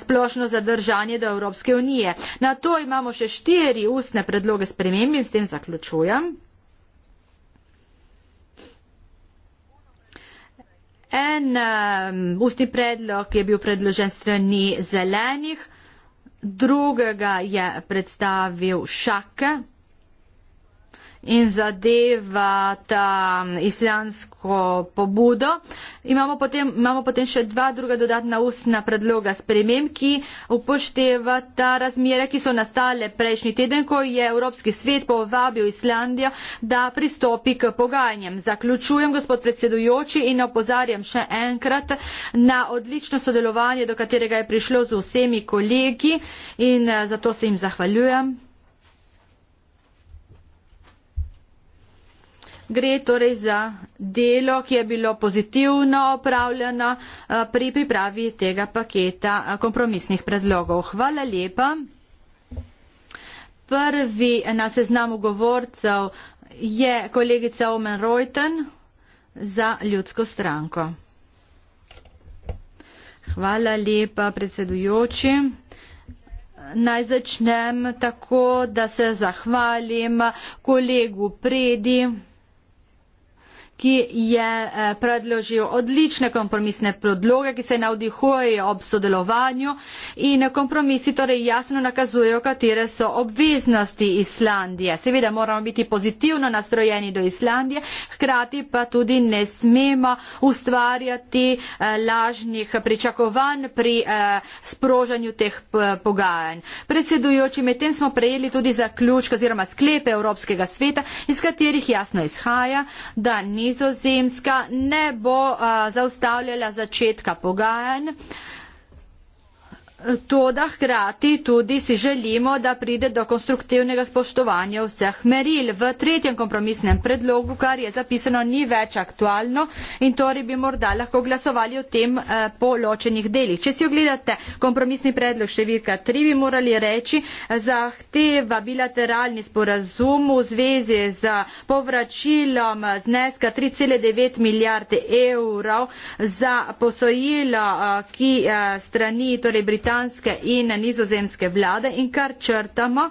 splošno zadržanje do Evropske unije. Na to imamo še štiri ustne predloge spremembe in s tem zaključujem. En um, ustni predlog je bil predložen strani zelenih, drugega je predstavil Šake in zadeva ta um, islamsko pobudo. Imamo potem, imamo potem še dva druga dodatna ustna predloga spremem, ki upoštevata razmere, ki so nastale prejšnji teden, ko je Evropski svet povabil Islandijo, da pristopi k pogajanjem. Zaključujem, gospod predsedujoči, in opozarjam še enkrat na odlično sodelovanje, do katerega je prišlo z vsemi kolegi in eh, zato se jim zahvaljujem. Gre torej za delo, ki je bilo pozitivno opravljeno eh, pri pripravi tega paketa eh, kompromisnih predlogov. Hvala lepa. Prvi na seznamu govorcev je kolegica Omen Reuten za ljudsko stranko. Hvala lepa, predsedujoči. Naj začnem tako, da se zahvalim kolegu Predi ki je eh, predložil odlične kompromisne predloge, ki se navdihujejo ob sodelovanju in kompromisi torej jasno nakazujejo, katere so obveznosti Islandije. Seveda moramo biti pozitivno nastrojeni do Islandije, hkrati pa tudi ne smemo ustvarjati eh, lažnih pričakovanj pri eh, sprožanju teh pogajanj. Predsedujoči, med tem smo prejeli tudi zaključke oziroma sklepe Evropskega sveta, iz katerih jasno izhaja, da ni nizozemska ne bo a, zaustavljala začetka pogajanj, Toda hkrati tudi si želimo, da pride do konstruktivnega spoštovanja vseh meril. V tretjem kompromisnem predlogu, kar je zapisano, ni več aktualno in torej bi morda lahko glasovali o tem eh, po ločenih delih. Če si ogledate kompromisni predlog številka 3, bi morali reči, eh, zahteva bilateralni sporazum v zvezi z povračilom zneska 3,9 milijarde evrov za posojilo, eh, ki eh, strani torej Britanije britanske in nizozemske vlade in kar črtamo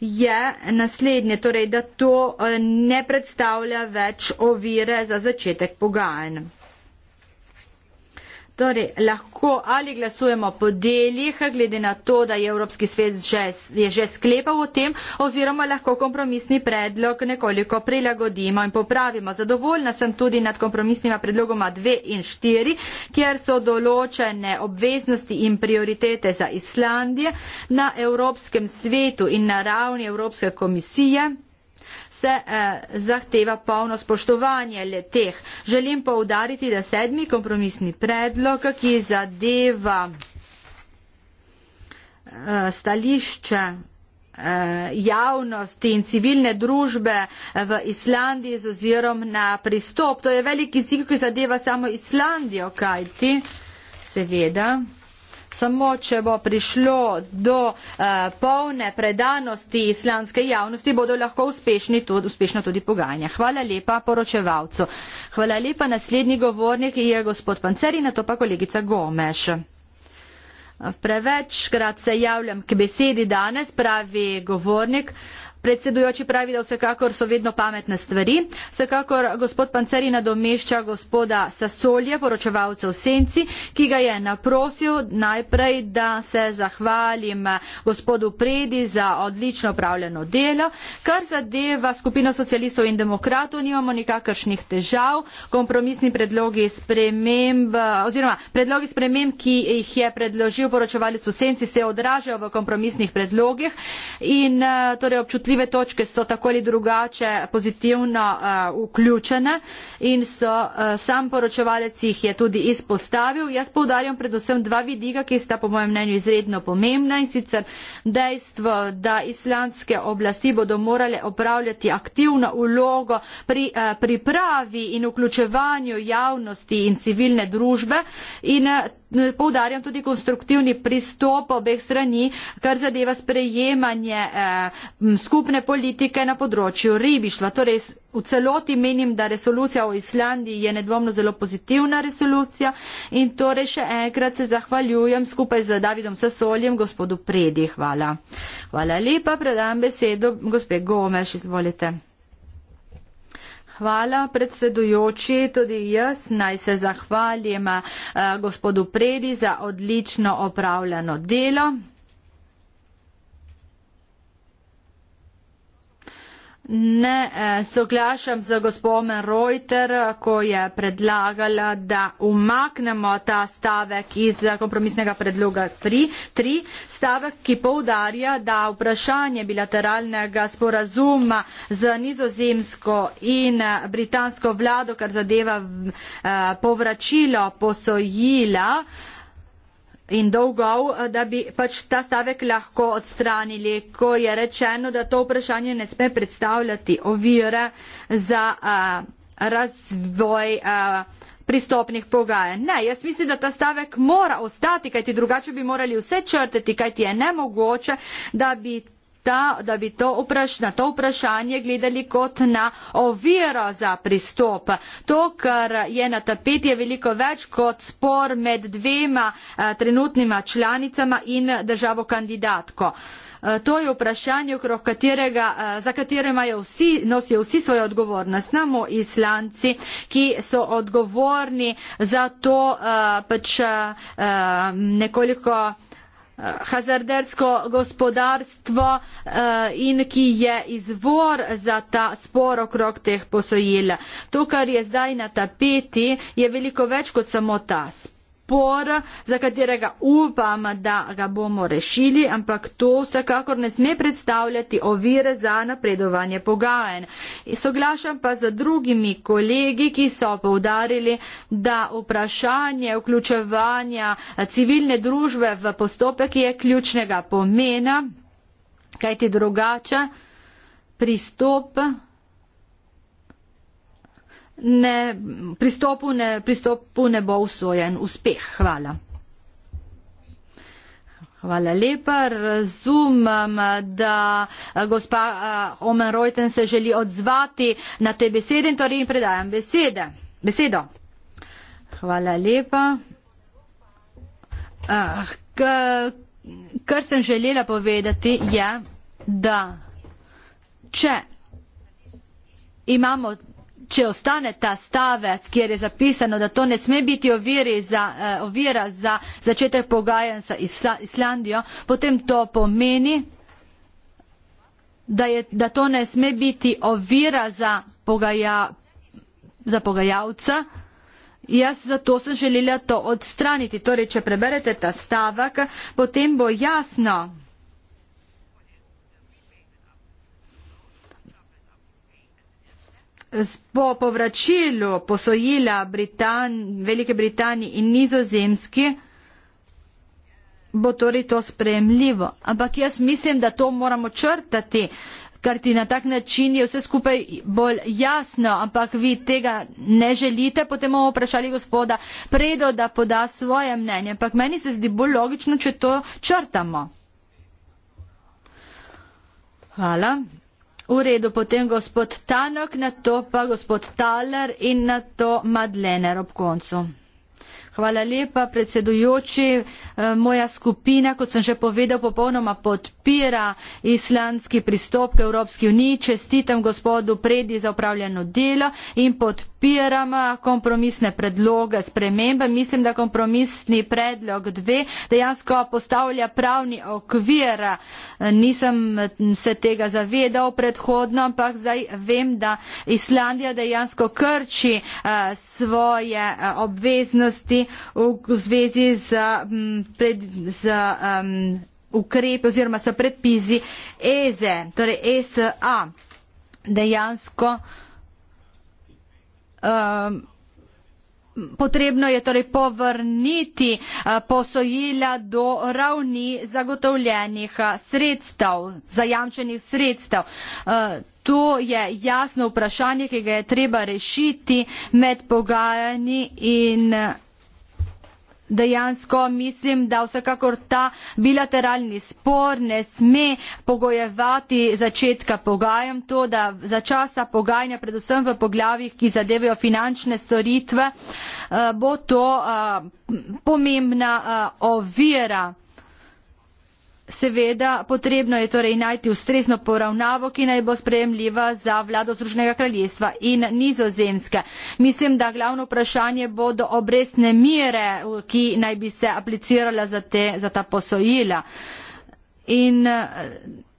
je naslednje, torej da to eh, ne predstavlja več ovire za začetek pogajanj. Torej, lahko ali glasujemo po delih, glede na to, da je Evropski svet že, je že sklepal o tem, oziroma lahko kompromisni predlog nekoliko prilagodimo in popravimo. Zadovoljna sem tudi nad kompromisnima predlogoma 2 in 4, kjer so določene obveznosti in prioritete za Islandije na Evropskem svetu in na ravni Evropske komisije se eh, zahteva polno spoštovanje le teh. Želim poudariti, da sedmi kompromisni predlog, ki zadeva eh, stališče eh, javnosti in civilne družbe eh, v Islandiji z ozirom na pristop. To je veliki zik, ki zadeva samo Islandijo, kajti seveda samo če bo prišlo do eh, polne predanosti islamske javnosti, bodo lahko uspešni tudi, uspešno tudi pogajanja. Hvala lepa poročevalcu. Hvala lepa naslednji govornik je gospod Panceri, na to pa kolegica Gomeš. Prevečkrat se javljam k besedi danes, pravi govornik predsedujoči pravi, da vsekakor so vedno pametne stvari. Vsekakor gospod Panceri nadomešča gospoda Sasolje, poročevalcev Senci, ki ga je naprosil najprej, da se zahvalim gospodu Predi za odlično upravljeno delo. Kar zadeva skupino socialistov in demokratov, nimamo nikakršnih težav. Kompromisni predlogi sprememb oziroma predlogi sprememb, ki jih je predložil poročevalcev Senci, se odražajo v kompromisnih predlogih in eh, torej občutljivosti ranljive točke so tako ali drugače pozitivno uh, vključene in so uh, sam poročevalec jih je tudi izpostavil. Jaz poudarjam predvsem dva vidika, ki sta po mojem mnenju izredno pomembna in sicer dejstvo, da islandske oblasti bodo morale opravljati aktivno ulogo pri uh, pripravi in vključevanju javnosti in civilne družbe in uh, poudarjam tudi konstruktivni pristop obeh strani, kar zadeva sprejemanje eh, skupne politike na področju ribištva. Torej, V celoti menim, da resolucija o Islandiji je nedvomno zelo pozitivna resolucija in torej še enkrat se zahvaljujem skupaj z Davidom Sasoljem, gospodu Predi. Hvala. Hvala lepa, predam besedo gospe Gomeš, izvolite. Hvala predsedujoči, tudi jaz naj se zahvaljem eh, gospodu Predi za odlično opravljeno delo. Ne eh, soglašam z gospodom Reuter, ko je predlagala, da umaknemo ta stavek iz kompromisnega predloga 3, 3 stavek, ki poudarja, da vprašanje bilateralnega sporazuma z nizozemsko in eh, britansko vlado, kar zadeva eh, povračilo posojila, in dolgov, eh, da bi pač ta stavek lahko odstranili, ko je rečeno, da to vprašanje ne sme predstavljati ovire za a, eh, razvoj a, eh, pristopnih pogajanj. Ne, jaz mislim, da ta stavek mora ostati, kajti drugače bi morali vse črtati, kajti je nemogoče, da bi ta, da bi to vpraš, na to vprašanje gledali kot na oviro za pristop. To, kar je na tapeti, je veliko več kot spor med dvema eh, trenutnima članicama in državo kandidatko. Eh, to je vprašanje, katerega, eh, za katero nosijo vsi svojo odgovornost. Namo islanci, ki so odgovorni za to, eh, pač nekoliko Eh, hazardersko gospodarstvo eh, in ki je izvor za ta spor okrog teh posojil. To, kar je zdaj na tapeti, je veliko več kot samo ta spor upor, za katerega upam, da ga bomo rešili, ampak to vsekakor ne sme predstavljati ovire za napredovanje pogajen. Soglašam pa za drugimi kolegi, ki so povdarili, da vprašanje vključevanja civilne družbe v postopek je ključnega pomena, kajti drugače pristop ne, pristopu, ne, pristopu ne bo usvojen uspeh. Hvala. Hvala lepa. Razumem, da eh, gospa eh, Omen Reuten se želi odzvati na te besede in torej jim predajam besede. besedo. Hvala lepa. Ah, kar sem želela povedati je, da če imamo če ostane ta stavek, kjer je zapisano, da to ne sme biti za, uh, ovira za začetek pogajanj sa Isla, Islandijo, potem to pomeni, da, je, da to ne sme biti ovira za, pogaja, za pogajalca. Jaz zato sem želela to odstraniti. Torej, če preberete ta stavek, potem bo jasno, po povračilu posojila Britan, Velike Britanije in Nizozemske bo torej to sprejemljivo. Ampak jaz mislim, da to moramo črtati, ker ti na tak način je vse skupaj bolj jasno, ampak vi tega ne želite, potem bomo vprašali gospoda Predo, da poda svoje mnenje. Ampak meni se zdi bolj logično, če to črtamo. Hvala. V redu, potem gospod Tanok, na to pa gospod Taler in na to Madlener ob koncu. Hvala lepa, predsedujoči. Eh, moja skupina, kot sem že povedal, popolnoma podpira islandski pristop k Evropski uniji. Čestitam gospodu Predi za upravljeno delo in podpiram eh, kompromisne predloge spremembe. Mislim, da kompromisni predlog dve dejansko postavlja pravni okvir. Eh, nisem se tega zavedal predhodno, ampak zdaj vem, da Islandija dejansko krči svoje obveznosti v, v zvezi z, m, mm, pred, z um, ukrepi oziroma s predpizi EZE, torej e SA, dejansko um, potrebno je torej povrniti eh, posojila do ravni zagotovljenih eh, sredstev, zajamčenih sredstev. Eh, to je jasno vprašanje, ki ga je treba rešiti med pogajanji in dejansko mislim, da vsekakor ta bilateralni spor ne sme pogojevati začetka pogajem, to, da za časa pogajanja, predvsem v poglavjih, ki zadevajo finančne storitve, eh, bo to eh, pomembna eh, ovira. Seveda, potrebno je torej najti ustrezno poravnavo, ki naj bo sprejemljiva za vlado Združnega kraljestva in nizozemske. Mislim, da glavno vprašanje bo do obrestne mire, ki naj bi se aplicirala za, te, za ta posojila. In,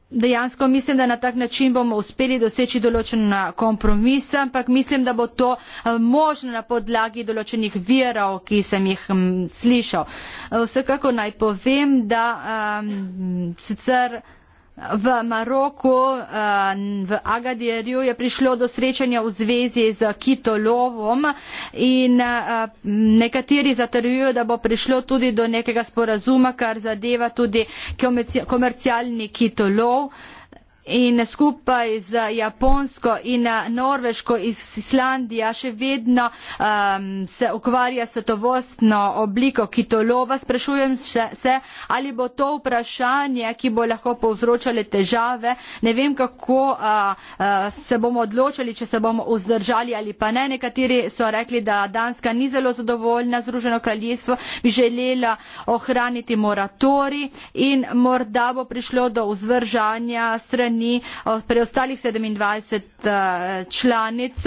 dejansko mislim, da na tak način bomo uspeli doseči določena kompromisa, ampak mislim, da bo to možno na podlagi določenih virov, ki sem jih slišal. Vsekako naj povem, da um, sicer. V Maroku, eh, v Agadirju je prišlo do srečanja v zvezi z kitolovom in eh, nekateri zatrjujo, da bo prišlo tudi do nekega sporazuma, kar zadeva tudi komercialni kitolov in skupaj z Japonsko in eh, Norveško iz Islandija še vedno um, se ukvarja s tovostno obliko kitolova. Sprašujem se, ali bo to vprašanje, ki bo lahko povzročale težave. Ne vem, kako uh, uh, se bomo odločili, če se bomo vzdržali ali pa ne. Nekateri so rekli, da Danska ni zelo zadovoljna, Združeno kraljestvo bi želela ohraniti moratori in morda bo prišlo do vzvržanja strani strani preostalih 27 eh, članic.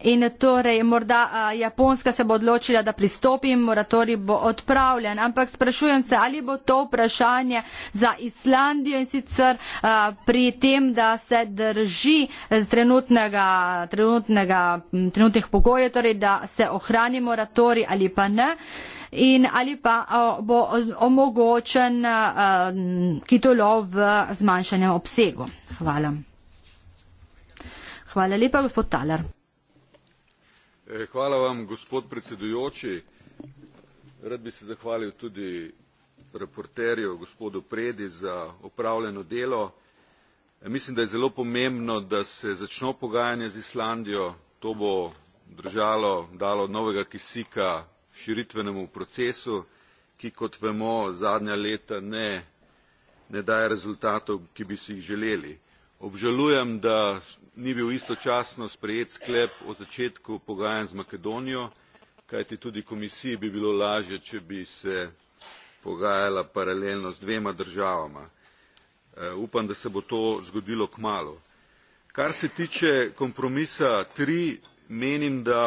In torej morda a, eh, Japonska se bo odločila, da pristopi in moratori bo odpravljen. Ampak sprašujem se, ali bo to vprašanje za Islandijo in sicer a, eh, pri tem, da se drži trenutnega, trenutnega, trenutnih pogojev, torej da se ohrani moratori ali pa ne. A, in ali pa bo omogočen eh, kitolov v zmanjšanem obsegu. Hvala. Hvala lepa, gospod Talar. Eh, hvala vam, gospod predsedujoči. Rad bi se zahvalil tudi reporterju, gospodu Predi, za opravljeno delo. Eh, mislim, da je zelo pomembno, da se začno pogajanje z Islandijo. To bo držalo, dalo novega kisika širitvenemu procesu, ki, kot vemo, zadnja leta ne, ne daje rezultatov, ki bi si jih želeli. Obžalujem, da ni bil istočasno sprejet sklep o začetku pogajanj z Makedonijo, kajti tudi komisiji bi bilo lažje, če bi se pogajala paralelno s dvema državama. E, upam, da se bo to zgodilo k malu. Kar se tiče kompromisa tri, menim, da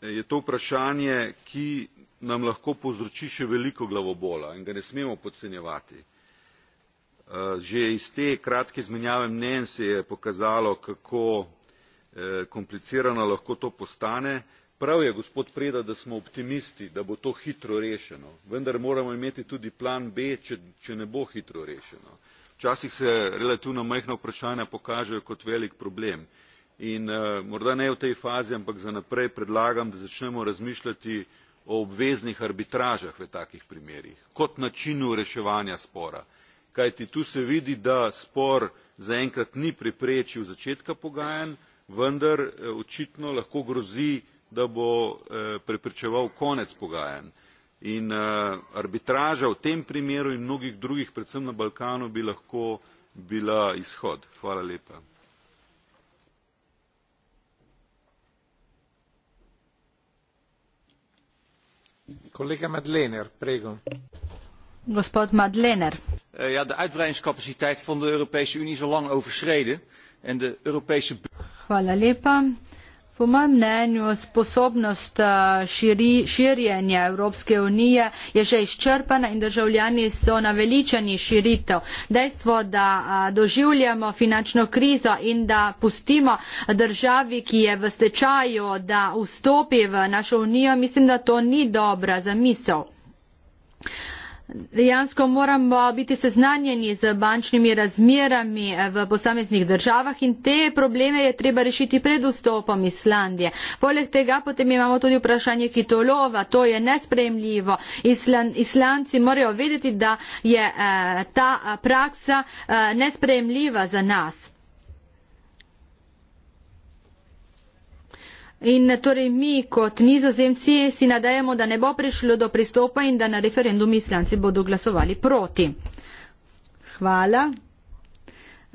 je to vprašanje ki nam lahko povzroči še veliko glavobola in ga ne smemo podcenjevati. Eh, že iz te kratke izmenjave mnen se je pokazalo, kako eh, komplicirano lahko to postane. Prav je, gospod Preda, da smo optimisti, da bo to hitro rešeno, vendar moramo imeti tudi plan B, če, če ne bo hitro rešeno. Včasih se relativno majhna vprašanja pokažejo kot velik problem in eh, morda ne v tej fazi ampak za naprej predlagam da začnemo razmišljati o obveznih arbitražah v takih primerih kot načinu reševanja spora kajti tu se vidi da spor zaenkrat ni preprečil začetka pogajanj vendar eh, očitno lahko grozi da bo eh, preprečeval konec pogajanj in arbitraža v tem primeru in mnogih drugih predvsem na balkanu bi lahko bila izhod hvala lepa Eh, ja, de uitbreidingscapaciteit van de europese unie is al lang overschreden en de europese burger. Po mojem mnenju, sposobnost eh, širi, širjenja Evropske unije je že izčrpana in državljani so naveličani širitev. Dejstvo, da eh, doživljamo finančno krizo in da pustimo državi, ki je v stečaju, da vstopi v našo unijo, mislim, da to ni dobra zamisel. Dejansko moramo biti seznanjeni z bančnimi razmerami eh, v posameznih državah in te probleme je treba rešiti pred vstopom Islandije. Poleg tega potem imamo tudi vprašanje kitolova. To je nespremljivo. Islanci morajo vedeti, da je eh, ta eh, praksa nespremljiva za nas. In torej mi kot nizozemci si nadajemo, da ne bo prišlo do pristopa in da na referendum islanci bodo glasovali proti. Hvala.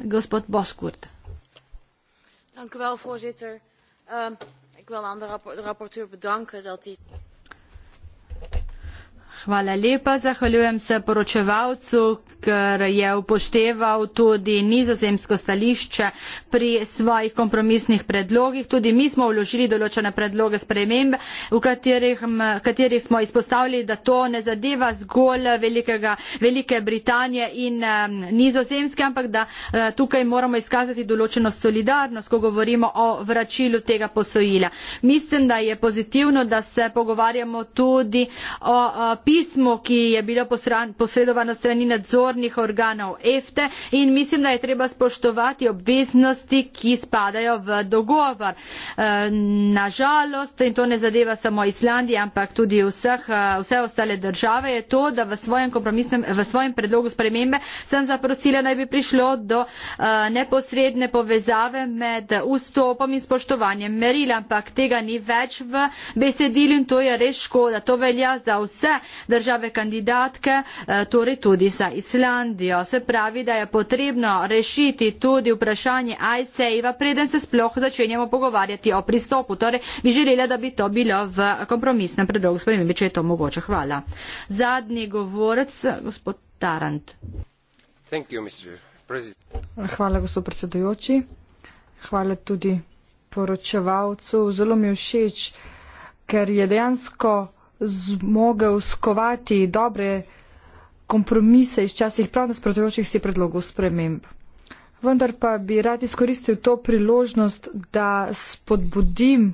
Gospod Boskurt. Dank u wel, voorzitter. Um, ik wil aan de rapporteur bedanken dat hij die... Hvala lepa, zahvaljujem se poročevalcu, ker je upošteval tudi nizozemsko stališče pri svojih kompromisnih predlogih. Tudi mi smo vložili določene predloge sprememb, v katerih, katerih smo izpostavili, da to ne zadeva zgolj velikega, Velike Britanije in nizozemske, ampak da e, tukaj moramo izkazati določeno solidarnost, ko govorimo o vračilu tega posojila. Mislim, da je pozitivno, da se pogovarjamo tudi o pisanju e, pismo ki je bilo posran, posredovano strani nadzornih organov EFTE e in mislim, da je treba spoštovati obveznosti, ki spadajo v dogovor. E, Nažalost, in to ne zadeva samo Islandije, ampak tudi vseh, e, vse ostale države, je to, da v svojem, v svojem predlogu spremembe sem zaprosila, naj bi prišlo do neposredne povezave med vstopom in spoštovanjem merila, ampak tega ni več v besedilju in to je res škoda. To velja za vse države kandidatke, eh, torej tudi za Islandijo. Se pravi, da je potrebno rešiti tudi vprašanje ICEJ-a, preden se sploh začenjamo pogovarjati o pristopu. Torej, bi želela, da bi to bilo v kompromisnem predlogu spremembe, če je to mogoče. Hvala. Zadnji govorec, gospod Tarant. Hvala, gospod predsedujoči. Hvala tudi poročevalcu. Zelo mi je všeč, ker je dejansko zmogel skovati dobre kompromise iz časih prav nasprotujočih si predlogov sprememb. Vendar pa bi rad izkoristil to priložnost, da spodbudim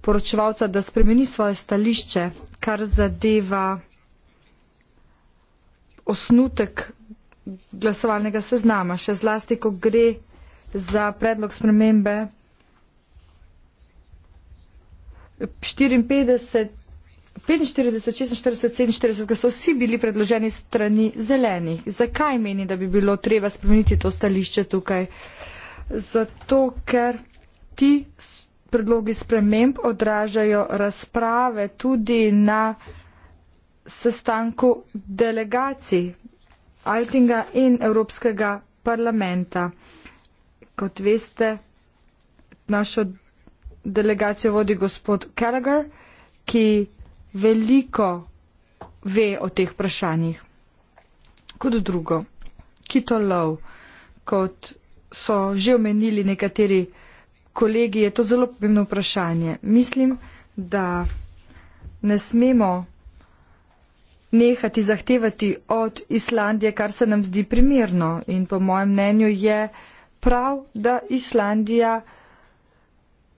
poročevalca, da spremeni svoje stališče, kar zadeva osnutek glasovalnega seznama, še zlasti, ko gre za predlog spremembe 54 45, 46, 47, ki so vsi bili predloženi strani zelenih. Zakaj meni, da bi bilo treba spremeniti to stališče tukaj? Zato, ker ti predlogi sprememb odražajo razprave tudi na sestanku delegacij Altinga in Evropskega parlamenta. Kot veste, našo delegacijo vodi gospod Kelleger, ki veliko ve o teh vprašanjih. Kot drugo, kitolov, kot so že omenili nekateri kolegi, je to zelo pomembno vprašanje. Mislim, da ne smemo nehati zahtevati od Islandije, kar se nam zdi primerno. In po mojem mnenju je prav, da Islandija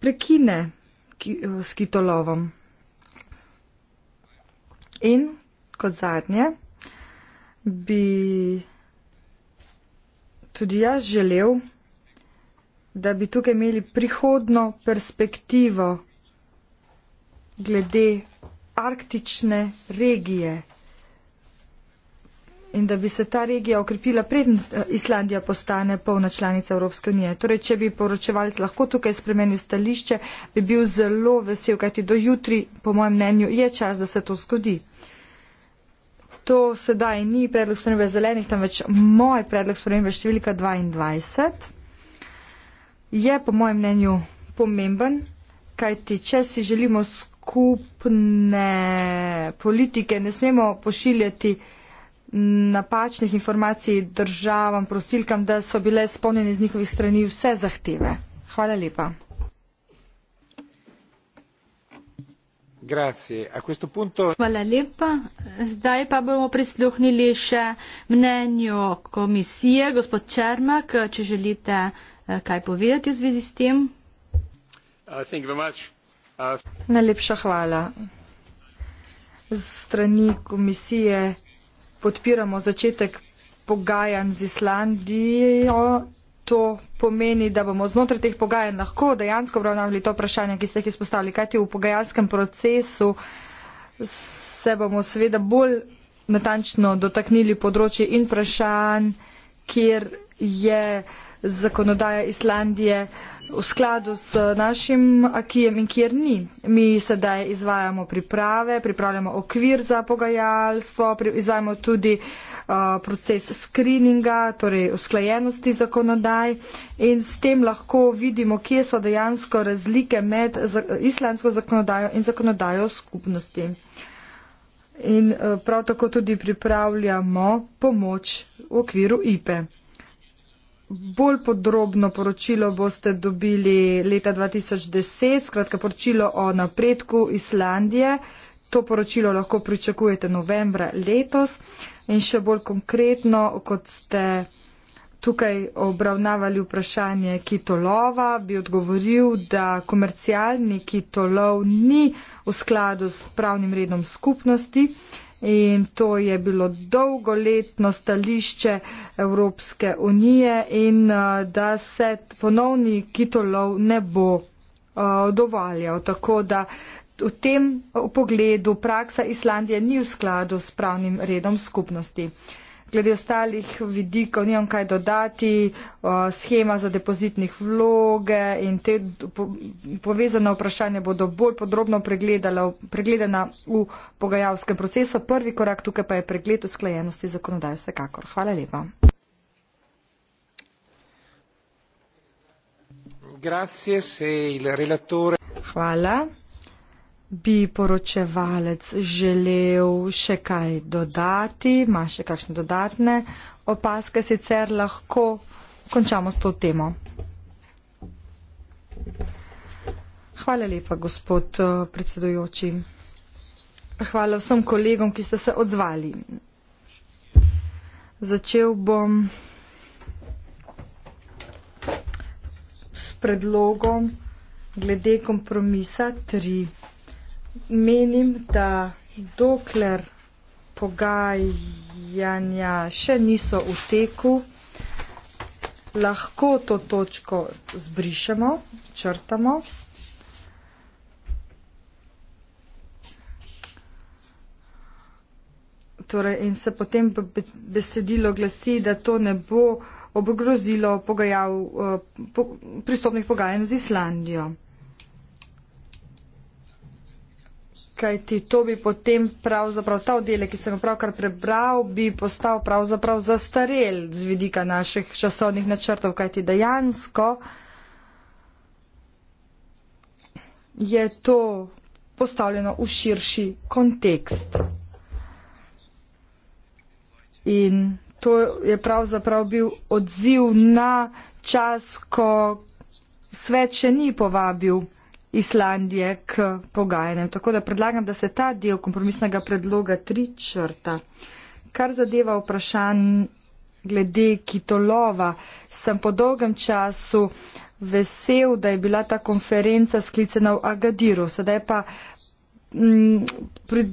prekine s kitolovom. In kot zadnje bi tudi jaz želel, da bi tukaj imeli prihodno perspektivo glede arktične regije in da bi se ta regija okrepila pred eh, Islandija postane polna članica Evropske unije. Torej, če bi poročevalc lahko tukaj spremenil stališče, bi bil zelo vesel, kajti do jutri, po mojem mnenju, je čas, da se to zgodi to sedaj ni predlog spremembe zelenih, temveč moj predlog spremembe številka 22 je po mojem mnenju pomemben, kajti če si želimo skupne politike, ne smemo pošiljati napačnih informacij državam, prosilkam, da so bile spomnjene z njihovih strani vse zahteve. Hvala lepa. Hvala lepa. Zdaj pa bomo prisluhnili še mnenju komisije. Gospod Čermak, če želite eh, kaj povedati v zvezi s tem. Uh, uh, Najlepša hvala. Z strani komisije podpiramo začetek pogajanj z Islandijo to pomeni, da bomo znotraj teh pogajanj lahko dejansko obravnavali to vprašanje, ki ste jih izpostavili. Kajti v pogajalskem procesu se bomo seveda bolj natančno dotaknili področje in vprašanj, kjer je zakonodaja Islandije v skladu s našim akijem in kjer ni. Mi sedaj izvajamo priprave, pripravljamo okvir za pogajalstvo, izvajamo tudi uh, proces screeninga, torej usklajenosti zakonodaj in s tem lahko vidimo, kje so dejansko razlike med islandsko zakonodajo in zakonodajo skupnosti. In uh, prav tako tudi pripravljamo pomoč v okviru IPE bolj podrobno poročilo boste dobili leta 2010, skratka poročilo o napredku Islandije. To poročilo lahko pričakujete novembra letos in še bolj konkretno, kot ste tukaj obravnavali vprašanje kitolova, bi odgovoril, da komercialni kitolov ni v skladu s pravnim redom skupnosti in to je bilo dolgoletno stališče Evropske unije in eh, da se ponovni kitolov ne bo eh, dovaljal. Tako da v tem pogledu praksa Islandije ni v skladu s pravnim redom skupnosti. Glede ostalih vidikov nimam kaj dodati, schema za depozitnih vloge in te povezane vprašanje bodo bolj podrobno pregledana v pogajalskem procesu. Prvi korak tukaj pa je pregled usklajenosti zakonodaje vsekakor. Hvala lepa. Hvala. Bi poročevalec želel še kaj dodati, ima še kakšne dodatne opaske, sicer lahko končamo s to temo. Hvala lepa, gospod eh, predsedujoči. Hvala vsem kolegom, ki ste se odzvali. Začel bom s predlogom glede kompromisa 3 menim, da dokler pogajanja še niso v teku, lahko to točko zbrišemo, črtamo. Torej, in se potem besedilo glasi, da to ne bo obogrozilo pogajal, eh, po, pristopnih pogajanj z Islandijo. kajti to bi potem pravzaprav ta oddelek, ki sem pravkar prebral, bi postal pravzaprav zastarel z vidika naših časovnih načrtov, kajti dejansko je to postavljeno v širši kontekst. In to je pravzaprav bil odziv na čas, ko svet še ni povabil Islandije k pogajanjem. Tako da predlagam, da se ta del kompromisnega predloga tri črta. Kar zadeva vprašanj glede kitolova, sem po dolgem času vesel, da je bila ta konferenca sklicena v Agadiru. Sedaj pa m, mm, pri,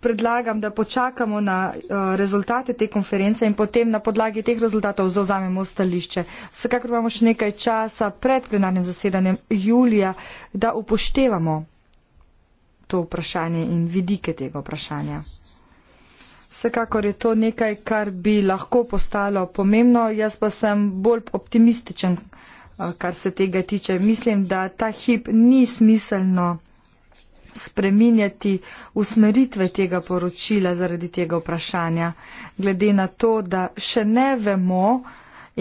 predlagam, da počakamo na uh, rezultate te konference in potem na podlagi teh rezultatov zauzamemo stališče. Vsekakor imamo še nekaj časa pred plenarnim zasedanjem julija, da upoštevamo to vprašanje in vidike tega vprašanja. Vsekakor je to nekaj, kar bi lahko postalo pomembno, jaz pa sem bolj optimističen, eh, kar se tega tiče. Mislim, da ta hip ni smiselno spreminjati usmeritve tega poročila zaradi tega vprašanja, glede na to, da še ne vemo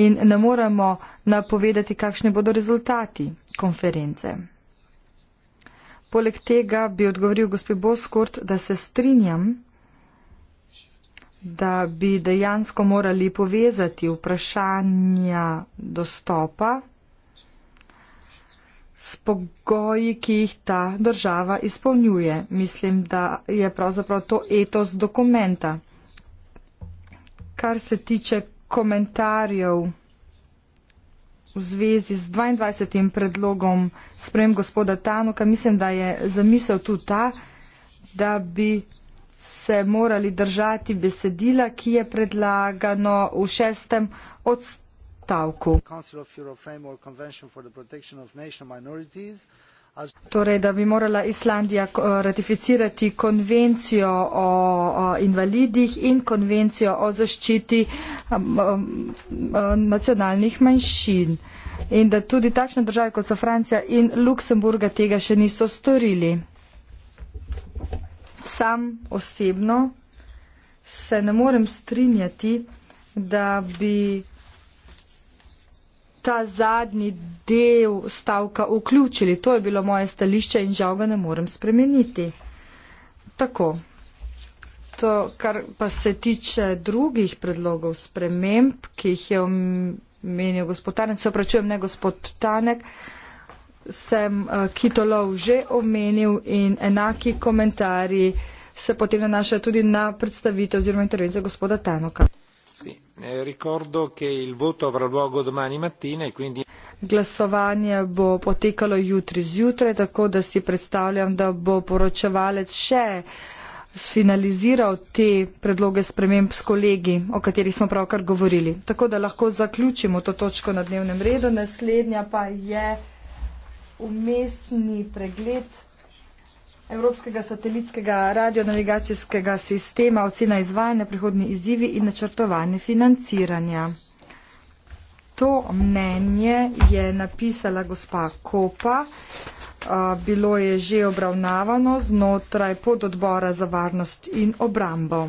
in ne moremo napovedati, kakšne bodo rezultati konference. Poleg tega bi odgovoril gospe Boskort, da se strinjam, da bi dejansko morali povezati vprašanja dostopa s pogoji, ki jih ta država izpolnjuje. Mislim, da je pravzaprav to etos dokumenta. Kar se tiče komentarjev v zvezi z 22. predlogom sprem gospoda Tanuka, mislim, da je zamisel tu ta, da bi se morali držati besedila, ki je predlagano v šestem odstavku stavku. Torej, da bi morala Islandija eh, ratificirati konvencijo o invalidih in konvencijo o zaščiti um, um, um, nacionalnih manjšin. In da tudi takšne države kot so Francija in Luksemburga tega še niso storili. Sam osebno se ne morem strinjati, da bi ta zadnji del stavka vključili. To je bilo moje stališče in žal ga ne morem spremeniti. Tako. To, kar pa se tiče drugih predlogov sprememb, ki jih je omenil gospod Tanek, se opračujem, ne gospod Tanek, sem uh, Kitolov že omenil in enaki komentarji se potem nanašajo tudi na predstavitev oziroma intervencijo gospoda Tanoka. Sì, eh, ricordo che il voto avrà luogo domani mattina e quindi. Glasovanje bo potekalo jutri zjutraj, tako da si predstavljam, da bo poročevalec še sfinaliziral te predloge sprememb s kolegi, o katerih smo pravkar govorili. Tako da lahko zaključimo to točko na dnevnem redu. Naslednja pa je umestni pregled Evropskega satelitskega radionavigacijskega sistema, ocena izvajanja, prihodni izzivi in načrtovanje financiranja. To mnenje je napisala gospa Kopa. Bilo je že obravnavano znotraj pododbora za varnost in obrambo.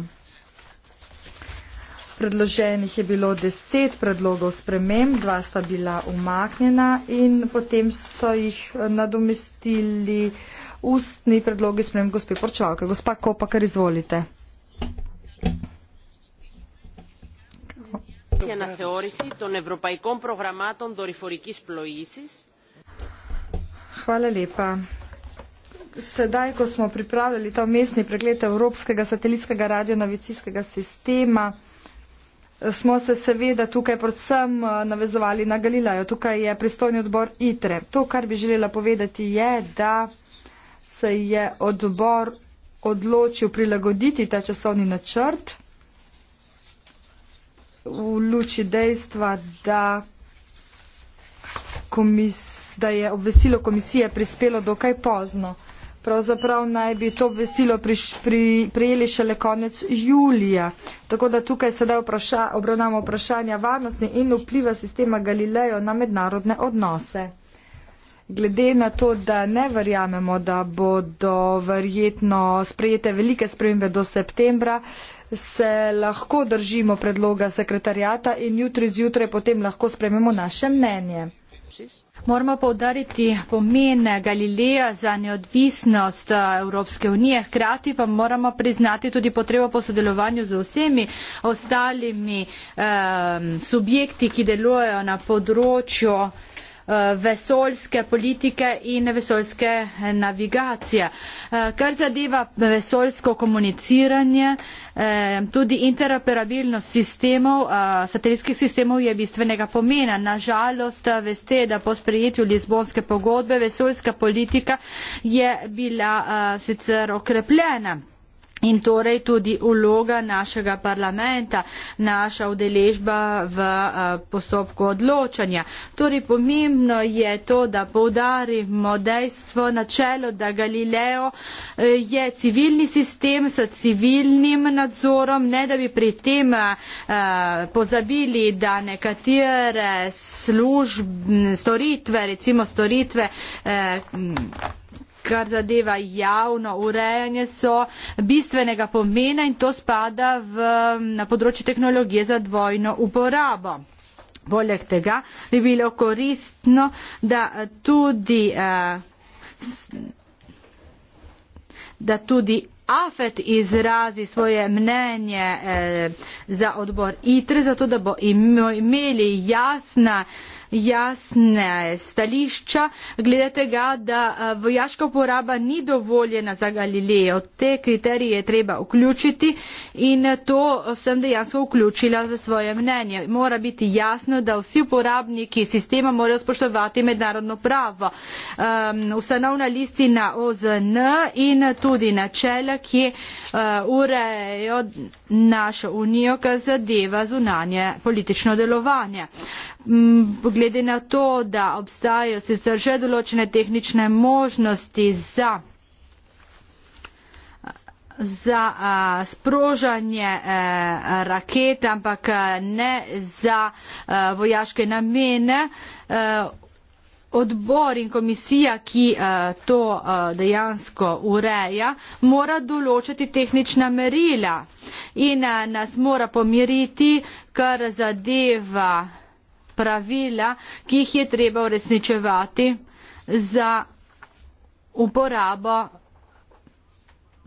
Predloženih je bilo deset predlogov sprememb, dva sta bila umaknjena in potem so jih eh, nadomestili uh, ustni predlogi sprem gospe Porčavke. Gospa Kopa, kar izvolite. Hvala lepa. Sedaj, ko smo pripravljali ta mestni pregled Evropskega satelitskega radionavicijskega sistema, smo se seveda tukaj predvsem eh, navezovali na Galilajo. Tukaj je pristojni odbor ITRE. To, kar bi želela povedati, je, da se je odbor odločil prilagoditi ta časovni načrt v luči dejstva, da, komis, da je obvestilo komisije prispelo dokaj pozno. Pravzaprav naj bi to obvestilo prijeli šele konec julija. Tako da tukaj sedaj vpraša, obravnamo vprašanja varnosti in vpliva sistema Galileo na mednarodne odnose glede na to, da ne verjamemo, da bodo verjetno sprejete velike spremembe do septembra, se lahko držimo predloga sekretarjata in jutri zjutraj potem lahko sprememo naše mnenje. Moramo povdariti pomen Galileja za neodvisnost eh, Evropske unije, hkrati pa moramo priznati tudi potrebo po sodelovanju z vsemi ostalimi eh, subjekti, ki delujejo na področju eh, Eh, vesoljske politike in vesoljske navigacije. Eh, kar zadeva vesoljsko komuniciranje, eh, tudi interoperabilnost sistemov, satelitskih sistemov je bistvenega pomena. Nažalost, veste, da po sprejetju Lizbonske pogodbe vesoljska politika je bila sicer okrepljena. In torej tudi vloga našega parlamenta, naša udeležba v eh, postopku odločanja. Torej pomembno je to, da povdarimo dejstvo, načelo, da Galileo eh, je civilni sistem s civilnim nadzorom, ne da bi pri tem eh, pozabili, da nekatere služb, storitve, recimo storitve, kar zadeva javno urejanje, so bistvenega pomena in to spada v, na področje tehnologije za dvojno uporabo. Poleg tega bi bilo koristno, da tudi. Eh, da tudi Afet izrazi svoje mnenje eh, za odbor ITRE, zato da bo imeli jasna eh, jasne stališča glede tega, da eh, vojaška uporaba ni dovoljena za Galilejo. Te kriterije je treba vključiti in to sem dejansko vključila v svoje mnenje. Mora biti jasno, da vsi uporabniki sistema morajo spoštovati mednarodno pravo. Um, ustanovna listina OZN in tudi načela, ki uh, eh, urejo našo unijo, kar zadeva zunanje politično delovanje. Uh, glede na to, da obstajajo sicer že določene tehnične možnosti za za a, sprožanje a, e, raket, ampak a, e, ne za a, e, vojaške namene. A, odbor in komisija, ki a, to a, dejansko ureja, mora določiti tehnična merila in a, nas mora pomiriti, kar zadeva a, pravila, ki jih je treba uresničevati za uporabo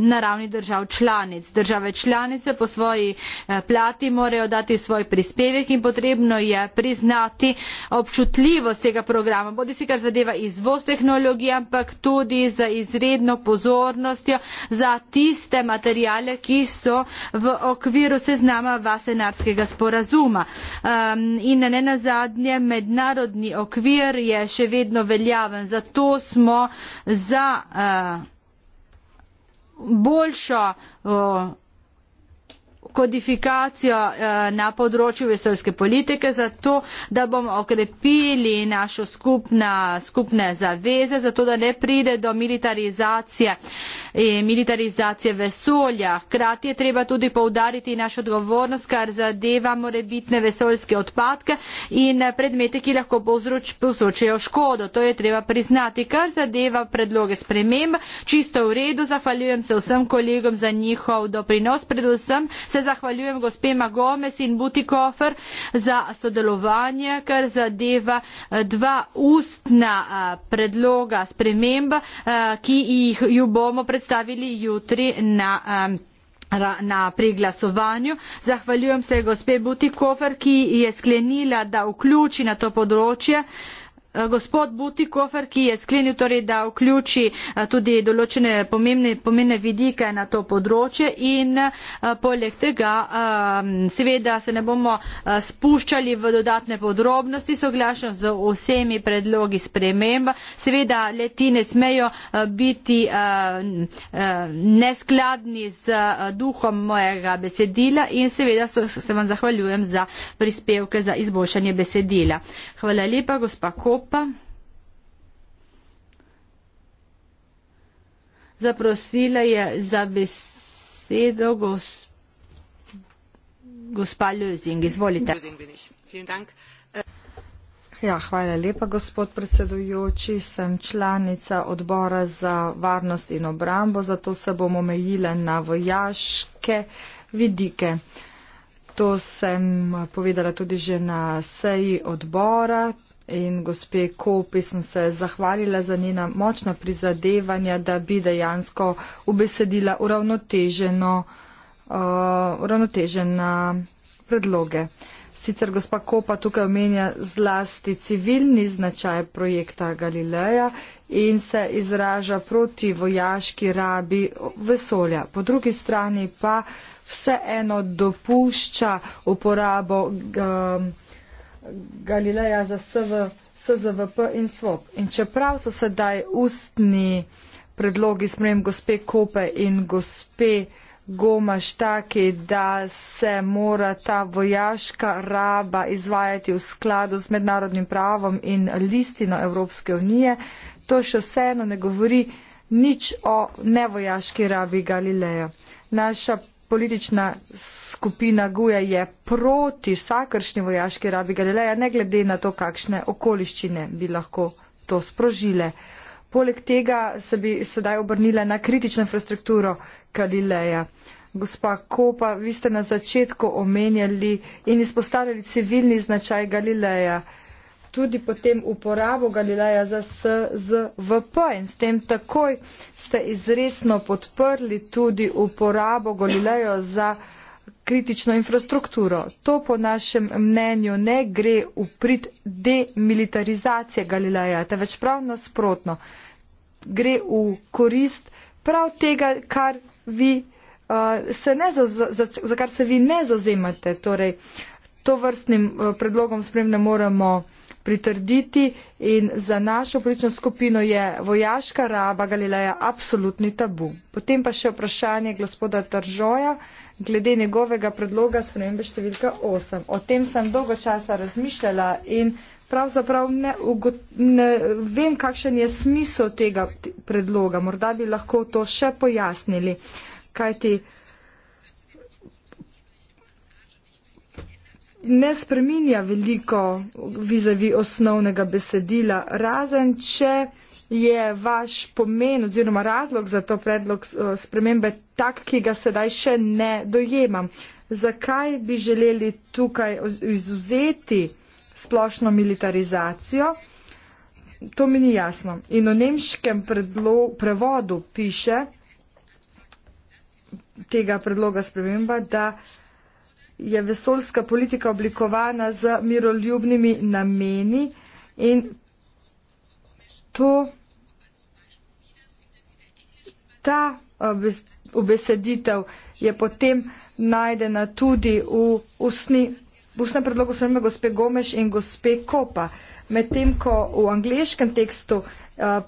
na ravni držav članic. Države članice po svoji eh, plati morajo dati svoj prispevek in potrebno je priznati občutljivost tega programa, bodi si kar zadeva izvoz tehnologije, ampak tudi za izredno pozornostjo za tiste materijale, ki so v okviru seznama vasenarskega sporazuma. Um, in ne na zadnje, mednarodni okvir je še vedno veljaven, zato smo za uh, boljšo kodifikacijo e, na področju vesoljske politike, zato da bomo okrepili naše skupne zaveze, zato da ne pride do militarizacije eh, E, militarizacije vesolja. Hkrati je treba tudi povdariti našo odgovornost, kar zadeva morebitne vesoljske odpadke in eh, predmete, ki lahko povzroč, povzročajo škodo. To je treba priznati, kar zadeva predloge sprememb. Čisto v redu, zahvaljujem se vsem kolegom za njihov doprinos. Predvsem se zahvaljujem gospema Gomez in Butikofer za sodelovanje, kar zadeva eh, dva ustna eh, predloga sprememb, ki jih ju bomo predstavili predstavili jutri na um, na preglasovanju. Zahvaljujem se gospe Butikofer, ki je sklenila, da vključi na to področje uh, Eh, gospod Butikofer, ki je sklenil torej, da vključi eh, tudi določene pomembne, pomembne vidike na to področje in eh, poleg tega seveda se ne bomo spuščali v dodatne podrobnosti, soglašam z vsemi predlogi sprememb. Seveda leti ne smejo biti neskladni z duhom mojega besedila in seveda se vam zahvaljujem za prispevke za izboljšanje besedila. Hvala lepa, gospa Kopa roupa. Zaprosila je za besedo gos, gospa Ljuzing. Izvolite. Ja, hvala lepa, gospod predsedujoči. Sem članica odbora za varnost in obrambo, zato se bom omejila na vojaške vidike. To sem povedala tudi že na seji odbora in gospe Kopi sem se zahvalila za njena močna prizadevanja, da bi dejansko ubesedila uravnoteženo, uh, uravnotežena predloge. Sicer gospa Kopa tukaj omenja zlasti civilni značaj projekta Galileja in se izraža proti vojaški rabi vesolja. Po drugi strani pa vseeno dopušča uporabo. Uh, Galileja za SV, SZVP in SVOP. In čeprav so sedaj ustni predlogi sprem gospe Kope in gospe Gomaš taki, da se mora ta vojaška raba izvajati v skladu z mednarodnim pravom in listino Evropske unije, to še vseeno ne govori nič o nevojaški rabi Galileja. Naša politična skupina Guja je proti vsakršni vojaški rabi Galileja, ne glede na to, kakšne okoliščine bi lahko to sprožile. Poleg tega se bi sedaj obrnila na kritično infrastrukturo Galileja. Gospa Kopa, vi ste na začetku omenjali in izpostavljali civilni značaj Galileja tudi potem uporabo Galileja za SZVP in s tem takoj ste izredno podprli tudi uporabo Galileja za kritično infrastrukturo. To po našem mnenju ne gre v prid demilitarizacije Galileja, teveč prav nasprotno. Gre v korist prav tega, kar vi. Uh, se ne, za, za, za kar se vi ne zazemate, torej to vrstnim uh, predlogom sprem ne moremo uh, pritrditi in za našo politično skupino je vojaška raba Galileja absolutni tabu. Potem pa še vprašanje gospoda Tržoja glede njegovega predloga spremembe številka 8. O tem sem dolgo časa razmišljala in pravzaprav ne, ne vem, kakšen je smisel tega predloga. Morda bi lahko to še pojasnili. Kaj ti? ne spreminja veliko vizavi osnovnega besedila, razen če je vaš pomen oziroma razlog za to predlog eh, spremembe tak, ki ga sedaj še ne dojemam. Zakaj bi želeli tukaj izuzeti splošno militarizacijo? To mi ni jasno. In o nemškem predlo, prevodu piše tega predloga spremembe, da je vesoljska politika oblikovana z miroljubnimi nameni in to, ta eh, obeseditev je potem najdena tudi v usni Usne predlogo so ime gospe Gomeš in gospe Kopa. Medtem, ko v angliškem tekstu uh,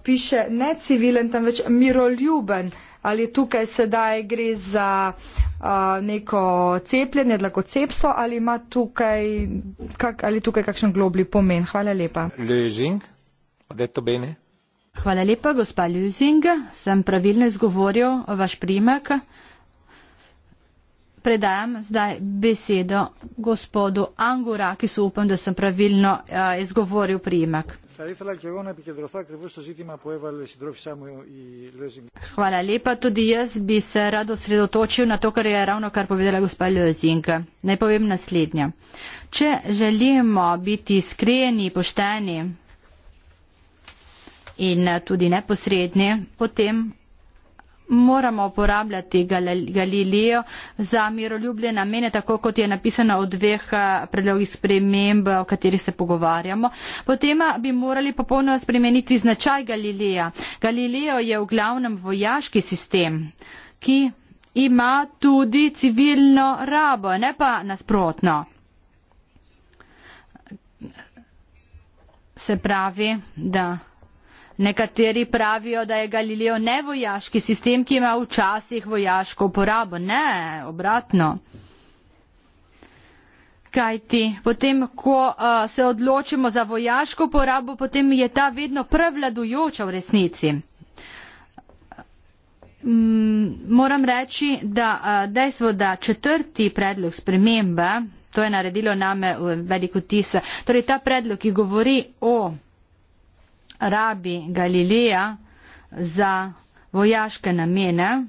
piše ne civilen, temveč miroljuben uh, ali tukaj sedaj gre za neko cepljenje, dlakocepstvo ali ima tukaj, kak, ali tukaj kakšen globli pomen. Hvala lepa. Lezing, Hvala lepa, gospa Ljuzing, sem pravilno izgovoril vaš primek predajam zdaj besedo gospodu Angura, ki so upam, da sem pravilno uh, izgovoril prijemek. Hvala lepa. Tudi jaz bi se rado osredotočil na to, kar je ravno kar povedala gospa Lezing. Naj povem naslednje. Če želimo biti iskreni, pošteni in tudi neposredni, potem moramo uporabljati Galilejo za miroljubne namene, tako kot je napisano v dveh eh, predlogih sprememb, o katerih se pogovarjamo. Potem eh, bi morali popolnoma spremeniti značaj Galileja. Galilejo je v glavnem vojaški sistem, ki ima tudi civilno rabo, ne pa nasprotno. Se pravi, da nekateri pravijo, da je Galileo nevojaški sistem, ki ima včasih vojaško uporabo. Ne, obratno. Kaj ti, potem, ko uh, se odločimo za vojaško uporabo, potem je ta vedno prevladujoča v resnici. Mm, moram reči, da uh, dejstvo, da četrti predlog spremembe, to je naredilo name velik vtis, torej ta predlog, ki govori o rabi Galileja za vojaške namene.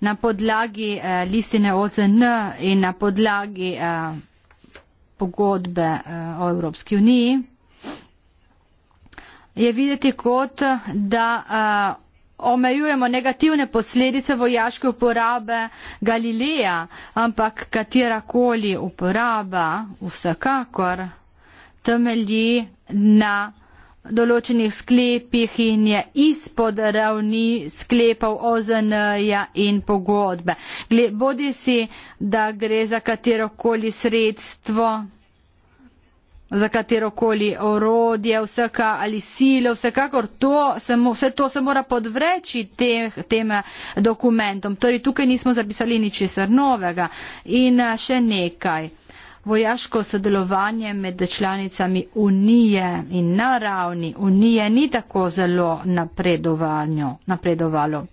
Na podlagi eh, listine OZN in na podlagi eh, pogodbe eh, o Evropski uniji je videti kot, da eh, omejujemo negativne posledice vojaške uporabe Galileja, ampak katerakoli uporaba vsekakor temelji na določenih sklepih in je izpod ravni sklepov OZN-ja in pogodbe. Bodi si, da gre za katerokoli sredstvo za katerokoli orodje, vsaka ali sile, vsekakor to se, vse to se mora podvreči te, tem eh, dokumentom. Torej tukaj nismo zapisali ničesar novega. In eh, še nekaj. Vojaško sodelovanje med članicami Unije in na ravni Unije ni tako zelo napredovalo.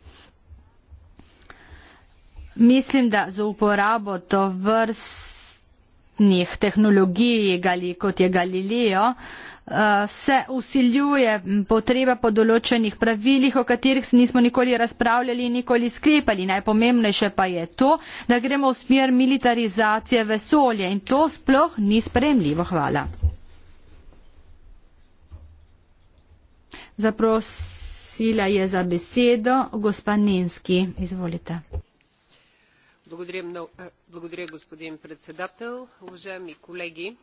Mislim, da z uporabo to vrst trenutnih tehnologij, kot je Galileo, eh, se usiljuje potreba po določenih pravilih, o katerih nismo nikoli razpravljali in nikoli sklepali. Najpomembnejše pa je to, da gremo v smer militarizacije vesolja in to sploh ni spremljivo. Hvala. Zaprosila je za besedo gospa Ninski. Izvolite. Благодарим на Благодаря, господин председател. Уважаеми колеги,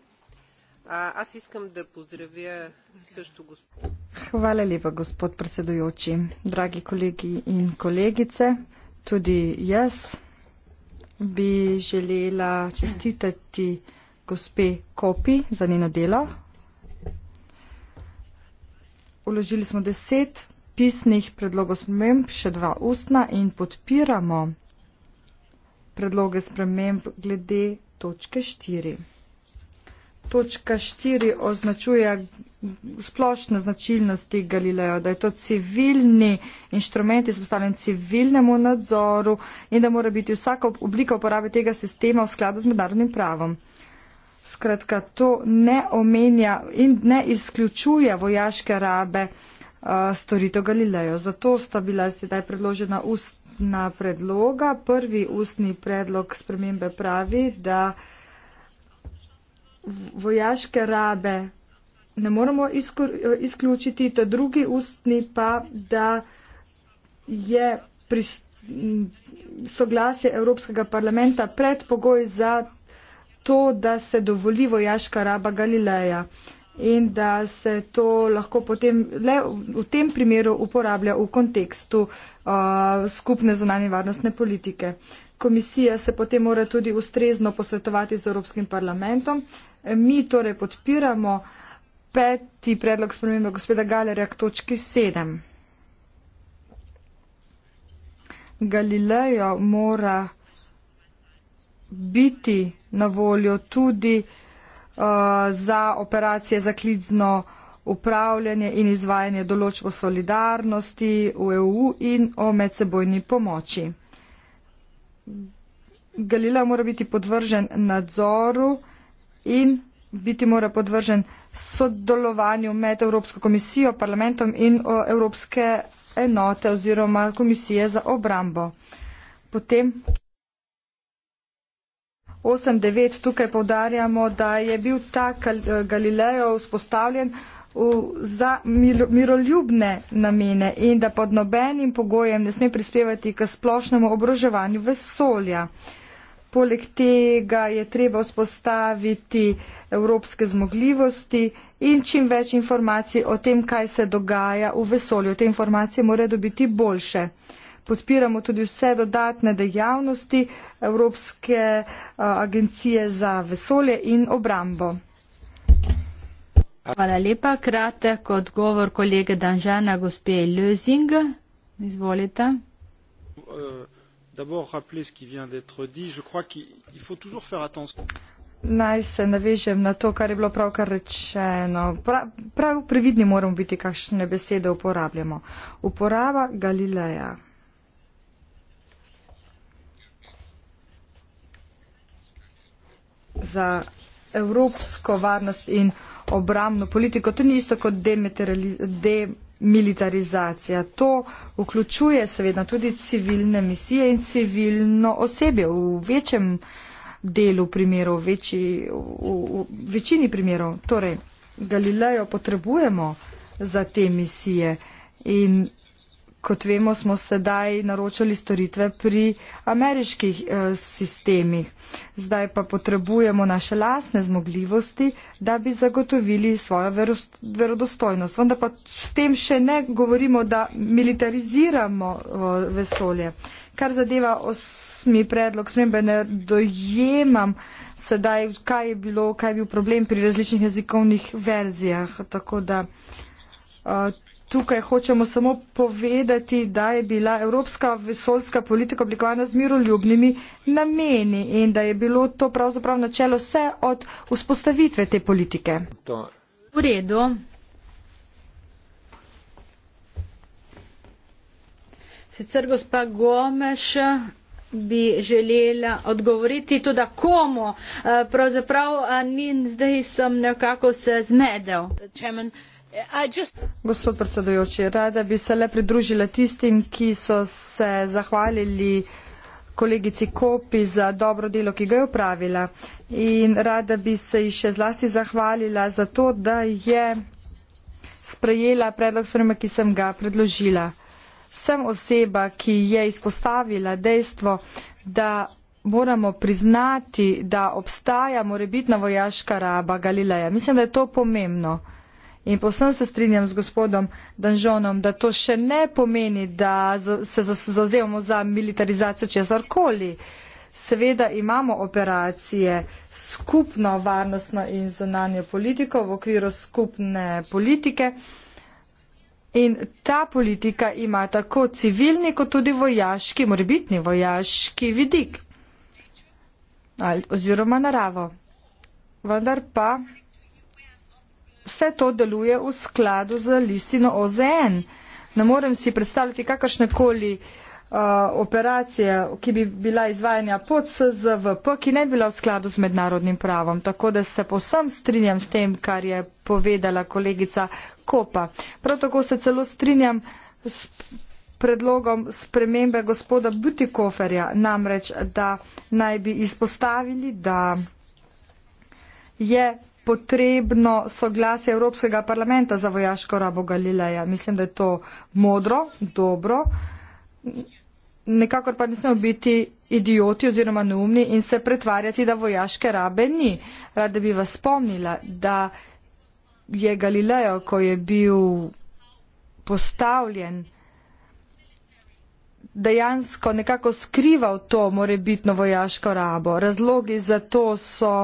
аз искам да поздравя също господин. Hvala lepa, gospod predsedujoči. Dragi kolegi in kolegice, tudi jaz bi želela čestitati gospe Kopi za njeno delo. Uložili smo deset pisnih predlogov sprememb, še dva ustna in podpiramo predloge sprememb glede točke 4. Točka 4 označuje splošne značilnosti Galileja, da je to civilni inštrument izpostavljen civilnemu nadzoru in da mora biti vsaka oblika uporabe tega sistema v skladu z mednarodnim pravom. Skratka, to ne omenja in ne izključuje vojaške rabe uh, storitev Galileja. Zato sta bila sedaj predložena ustavljena ustna predloga. Prvi ustni predlog spremembe pravi, da vojaške rabe ne moremo izključiti, ta drugi ustni pa, da je soglasje Evropskega parlamenta predpogoj za to, da se dovoli vojaška raba Galileja in da se to lahko potem le v tem primeru uporablja v kontekstu uh, skupne zunanje varnostne politike. Komisija se potem mora tudi ustrezno posvetovati z Evropskim parlamentom. Mi torej podpiramo peti predlog spremembe gospoda Galerja k točki sedem. Galilejo mora biti na voljo tudi uh, Eh, za operacije za klicno upravljanje in izvajanje določb o solidarnosti v EU in o medsebojni pomoči. Galila mora biti podvržen nadzoru in biti mora podvržen sodelovanju med Evropsko komisijo, parlamentom in eh, Evropske enote oziroma komisije za obrambo. Potem 8.9. tukaj povdarjamo, da je bil ta Galilejo vzpostavljen za miroljubne namene in da pod nobenim pogojem ne sme prispevati k splošnemu obroževanju vesolja. Poleg tega je treba vzpostaviti evropske zmogljivosti in čim več informacij o tem, kaj se dogaja v vesolju. Te informacije mora dobiti boljše. Podpiramo tudi vse dodatne dejavnosti Evropske eh, agencije za vesolje in obrambo. Hvala lepa. Kratek odgovor kolege Danžana, gospe Lözing. Izvolite. Euh, Naj se navežem na to, kar je bilo pravkar rečeno. Prav, prav previdni moramo biti, kakšne besede uporabljamo. Uporaba Galileja. za evropsko varnost in obramno politiko. To ni isto kot demilitarizacija. To vključuje seveda tudi civilne misije in civilno osebje v večjem delu primerov, večji, v, v, v večini primerov. Torej, Galilejo potrebujemo za te misije in kot vemo, smo sedaj naročali storitve pri ameriških eh, sistemih. Zdaj pa potrebujemo naše lasne zmogljivosti, da bi zagotovili svojo verodostojnost. Vendar pa s tem še ne govorimo, da militariziramo eh, vesolje. Kar zadeva osmi predlog smembe, ne dojemam sedaj, kaj je, bilo, kaj je bil problem pri različnih jezikovnih verzijah. Tako da. Eh, tukaj hočemo samo povedati, da je bila evropska vesoljska politika oblikovana z miroljubnimi nameni in da je bilo to pravzaprav načelo vse od vzpostavitve te politike. To. V redu. Sicer gospa Gomeš bi želela odgovoriti tudi komu, eh, pravzaprav eh, ni zdaj sem nekako se zmedel. Čemen. Gospod predsedujoči, rada bi se le pridružila tistim, ki so se zahvalili kolegici Kopi za dobro delo, ki ga je upravila. In rada bi se ji še zlasti zahvalila za to, da je sprejela predlog sprema, ki sem ga predložila. Sem oseba, ki je izpostavila dejstvo, da moramo priznati, da obstaja morebitna vojaška raba Galileja. Mislim, da je to pomembno. In povsem se strinjam z gospodom Danžonom, da to še ne pomeni, da se zauzemamo za militarizacijo česar koli. Seveda imamo operacije skupno varnostno in zunanjo politiko v okviru skupne politike. In ta politika ima tako civilni kot tudi vojaški, morbitni vojaški vidik ali, oziroma naravo. Vendar pa vse to deluje v skladu z listino OZN. Ne morem si predstavljati kakršnekoli uh, operacije, ki bi bila izvajanja pod SZVP, ki ne bi bila v skladu z mednarodnim pravom. Tako da se posem strinjam s tem, kar je povedala kolegica Kopa. Prav tako se celo strinjam s predlogom spremembe gospoda Butikoferja, namreč, da naj bi izpostavili, da je potrebno soglasje Evropskega parlamenta za vojaško rabo Galileja. Mislim, da je to modro, dobro. Nekakor pa ne smemo biti idioti oziroma neumni in se pretvarjati, da vojaške rabe ni. Rada bi vas spomnila, da je Galilejo, ko je bil postavljen, dejansko nekako skrival to morebitno vojaško rabo. Razlogi za to so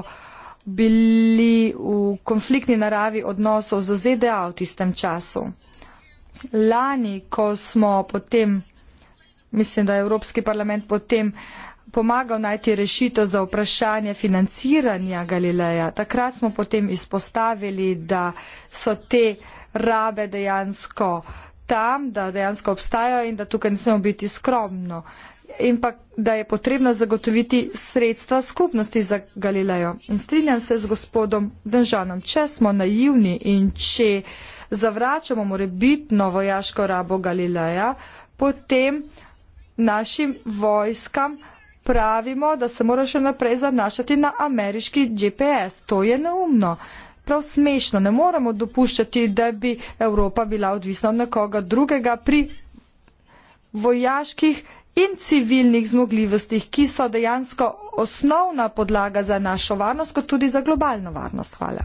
bili v konfliktni naravi odnosov z ZDA v tistem času. Lani, ko smo potem, mislim, da je Evropski parlament potem pomagal najti rešito za vprašanje financiranja Galileja, takrat smo potem izpostavili, da so te rabe dejansko tam, da dejansko obstajajo in da tukaj ne smemo biti skromno in pa da je potrebno zagotoviti sredstva skupnosti za Galilejo. In strinjam se z gospodom Denžanom, če smo naivni in če zavračamo morebitno vojaško rabo Galileja, potem našim vojskam pravimo, da se mora še naprej zanašati na ameriški GPS. To je neumno. Prav smešno, ne moramo dopuščati, da bi Evropa bila odvisna od nekoga drugega pri vojaških in civilnih zmogljivostih, ki so dejansko osnovna podlaga za našo varnost, kot tudi za globalno varnost. Hvala.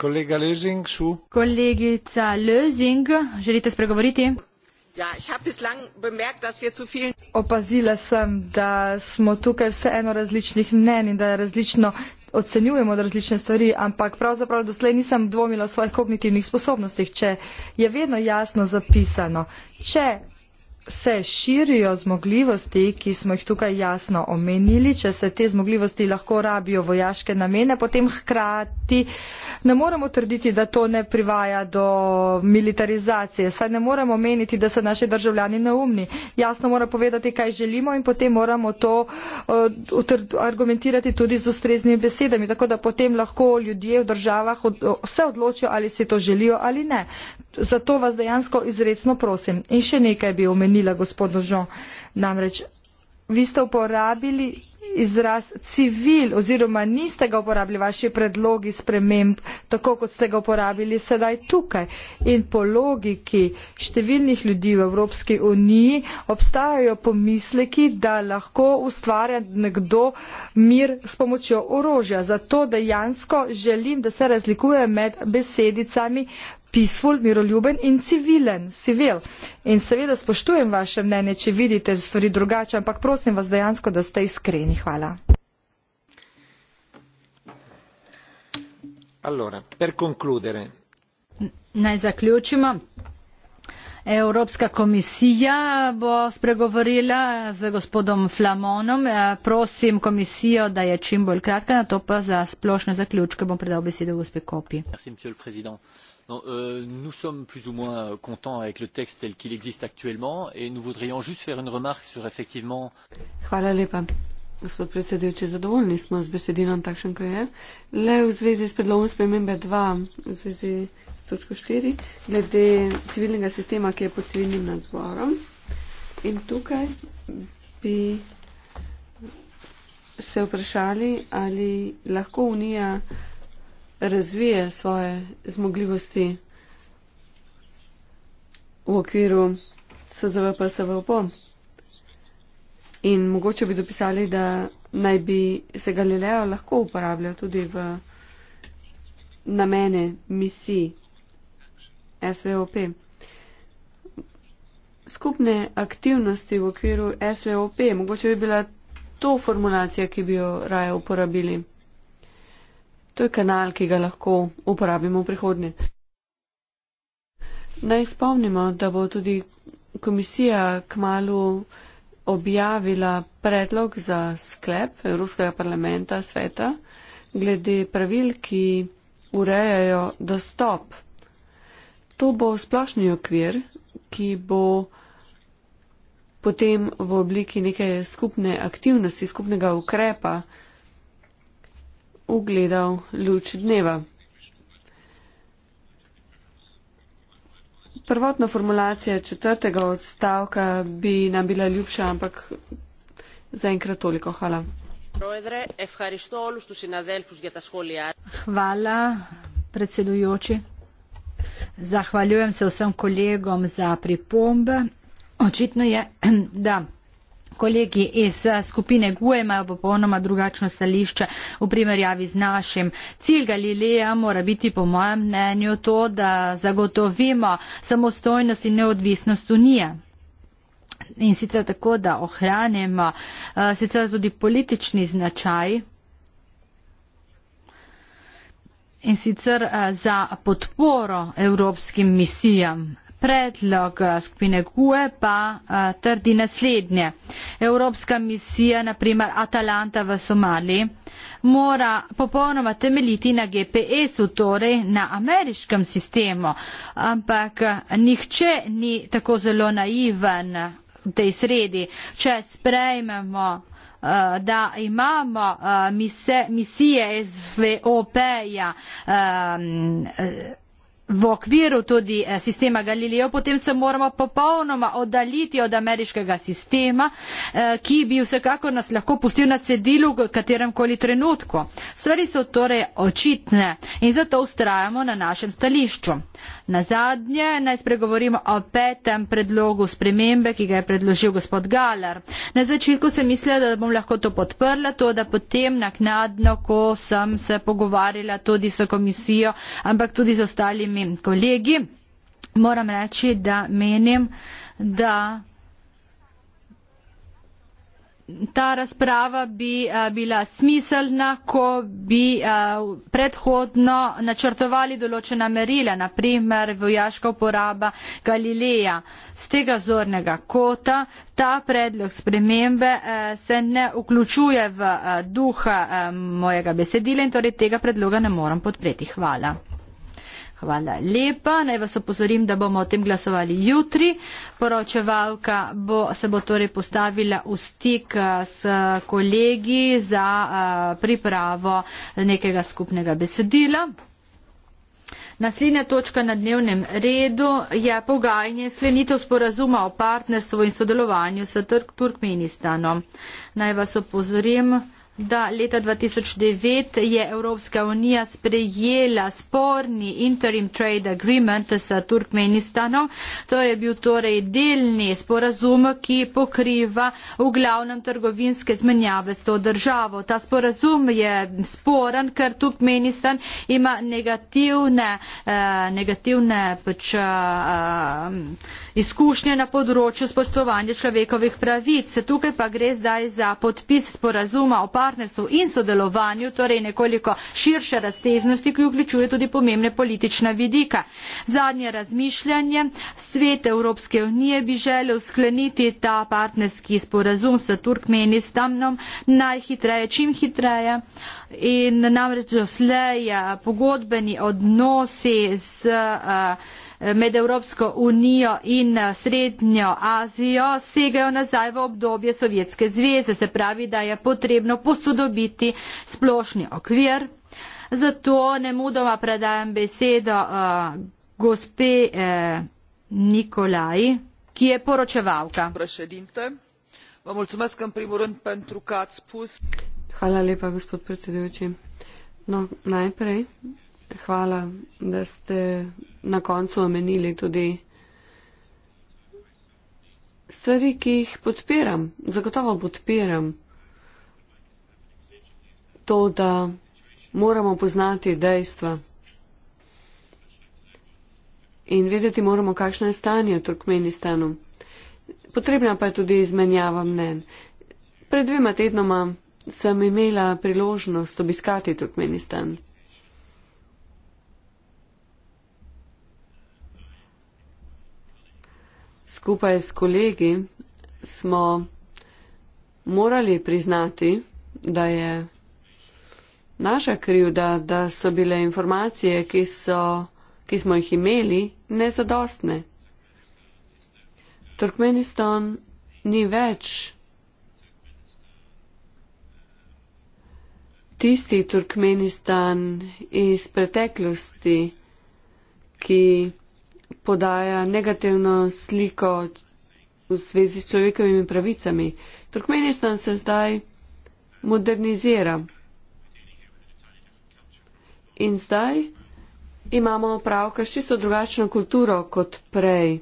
Kolega Lezing, šu. Kolegica Lezing, želite spregovoriti? Ja, Opazila sem, da smo tukaj vseeno različnih mnen in da je različno ocenjujem od različne stvari, ampak pravzaprav doslej nisem dvomila o svojih kognitivnih sposobnostih, če je vedno jasno zapisano, če se širijo zmogljivosti, ki smo jih tukaj jasno omenili, če se te zmogljivosti lahko rabijo vojaške namene, potem hkrati ne moremo trditi, da to ne privaja do militarizacije. Saj ne moremo meniti, da so naši državljani neumni. Jasno mora povedati, kaj želimo in potem moramo to uh, argumentirati tudi z ustreznimi besedami, tako da potem lahko ljudje v državah od, vse odločijo, ali si to želijo ali ne. Zato vas dejansko izredno prosim. In še nekaj bi omenila, gospod Dožon. Namreč, vi ste uporabili izraz civil oziroma niste ga uporabili vaši predlogi sprememb, tako kot ste ga uporabili sedaj tukaj. In po logiki številnih ljudi v Evropski uniji obstajajo pomisleki, da lahko ustvarja nekdo mir s pomočjo orožja. Zato dejansko želim, da se razlikuje med besedicami peaceful, miroljuben in civilen, civil. In seveda spoštujem vaše mnenje, če vidite stvari drugače, ampak prosim vas dejansko, da ste iskreni. Hvala. Allora, per concludere. Naj zaključimo. Evropska komisija bo spregovorila z gospodom Flamonom. Eh, prosim komisijo, da je čim bolj kratka, na to pa za splošne zaključke bom predal besedo gospe Kopi. Merci, Euh, nous sommes plus ou moins contents avec le texte tel qu'il existe actuellement et nous voudrions juste faire une remarque sur effectivement. Hvala lepa. Gospod predsedujoči, zadovoljni smo z besedilom takšen, ko je. Le v zvezi s predlogom spremembe 2, v zvezi s točko 4, glede civilnega sistema, ki je pod civilnim nadzorom. In tukaj bi se vprašali, ali lahko Unija razvije svoje zmogljivosti v okviru SZVP SVP. In mogoče bi dopisali, da naj bi se Galileo lahko uporabljal tudi v namene misij SVOP. Skupne aktivnosti v okviru SVOP, mogoče bi bila to formulacija, ki bi jo raje uporabili. To je kanal, ki ga lahko uporabimo v prihodnje. Naj spomnimo, da bo tudi komisija kmalo objavila predlog za sklep Evropskega parlamenta sveta glede pravil, ki urejajo dostop. To bo splošni okvir, ki bo potem v obliki neke skupne aktivnosti, skupnega ukrepa ugledal luč dneva. Prvotna formulacija četrtega odstavka bi nam bila ljubša, ampak zaenkrat toliko. Hvala. Hvala, predsedujoči. Zahvaljujem se vsem kolegom za pripombe. Očitno je, da kolegi iz eh, skupine GUE imajo popolnoma drugačno stališče v primerjavi z našim. Cilj Galileja mora biti po mojem mnenju to, da zagotovimo samostojnost in neodvisnost Unije. In sicer tako, da ohranimo eh, sicer tudi politični značaj. In sicer eh, za podporo evropskim misijam Predlog eh, skupine GUE pa eh, trdi naslednje. Evropska misija, naprimer Atalanta v Somaliji, mora popolnoma temeljiti na GPS-u, torej na ameriškem sistemu, ampak eh, nihče ni tako zelo naiven v tej sredi, če sprejmemo da imamo mise, misije SVOP-ja v okviru tudi eh, sistema Galileo, potem se moramo popolnoma oddaljiti od ameriškega sistema, eh, ki bi vsekakor nas lahko pustil na cedilu v katerem koli trenutku. Stvari so torej očitne in zato ustrajamo na našem stališču. Na zadnje naj spregovorimo o petem predlogu spremembe, ki ga je predložil gospod Galar. Na začetku sem mislila, da bom lahko to podprla, to da potem naknadno, ko sem se pogovarjala tudi s komisijo, ampak tudi z ostalimi spoštovani kolegi, moram reči, da menim, da ta razprava bi eh, bila smiselna, ko bi eh, predhodno načrtovali določena merila, naprimer vojaška uporaba Galileja. Z tega zornega kota ta predlog spremembe eh, se ne vključuje v duha mojega besedila in torej tega predloga ne moram podpreti. Hvala. Hvala lepa. Naj vas opozorim, da bomo o tem glasovali jutri. Poročevalka bo, se bo torej postavila v stik eh, s kolegi za eh, pripravo nekega skupnega besedila. Naslednja točka na dnevnem redu je pogajanje sklenitev sporazuma o partnerstvu in sodelovanju s Turkmenistanom. Naj vas opozorim da leta 2009 je Evropska unija sprejela sporni interim trade agreement s Turkmenistanom. To je bil torej delni sporazum, ki pokriva v glavnem trgovinske zmenjave s to državo. Ta sporazum je sporen, ker Turkmenistan ima negativne, eh, negativne pač, eh, izkušnje na področju spoštovanja človekovih pravic. Tukaj pa gre zdaj za podpis sporazuma o partnerstvu partnerstvu in sodelovanju, torej nekoliko širše razteznosti, ki vključuje tudi pomembne politične vidika. Zadnje razmišljanje. Svet Evropske unije bi želel skleniti ta partnerski sporazum s Turkmenistanom najhitreje, čim hitreje. In namreč doslej eh, pogodbeni odnosi z uh, med Evropsko unijo in eh, Srednjo Azijo segajo nazaj v obdobje Sovjetske zveze, se pravi, da je potrebno posodobiti splošni okvir. Zato ne mudoma predajam besedo uh, gospe uh, eh, Nikolaji, ki je poročevalka. Hvala lepa, gospod predsedujoči. No, najprej Hvala, da ste na koncu omenili tudi stvari, ki jih podpiram. Zagotovo podpiram to, da moramo poznati dejstva in vedeti moramo, kakšno je stanje v Turkmenistanu. Potrebna pa je tudi izmenjava mnen. Pred dvema tednoma sem imela priložnost obiskati Turkmenistan. skupaj s kolegi smo morali priznati, da je naša krivda, da so bile informacije, ki, so, ki smo jih imeli, nezadostne. Turkmenistan ni več tisti Turkmenistan iz preteklosti, ki podaja negativno sliko v zvezi s človekovimi pravicami. Turkmenistan se zdaj modernizira. In zdaj imamo opravka s čisto drugačno kulturo kot prej.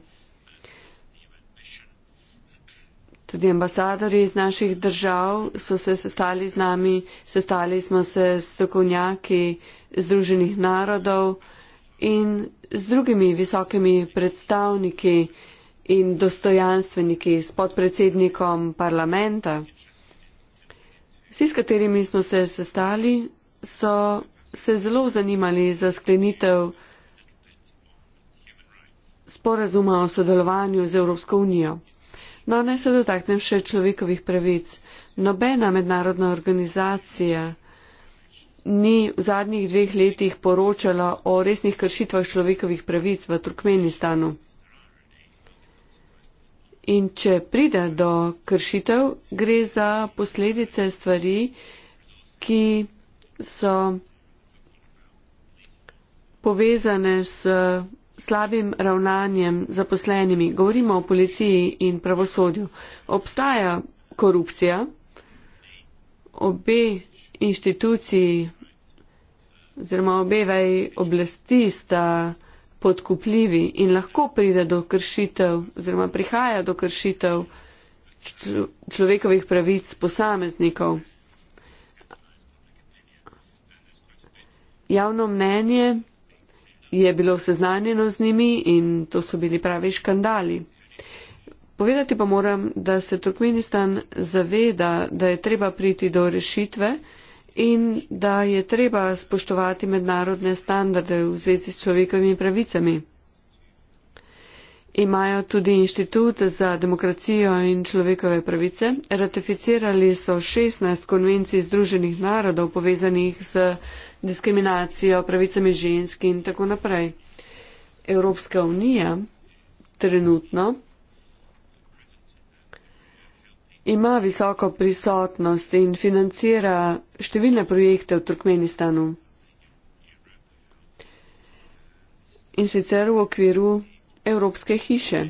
Tudi ambasadori iz naših držav so se sestali z nami, sestali smo se s strokovnjaki Združenih narodov, in z drugimi visokimi predstavniki in dostojanstveniki, s podpredsednikom parlamenta. Vsi, s katerimi smo se sestali, so se zelo zanimali za sklenitev sporazuma o sodelovanju z Evropsko unijo. No, naj se dotaknem še človekovih pravic. Nobena mednarodna organizacija ni v zadnjih dveh letih poročala o resnih kršitvah človekovih pravic v Turkmenistanu. In če pride do kršitev, gre za posledice stvari, ki so povezane s slabim ravnanjem zaposlenimi. Govorimo o policiji in pravosodju. Obstaja korupcija. Obe inštituciji oziroma obe veji oblasti sta podkupljivi in lahko pride do kršitev oziroma prihaja do kršitev človekovih pravic posameznikov. Javno mnenje je bilo seznanjeno z njimi in to so bili pravi škandali. Povedati pa moram, da se Turkmenistan zaveda, da je treba priti do rešitve, in da je treba spoštovati mednarodne standarde v zvezi s človekovimi pravicami. Imajo tudi inštitut za demokracijo in človekove pravice. Ratificirali so 16 konvencij Združenih narodov povezanih z diskriminacijo, pravicami žensk in tako naprej. Evropska unija trenutno ima visoko prisotnost in financira številne projekte v Turkmenistanu. In sicer v okviru Evropske hiše.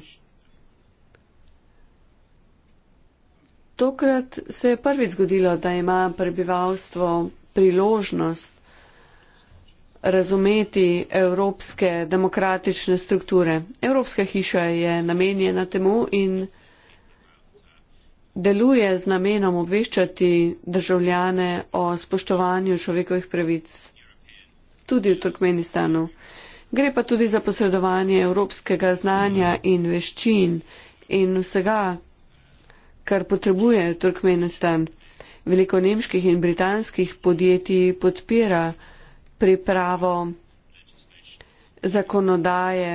Tokrat se je prvi zgodilo, da ima prebivalstvo priložnost razumeti evropske demokratične strukture. Evropska hiša je namenjena temu in deluje z namenom obveščati državljane o spoštovanju človekovih pravic tudi v Turkmenistanu. Gre pa tudi za posredovanje evropskega znanja in veščin in vsega, kar potrebuje Turkmenistan. Veliko nemških in britanskih podjetij podpira pripravo zakonodaje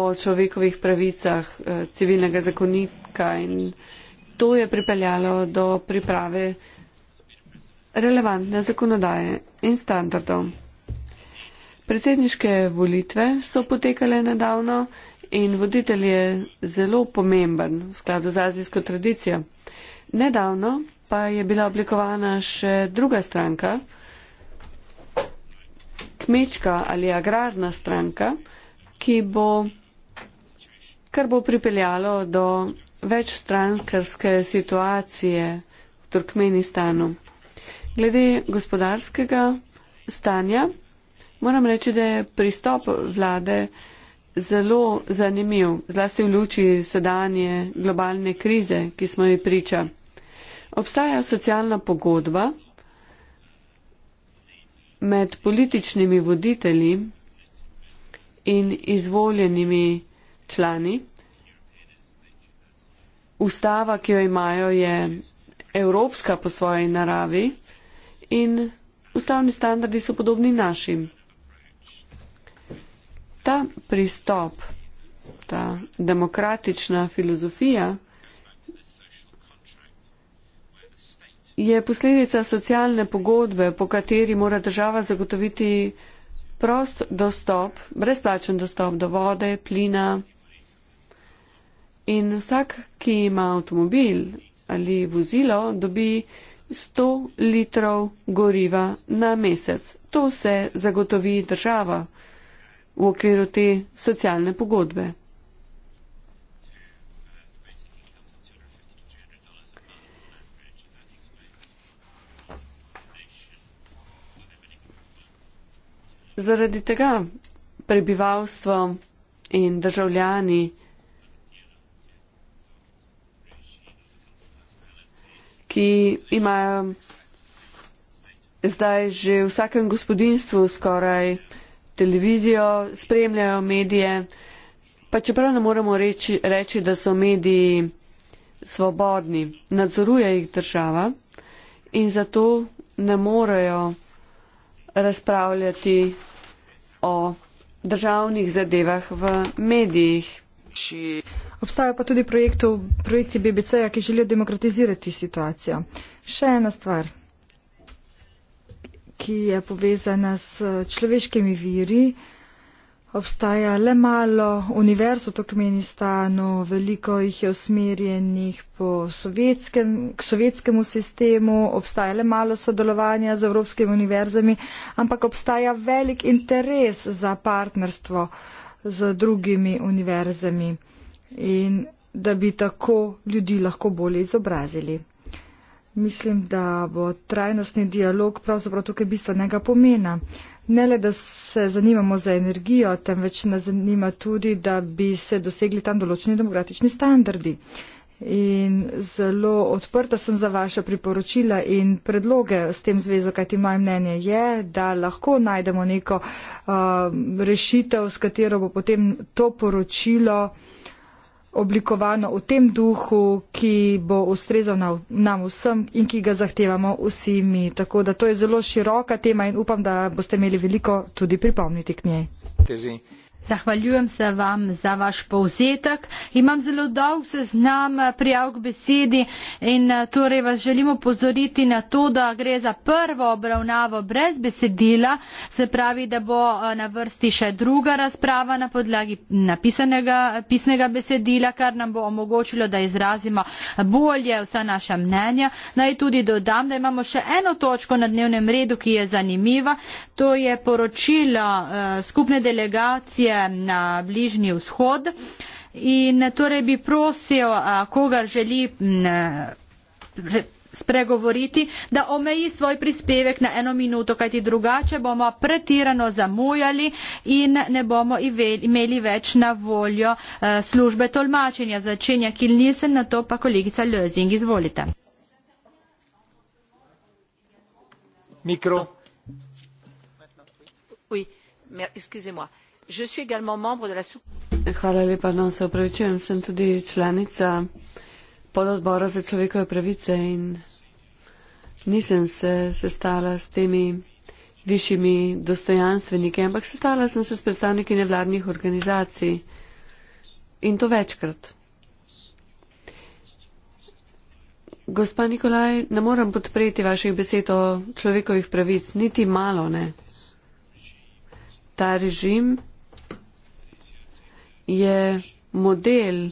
o človekovih pravicah eh, civilnega zakonika in To je pripeljalo do priprave relevantne zakonodaje in standardov. Predsedniške volitve so potekale nedavno in voditelj je zelo pomemben v skladu z azijsko tradicijo. Nedavno pa je bila oblikovana še druga stranka, kmečka ali agrarna stranka, ki bo, kar bo pripeljalo do večstrankarske situacije v Turkmenistanu. Glede gospodarskega stanja, moram reči, da je pristop vlade zelo zanimiv, zlasti v luči sedanje globalne krize, ki smo ji priča. Obstaja socialna pogodba med političnimi voditelji in izvoljenimi člani ustava, ki jo imajo, je evropska po svoji naravi in ustavni standardi so podobni našim. Ta pristop, ta demokratična filozofija je posledica socialne pogodbe, po kateri mora država zagotoviti prost dostop, brezplačen dostop do vode, plina, In vsak, ki ima avtomobil ali vozilo, dobi 100 litrov goriva na mesec. To se zagotovi država v okviru te socialne pogodbe. Zaradi tega prebivalstvo in državljani ki imajo zdaj že v vsakem gospodinstvu skoraj televizijo, spremljajo medije, pa čeprav ne moremo reči, reči da so mediji svobodni, nadzoruje jih država in zato ne morejo razpravljati o državnih zadevah v medijih. 是。Obstajajo pa tudi projektu, projekti BBC-ja, ki želijo demokratizirati situacijo. Še ena stvar, ki je povezana s eh, človeškimi viri. Obstaja le malo univerz v Turkmenistanu, veliko jih je usmerjenih po sovjetskem, k sovjetskemu sistemu, obstaja le malo sodelovanja z evropskimi univerzami, ampak obstaja velik interes za partnerstvo z drugimi univerzami in da bi tako ljudi lahko bolje izobrazili. Mislim, da bo trajnostni dialog pravzaprav tukaj bistvenega pomena. Ne le, da se zanimamo za energijo, temveč nas zanima tudi, da bi se dosegli tam določeni demokratični standardi. In zelo odprta sem za vaše priporočila in predloge s tem zvezo, kajti moje mnenje je, da lahko najdemo neko uh, rešitev, s katero bo potem to poročilo uh, oblikovano v tem duhu, ki bo ustrezal nam vsem in ki ga zahtevamo vsi mi. Tako da to je zelo široka tema in upam, da boste imeli veliko tudi pripomniti k njej. Zahvaljujem se vam za vaš povzetek. Imam zelo dolg seznam prijav k besedi in eh, torej vas želim opozoriti na to, da gre za prvo obravnavo brez besedila, se pravi, da bo eh, na vrsti še druga razprava na podlagi napisanega eh, pisnega besedila, kar nam bo omogočilo, da izrazimo bolje vsa naša mnenja. Naj tudi dodam, da imamo še eno točko na dnevnem redu, ki je zanimiva, to je poročilo skupne delegacije misije na Bližnji vzhod in eh, torej bi prosil, eh, koga želi eh, spregovoriti, da omeji svoj prispevek na eno minuto, kajti drugače bomo pretirano zamujali in ne bomo imeli več na voljo službe tolmačenja. Začenja Kilnisen, na to pa kolegica Lözing. Izvolite. Mikro. Oui, excusez-moi je suis également membre de la sous Hvala lepa, no, se opravičujem, sem tudi članica pododbora za človekove pravice in nisem se sestala s temi višjimi dostojanstveniki, ampak sestala sem se s predstavniki nevladnih organizacij in to večkrat. Gospa Nikolaj, ne morem podpreti vaših besed o človekovih pravic, niti malo ne. Ta režim je model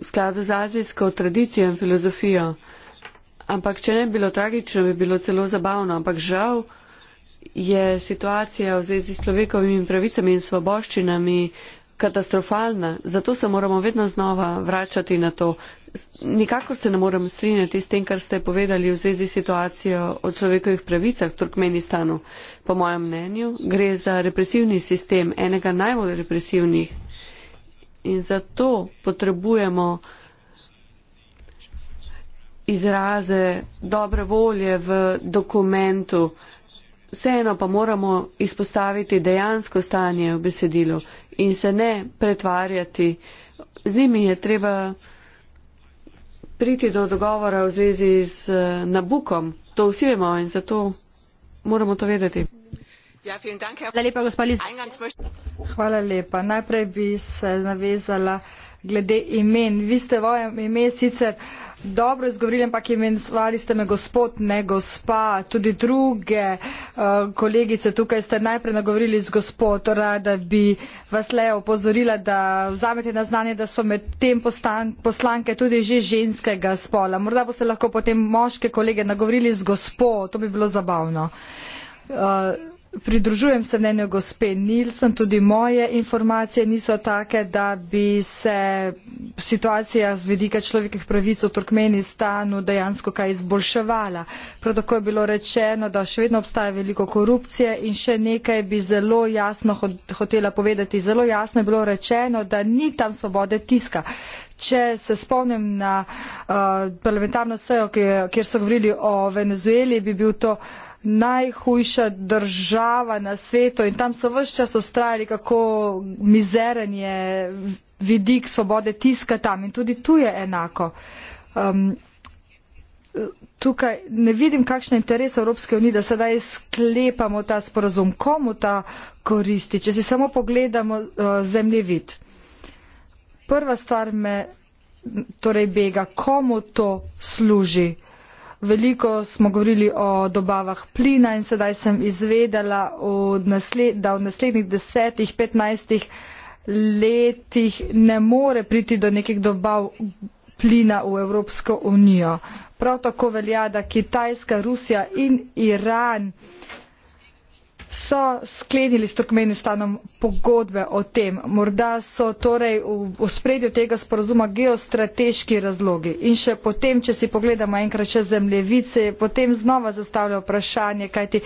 v skladu z azijsko tradicijo in filozofijo. Ampak če ne bi bilo tragično, bi bilo celo zabavno. Ampak žal je situacija v zvezi s človekovimi pravicami in svoboščinami katastrofalna. Zato se moramo vedno znova vračati na to. Nikako se ne morem strinjati s tem, kar ste povedali v zvezi s situacijo o človekovih pravicah v Turkmenistanu. Po mojem mnenju gre za represivni sistem, enega najbolj represivnih In zato potrebujemo izraze dobre volje v dokumentu. Vseeno pa moramo izpostaviti dejansko stanje v besedilu in se ne pretvarjati. Z njimi je treba priti do dogovora v zvezi z eh, nabukom. To vsi vemo in zato moramo to vedeti. Ja, Hvala lepa. Najprej bi se navezala glede imen. Vi ste voje ime sicer dobro izgovorili, ampak imenovali ste me gospod, ne gospa, tudi druge uh, kolegice tukaj ste najprej nagovorili z gospod, rada bi vas le opozorila, da vzamete na znanje, da so med tem postan, poslanke tudi že ženskega spola. Morda boste lahko potem moške kolege nagovorili z gospod, to bi bilo zabavno. Uh, Pridružujem se mnenju gospe Nilsen, tudi moje informacije niso take, da bi se situacija z vidika človekih pravic v Turkmenistanu dejansko kaj izboljševala. Prav tako je bilo rečeno, da še vedno obstaja veliko korupcije in še nekaj bi zelo jasno hotela povedati. Zelo jasno je bilo rečeno, da ni tam svobode tiska. Če se spomnim na uh, parlamentarno sejo, kjer so govorili o Venezueli, bi bil to. Uh, najhujša država na svetu in tam so vse čas ustrajali, kako mizeren je vidik svobode tiska tam in tudi tu je enako. Um, tukaj ne vidim, kakšen interes Evropske unije, da sedaj sklepamo ta sporazum, komu ta koristi, če si samo pogledamo uh, zemljevid. Prva stvar me torej bega, komu to služi. Veliko smo govorili o dobavah plina in sedaj sem izvedela, da v naslednjih desetih, petnajstih letih ne more priti do nekih dobav plina v Evropsko unijo. Prav tako velja, da Kitajska, Rusija in Iran so sklenili s Turkmenistanom pogodbe o tem. Morda so torej v, v spredju tega sporozuma geostrateški razlogi. In še potem, če si pogledamo enkrat še zemljevice, potem znova zastavlja vprašanje, kajti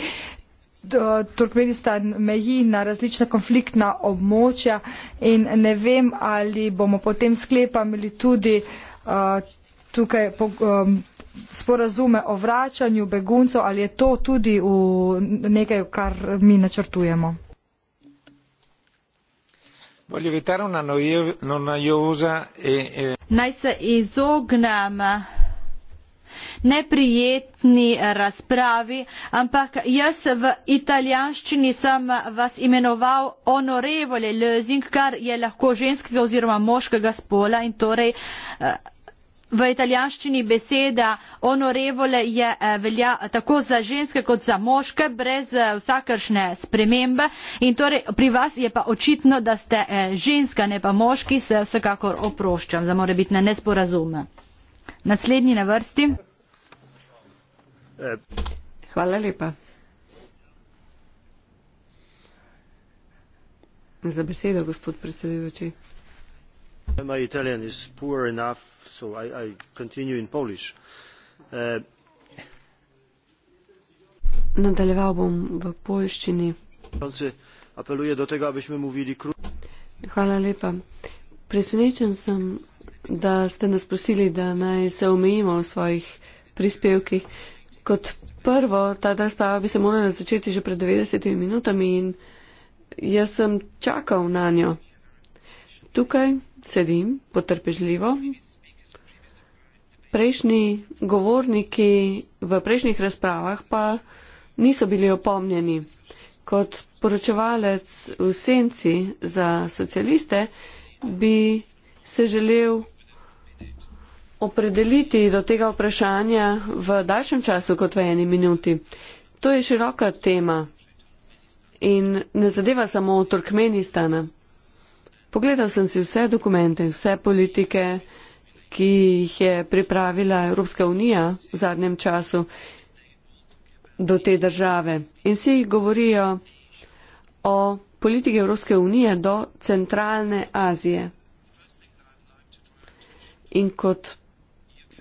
Turkmenistan meji na različna konfliktna območja in ne vem, ali bomo potem sklepali tudi uh, tukaj. Po, um, sporazume o vračanju beguncev, ali je to tudi nekaj, kar mi načrtujemo? E, e- Naj se izognem neprijetni razpravi, ampak jaz v italijanščini sem vas imenoval honorevole lezing, kar je lahko ženskega oziroma moškega spola in torej eh, v italijanščini beseda onorevole je eh, velja tako za ženske kot za moške brez eh, vsakršne spremembe in torej pri vas je pa očitno, da ste eh, ženska, ne pa moški, se vsekakor oproščam za morebitne nesporazume. Naslednji na vrsti. Hvala lepa. Za besedo, gospod predsedujoči my italian is poor enough so i continue in polish uh, nadaljeval bom v polščini apeluje do tega abyśmy mówili hvala lepa presenečen sem da ste nas prosili da naj se omejimo v svojih prispevkih kot prvo ta razprava bi se morala začeti že pred 90 minutami in jaz sem čakal na njo tukaj sedim potrpežljivo. Prejšnji govorniki v prejšnjih razpravah pa niso bili opomnjeni. Kot poročevalec v senci za socialiste bi se želel opredeliti do tega vprašanja v daljšem času kot v eni minuti. To je široka tema in ne zadeva samo Turkmenistana. Pogledal sem si vse dokumente, vse politike, ki jih je pripravila Evropska unija v zadnjem času do te države. In vsi govorijo o politiki Evropske unije do centralne Azije. In kot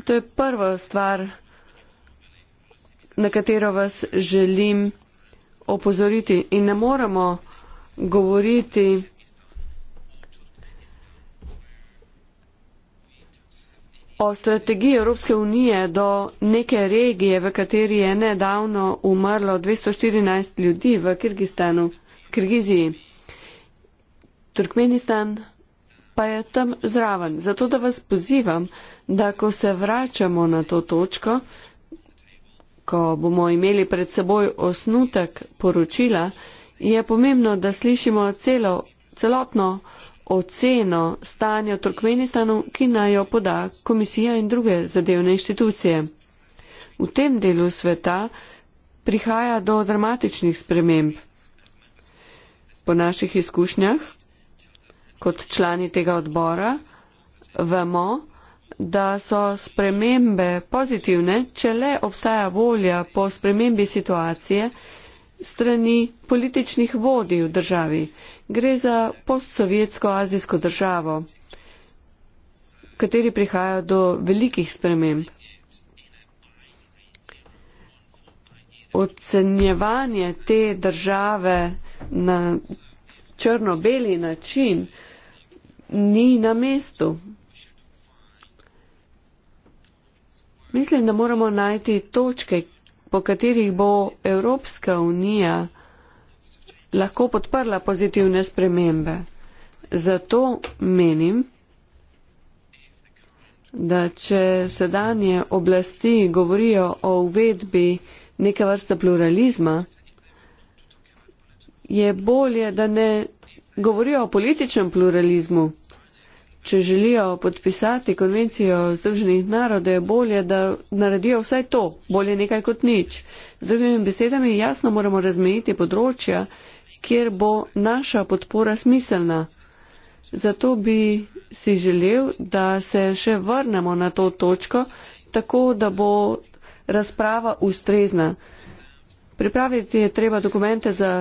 to je prva stvar, na katero vas želim opozoriti. In ne moramo govoriti, o strategiji Evropske unije do neke regije, v kateri je nedavno umrlo 214 ljudi v Kyrgyzstanu, Kyrgyziji. Turkmenistan pa je tam zraven. Zato da vas pozivam, da ko se vračamo na to točko, ko bomo imeli pred seboj osnutek poročila, je pomembno, da slišimo celo, celotno oceno stanja v Turkmenistanu, ki naj jo poda komisija in druge zadevne inštitucije. V tem delu sveta prihaja do dramatičnih sprememb. Po naših izkušnjah, kot člani tega odbora, vemo, da so spremembe pozitivne, če le obstaja volja po spremembi situacije strani političnih vodij v državi. Gre za postsovjetsko azijsko državo, v kateri prihaja do velikih sprememb. Ocenjevanje te države na črno-beli način ni na mestu. Mislim, da moramo najti točke, po katerih bo Evropska unija lahko podprla pozitivne spremembe. Zato menim, da če sedanje oblasti govorijo o uvedbi neke vrste pluralizma, je bolje, da ne govorijo o političnem pluralizmu. Če želijo podpisati konvencijo Združenih narodov, je bolje, da naredijo vsaj to, bolje nekaj kot nič. Z drugimi besedami jasno moramo razmejiti področja, kjer bo naša podpora smiselna. Zato bi si želel, da se še vrnemo na to točko, tako da bo razprava ustrezna. Pripraviti je treba dokumente za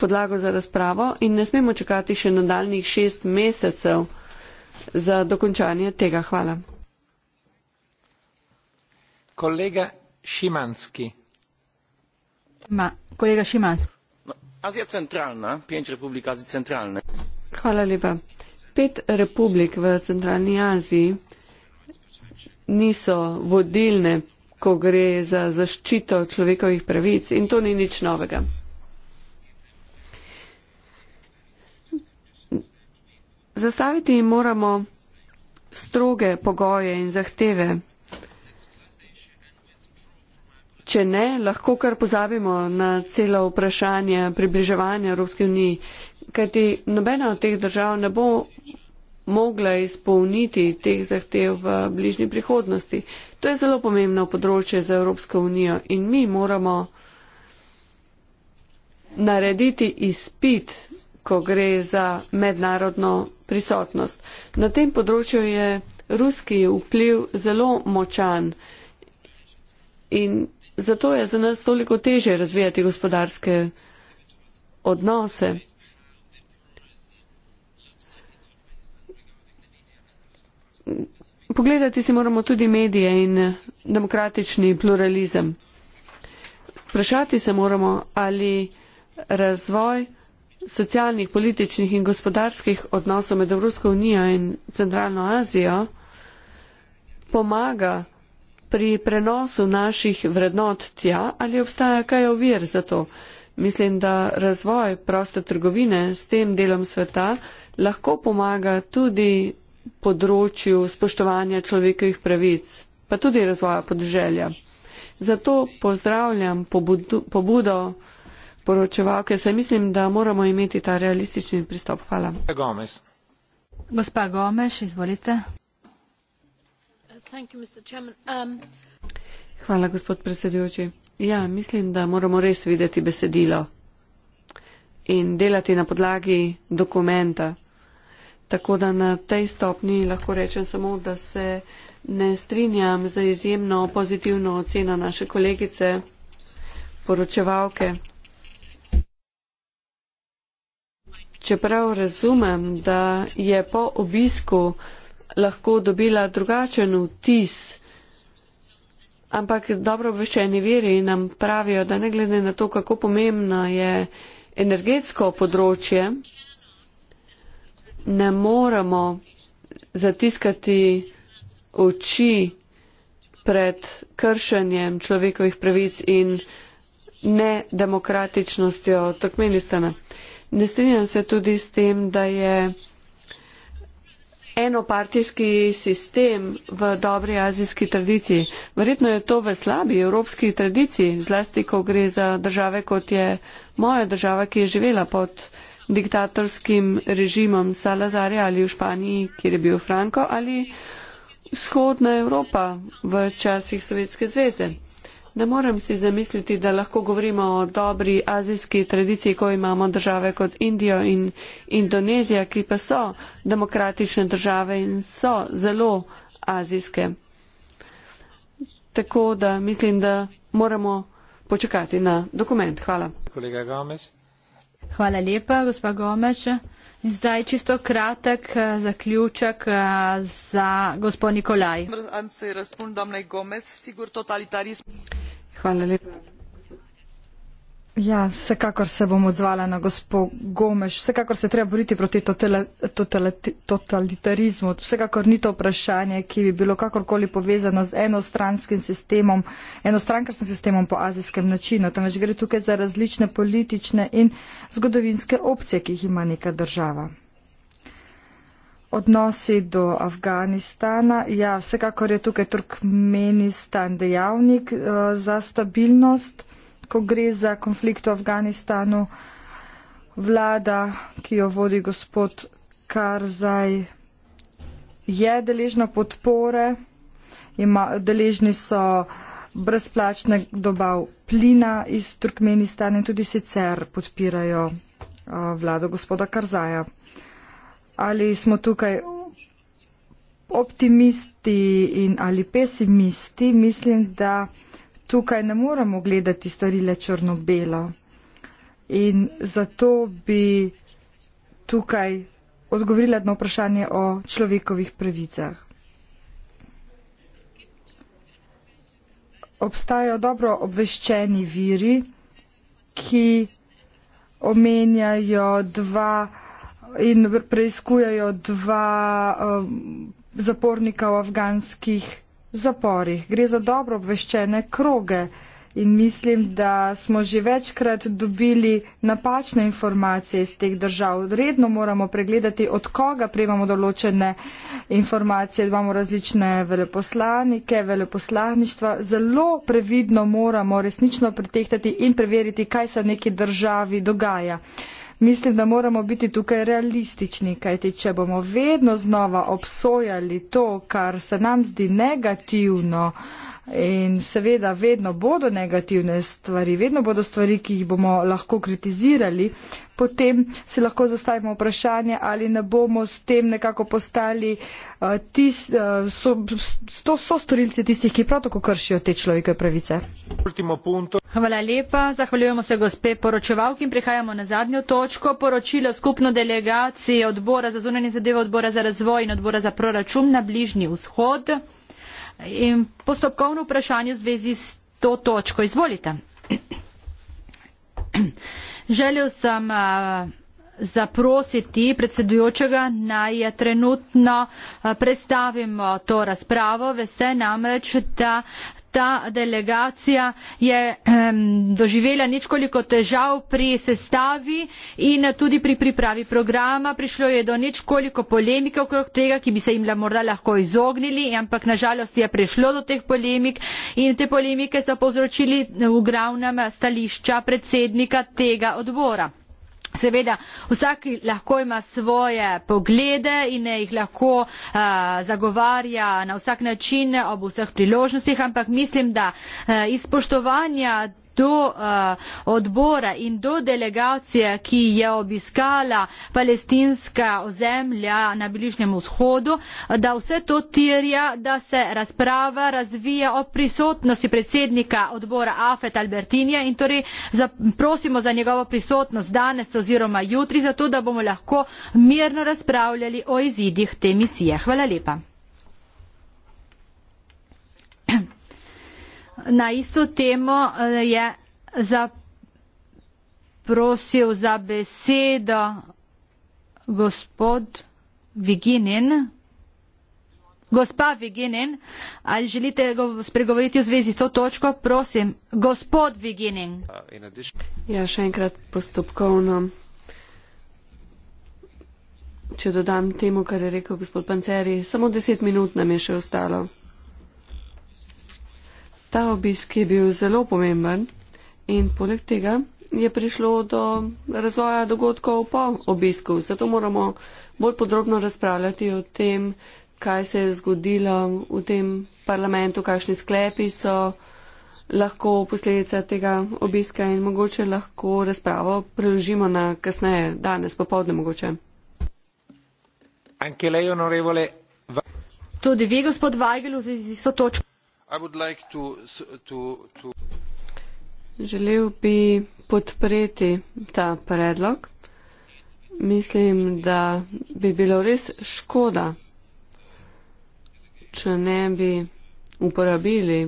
podlago za razpravo in ne smemo čakati še nadaljnih šest mesecev za dokončanje tega. Hvala. Kolega Šimanski. Ma, kolega Šimanski azija centralna pięć republik azji centralnej Hvala lepa. Pet republik v centralni Aziji niso vodilne, ko gre za zaščito človekovih pravic in to ni nič novega. Zastaviti moramo stroge pogoje in zahteve Če ne, lahko kar pozabimo na celo vprašanje približevanja Evropske unije, kajti nobena od teh držav ne bo mogla izpolniti teh zahtev v bližnji prihodnosti. To je zelo pomembno področje za Evropsko unijo in mi moramo narediti izpit, ko gre za mednarodno prisotnost. Na tem področju je ruski vpliv zelo močan in Zato je za nas toliko teže razvijati gospodarske odnose. Pogledati si moramo tudi medije in demokratični pluralizem. Vprašati se moramo, ali razvoj socialnih, političnih in gospodarskih odnosov med Evropsko unijo in Centralno Azijo pomaga pri prenosu naših vrednot tja ali obstaja kaj ovir za to? Mislim, da razvoj proste trgovine s tem delom sveta lahko pomaga tudi področju spoštovanja človekovih pravic, pa tudi razvoja podeželja. Zato pozdravljam pobudu, pobudo poročevalke, saj mislim, da moramo imeti ta realistični pristop. Hvala. Gospa Gomeš, izvolite. Um, Hvala, gospod predsedujoči. Ja, mislim, da moramo res videti besedilo in delati na podlagi dokumenta. Tako da na tej stopni lahko rečem samo, da se ne strinjam za izjemno pozitivno oceno naše kolegice, poročevalke. Čeprav razumem, da je po obisku lahko dobila drugačen vtis. Ampak dobro obveščeni viri nam pravijo, da ne glede na to, kako pomembno je energetsko področje, ne moramo zatiskati oči pred kršenjem človekovih pravic in nedemokratičnostjo Turkmenistana. Ne strinjam se tudi s tem, da je enopartijski sistem v dobri azijski tradiciji. Verjetno je to v slabi evropski tradiciji, zlasti ko gre za države, kot je moja država, ki je živela pod diktatorskim režimom Salazarja ali v Španiji, kjer je bil Franco, ali vzhodna Evropa v časih Sovjetske zveze. Ne morem si zamisliti, da lahko govorimo o dobri azijski tradiciji, ko imamo države kot Indijo in Indonezija, ki pa so demokratične države in so zelo azijske. Tako da mislim, da moramo počakati na dokument. Hvala. Kolega Gomes. Hvala lepa, gospa Gomes. In zdaj čisto kratek eh, zaključek eh, za gospod Nikolaj. Hvala lepa. Ja, vsekakor se bom odzvala na gospo Gomeš. Vsekakor se treba boriti proti totalitarizmu. Vsekakor ni to vprašanje, ki bi bilo kakorkoli povezano z enostranskim sistemom, enostrankarskim sistemom po azijskem načinu. Temveč gre tukaj za različne politične in zgodovinske opcije, ki jih ima neka država. Odnosi do Afganistana. Ja, vsekakor je tukaj Turkmenistan dejavnik uh, za stabilnost ko gre za konflikt v Afganistanu, vlada, ki jo vodi gospod Karzaj, je deležna podpore, ima, deležni so brezplačne dobav plina iz Turkmenistana in tudi sicer podpirajo vlado gospoda Karzaja. Ali smo tukaj optimisti in ali pesimisti, mislim, da tukaj ne moramo gledati stvari le črno-belo. In zato bi tukaj odgovorila na vprašanje o človekovih pravicah. Obstajajo dobro obveščeni viri, ki omenjajo dva in preizkujajo dva um, zapornika v afganskih zaporih, gre za dobro obveščene kroge in mislim, da smo že večkrat dobili napačne informacije iz teh držav. Redno moramo pregledati, od koga prejemamo določene informacije, imamo različne veleposlanike, veleposlaništva. Zelo previdno moramo resnično pretehtati in preveriti, kaj se v neki državi dogaja mislim, da moramo biti tukaj realistični, kajti če bomo vedno znova obsojali to, kar se nam zdi negativno, uh, In seveda vedno bodo negativne stvari, vedno bodo stvari, ki jih bomo lahko kritizirali, potem si lahko zastavimo vprašanje, ali ne bomo s tem nekako postali uh, tis, uh, so, so storilci tistih, ki prav tako kršijo te človekove pravice. Hvala lepa, zahvaljujemo se gospe poročevalki in prihajamo na zadnjo točko. Poročilo skupno delegacije odbora za zunanje zadeve, odbora za razvoj in odbora za proračun na Bližnji vzhod. In postopkovno vprašanje v zvezi s to točko. Izvolite. Želel sem eh, zaprositi predsedujočega, naj eh, trenutno eh, predstavimo to razpravo. Vese namreč, da ta delegacija je um, doživela nekoliko težav pri sestavi in tudi pri pripravi programa. Prišlo je do nekoliko polemike okrog tega, ki bi se jim morda lahko izognili, ampak nažalost je prišlo do teh polemik in te polemike so povzročili v glavnem stališča predsednika tega odbora. Seveda, vsak lahko ima svoje poglede in jih lahko uh, zagovarja na vsak način ob vseh priložnostih, ampak mislim, da uh, iz spoštovanja do uh, odbora in do delegacije, ki je obiskala palestinska ozemlja na Bližnjem vzhodu, da vse to tirja, da se razprava razvija o prisotnosti predsednika odbora Afet Albertinija in torej zaprosimo za njegovo prisotnost danes oziroma jutri, zato da bomo lahko mirno razpravljali o izidih te misije. Hvala lepa. Thank you na isto temo eh, je zaprosil za besedo gospod Viginin. Gospa Viginin, ali želite spregovoriti v zvezi s to točko? Prosim, gospod Viginin. Ja, še enkrat postopkovno. Če dodam temu, kar je rekel gospod Panceri, samo deset minut nam je še ostalo. Ta obisk je bil zelo pomemben in poleg tega je prišlo do razvoja dogodkov po obisku. Zato moramo bolj podrobno razpravljati o tem, kaj se je zgodilo v tem parlamentu, kakšni sklepi so lahko posledica tega obiska in mogoče lahko razpravo preložimo na kasneje, danes, popovdne mogoče. Tudi vi, gospod Vajgel, v zvezi s to točko. Želel bi podpreti ta predlog. Mislim, da bi bilo res škoda, če ne bi uporabili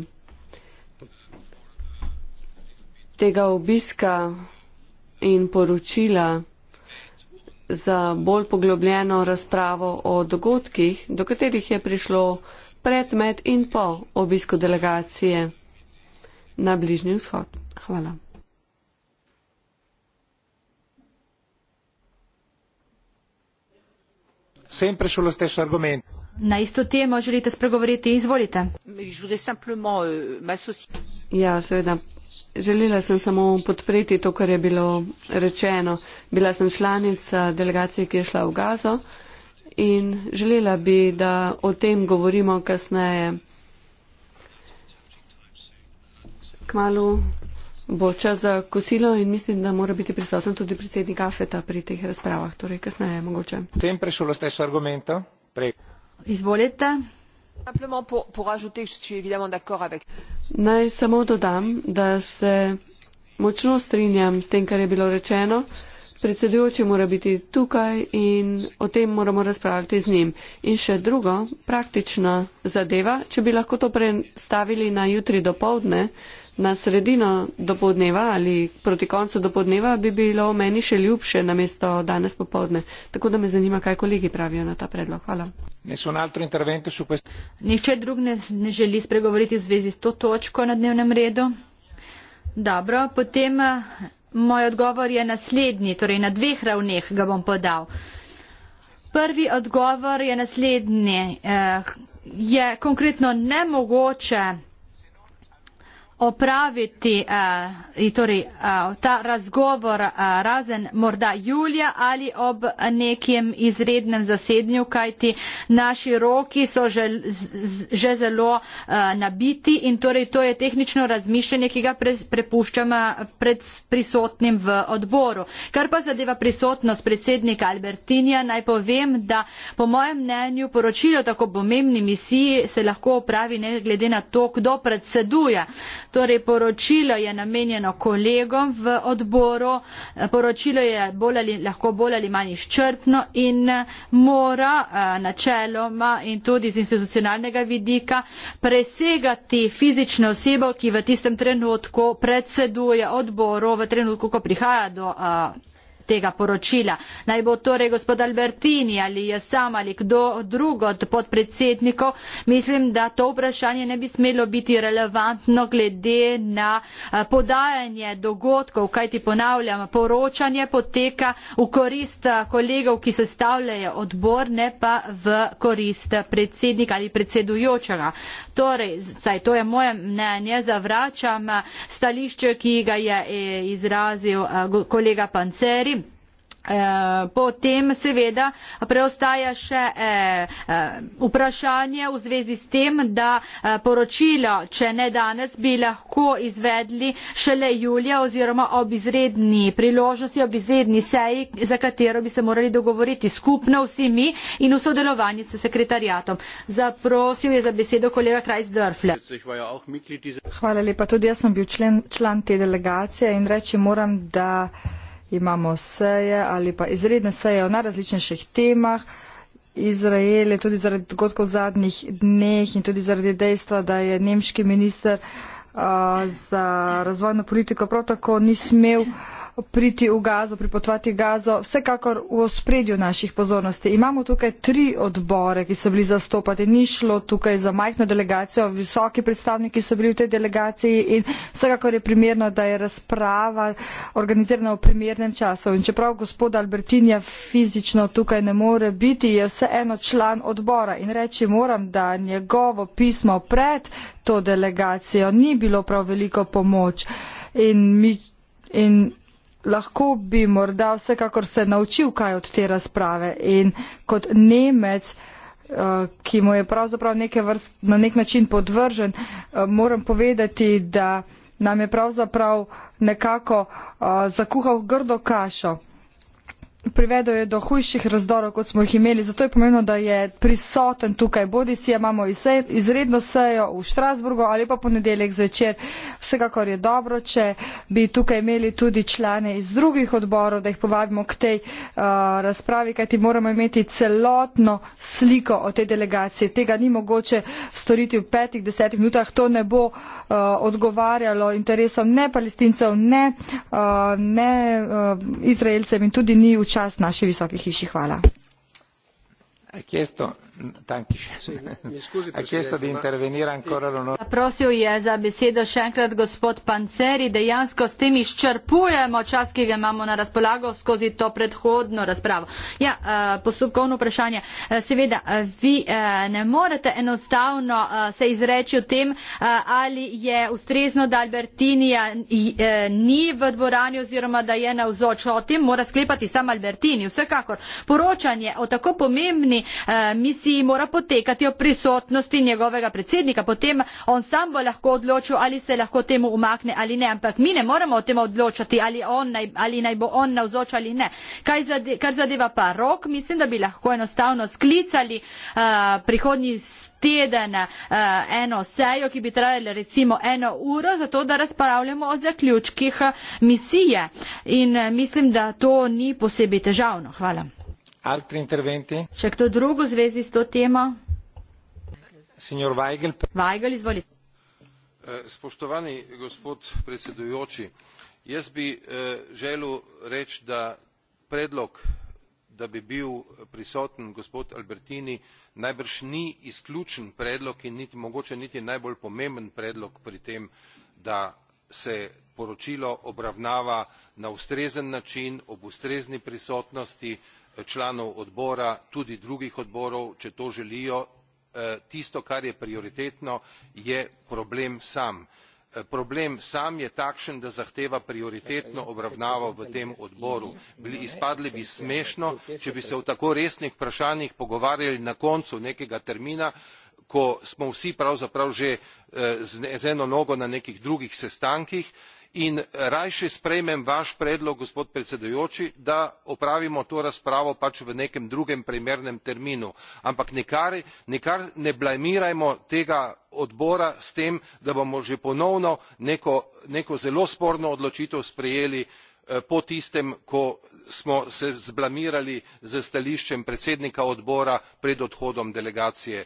tega obiska in poročila za bolj poglobljeno razpravo o dogodkih, do katerih je prišlo predmet in po obisku delegacije na Bližnji vzhod. Hvala. Sempre sullo stesso argomento. Na isto temo želite spregovoriti, izvolite. Euh, ja, seveda. Želela sem samo podpreti to, kar je bilo rečeno. Bila sem članica delegacije, ki je šla v Gazo. Uh, in želela bi, da o tem govorimo kasneje. Kmalu bo čas za kosilo in mislim, da mora biti prisoten tudi predsednik Afeta pri teh razpravah, torej kasneje mogoče. Tem prešlo ste še argumento? Pre. Izvolite. Naj samo dodam, da se močno strinjam s tem, kar je bilo rečeno. Predsedujoči mora biti tukaj in o tem moramo razpravljati z njim. In še drugo, praktična zadeva, če bi lahko to prestavili na jutri do povdne, na sredino do povdneva ali proti koncu do povdneva, bi bilo meni še ljubše na mesto danes popovdne. Tako da me zanima, kaj kolegi pravijo na ta predlog. Hvala. Nihče drug ne, ne želi spregovoriti v zvezi s to točko na dnevnem redu. Dobro, potem Moj odgovor je naslednji, torej na dveh ravneh ga bom podal. Prvi odgovor je naslednji. Eh, je konkretno nemogoče opraviti uh, torej, uh, ta razgovor uh, razen morda julija ali ob nekem izrednem zasednju, kajti naši roki so že, z, že zelo uh, nabiti in torej to je tehnično razmišljanje, ki ga pre, prepuščamo pred prisotnim v odboru. Kar pa zadeva prisotnost predsednika Albertinja, naj povem, da po mojem mnenju poročilo tako pomembni misiji se lahko opravi ne glede na to, kdo predseduje. Torej, poročilo je namenjeno kolegom v odboru, poročilo je bolj ali, lahko bolj ali manj izčrpno in mora eh, načeloma in tudi z institucionalnega vidika presegati fizično osebo, ki v tistem trenutku predseduje odboru, v trenutku, ko prihaja do. A, eh, tega poročila. Naj bo torej gospod Albertini ali jaz sam ali kdo drug od podpredsednikov, mislim, da to vprašanje ne bi smelo biti relevantno glede na podajanje dogodkov, kajti ponavljam, poročanje poteka v korist kolegov, ki sestavljajo odbor, ne pa v korist predsednika ali predsedujočega. Torej, saj to je moje mnenje, zavračam stališče, ki ga je e, izrazil kolega Panceri. Eh, potem seveda preostaja še eh, eh, vprašanje v zvezi s tem, da poročilo, če ne danes, bi lahko izvedli šele julija oziroma ob izredni priložnosti, ob izredni seji, za katero bi se morali dogovoriti skupno vsi mi in v sodelovanju s sekretarjatom. Zaprosil je za besedo kolega Krajs Dörfle. Hvala lepa, tudi jaz sem bil člen, član te delegacije in reči moram, da imamo seje ali pa izredne seje o najrazličnejših temah. Izrael je tudi zaradi dogodkov v zadnjih dneh in tudi zaradi dejstva, da je nemški minister uh, za razvojno politiko prav tako ni smel uh, priti v gazo, pripotovati gazo, vsekakor v ospredju naših pozornosti. Imamo tukaj tri odbore, ki so bili zastopati, ni šlo tukaj za majhno delegacijo, visoki predstavniki so bili v tej delegaciji in vsekakor je primerno, da je razprava organizirana v primernem času. In čeprav gospod Albertinja fizično tukaj ne more biti, je vseeno član odbora in reči moram, da njegovo pismo pred to delegacijo ni bilo prav veliko pomoč. In mi, in lahko bi morda vsekakor se naučil kaj od te razprave in kot Nemec, eh, ki mu je pravzaprav vrst, na nek način podvržen, eh, moram povedati, da nam je pravzaprav nekako eh, zakuhal grdo kašo privedel je do hujših razdorov, kot smo jih imeli. Zato je pomembno, da je prisoten tukaj. Bodi si imamo izredno sejo v Štrasburgu ali pa ponedeljek zvečer. Vsekakor je dobro, če bi tukaj imeli tudi člane iz drugih odborov, da jih povabimo k tej uh, razpravi, kajti moramo imeti celotno sliko o tej delegaciji. Tega ni mogoče storiti v petih, desetih minutah. To ne bo uh, odgovarjalo interesom ne palestincev, ne, uh, ne uh, izraelcev in tudi ni učiteljstva čast naši visoki hiši. Hvala prosil je za besedo še enkrat gospod Panceri, dejansko s tem izčrpujemo čas, ki ga imamo na razpolago skozi to predhodno razpravo. Ja, eh, postopkovno vprašanje. Eh, seveda, eh, vi ne morete enostavno se izreči o tem, ali je ustrezno, da Albertinija ni v dvorani oziroma da je na vzoču. O tem mora sklepati sam Albertini. Vsekakor, poročanje o tako pomembni misiji komisiji mora potekati o prisotnosti njegovega predsednika. Potem on sam bo lahko odločil, ali se lahko temu umakne ali ne. Ampak mi ne moramo o tem odločati, ali, naj, ali naj bo on navzoč ali ne. Zade, kar zadeva pa rok, mislim, da bi lahko enostavno sklicali uh, prihodnji teden uh, eno sejo, ki bi trajala recimo eno uro, zato da razpravljamo o zaključkih eh, misije. In uh, mislim, da to ni posebej težavno. Hvala. Altri interventi? C'è che drugo zvezi sto tema? Signor Weigel. Weigel, izvolite. Eh, spoštovani gospod predsedujoči, jaz bi eh, želel reči, da predlog, da bi bil prisoten gospod Albertini, najbrž ni izključen predlog in niti, mogoče niti najbolj pomemben predlog pri tem, da se poročilo obravnava na ustrezen način, ob ustrezni prisotnosti članov odbora tudi drugih odborov če to želijo eh, tisto kar je prioritetno je problem sam. Eh, problem sam je takšen da zahteva prioritetno obravnavo v tem odboru izpadli bi smešno če bi se o tako resnih vprašanjih pogovarjali na koncu nekega termina ko smo vsi pravzaprav že eh, z eno nogo na nekih drugih sestankih in rajši sprejmem vaš predlog gospod predsedujoči da opravimo to razpravo pač v nekem drugem primernem terminu ampak nikar ne blamirajmo tega odbora s tem da bomo že ponovno neko zelo sporno odločitev sprejeli eh, po tistem ko smo se zblamirali s stališčem predsednika odbora pred odhodom delegacije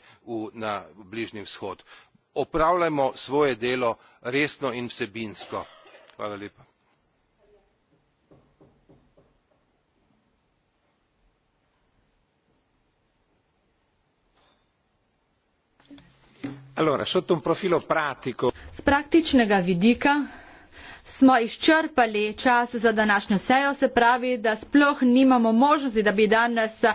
na bližnji vzhod. opravljajmo svoje delo resno in vsebinsko. Hvala lepa. Allora, sotto un profilo pratico. S praktičnega vidika smo izčrpali čas za današnjo sejo, se pravi, da sploh nimamo možnosti, da bi danes uh,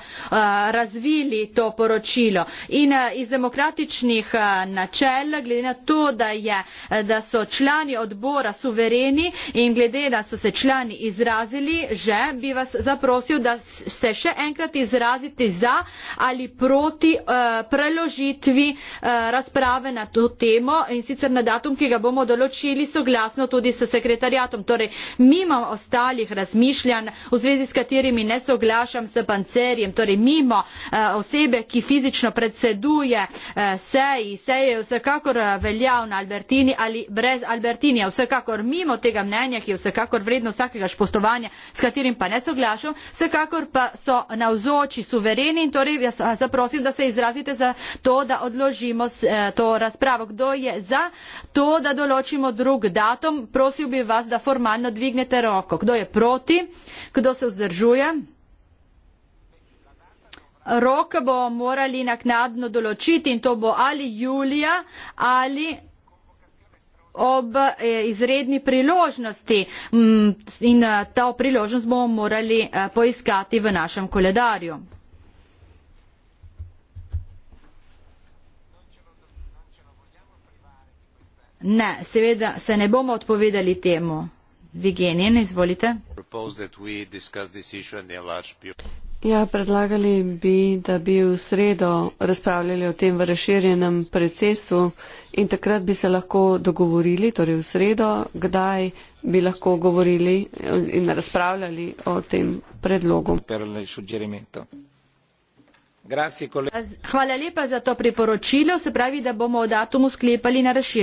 razvili to poročilo. In uh, iz demokratičnih uh, načel, glede na to, da, je, da so člani odbora suvereni in glede na to, da so se člani izrazili, že bi vas zaprosil, da se še enkrat izrazite za ali proti uh, preložitvi uh, razprave na to temo in sicer na datum, ki ga bomo določili soglasno tudi s se sekretarjem sekretarjatom. Torej, mimo ostalih razmišljanj, v zvezi s katerimi ne soglašam s pancerjem, torej mimo eh, osebe, ki fizično predseduje eh, seji, seji je vsekakor eh, veljavna Albertini ali brez Albertini, je vsekakor mimo tega mnenja, ki je vsekakor vredno vsakega špostovanja, s katerim pa ne soglašam, vsekakor pa so navzoči suvereni in torej jaz zaprosim, da se izrazite za to, da odložimo eh, to razpravo. Kdo je za to, da določimo drug datum, prosil bi vas, da formalno dvignete roko. Kdo je proti? Kdo se vzdržuje? Rok bo morali naknadno določiti in to bo ali julija ali ob eh, izredni priložnosti mm, in eh, to priložnost bomo morali eh, poiskati v našem koledarju. Ne, seveda se ne bomo odpovedali temu. Vigenin, izvolite. Ja, predlagali bi, da bi v sredo razpravljali o tem v razširjenem predsedstvu in takrat bi se lahko dogovorili, torej v sredo, kdaj bi lahko govorili eh, in razpravljali o tem predlogu. Hvala lepa za to priporočilo, se pravi, da bomo o datumu sklepali na razširjenem.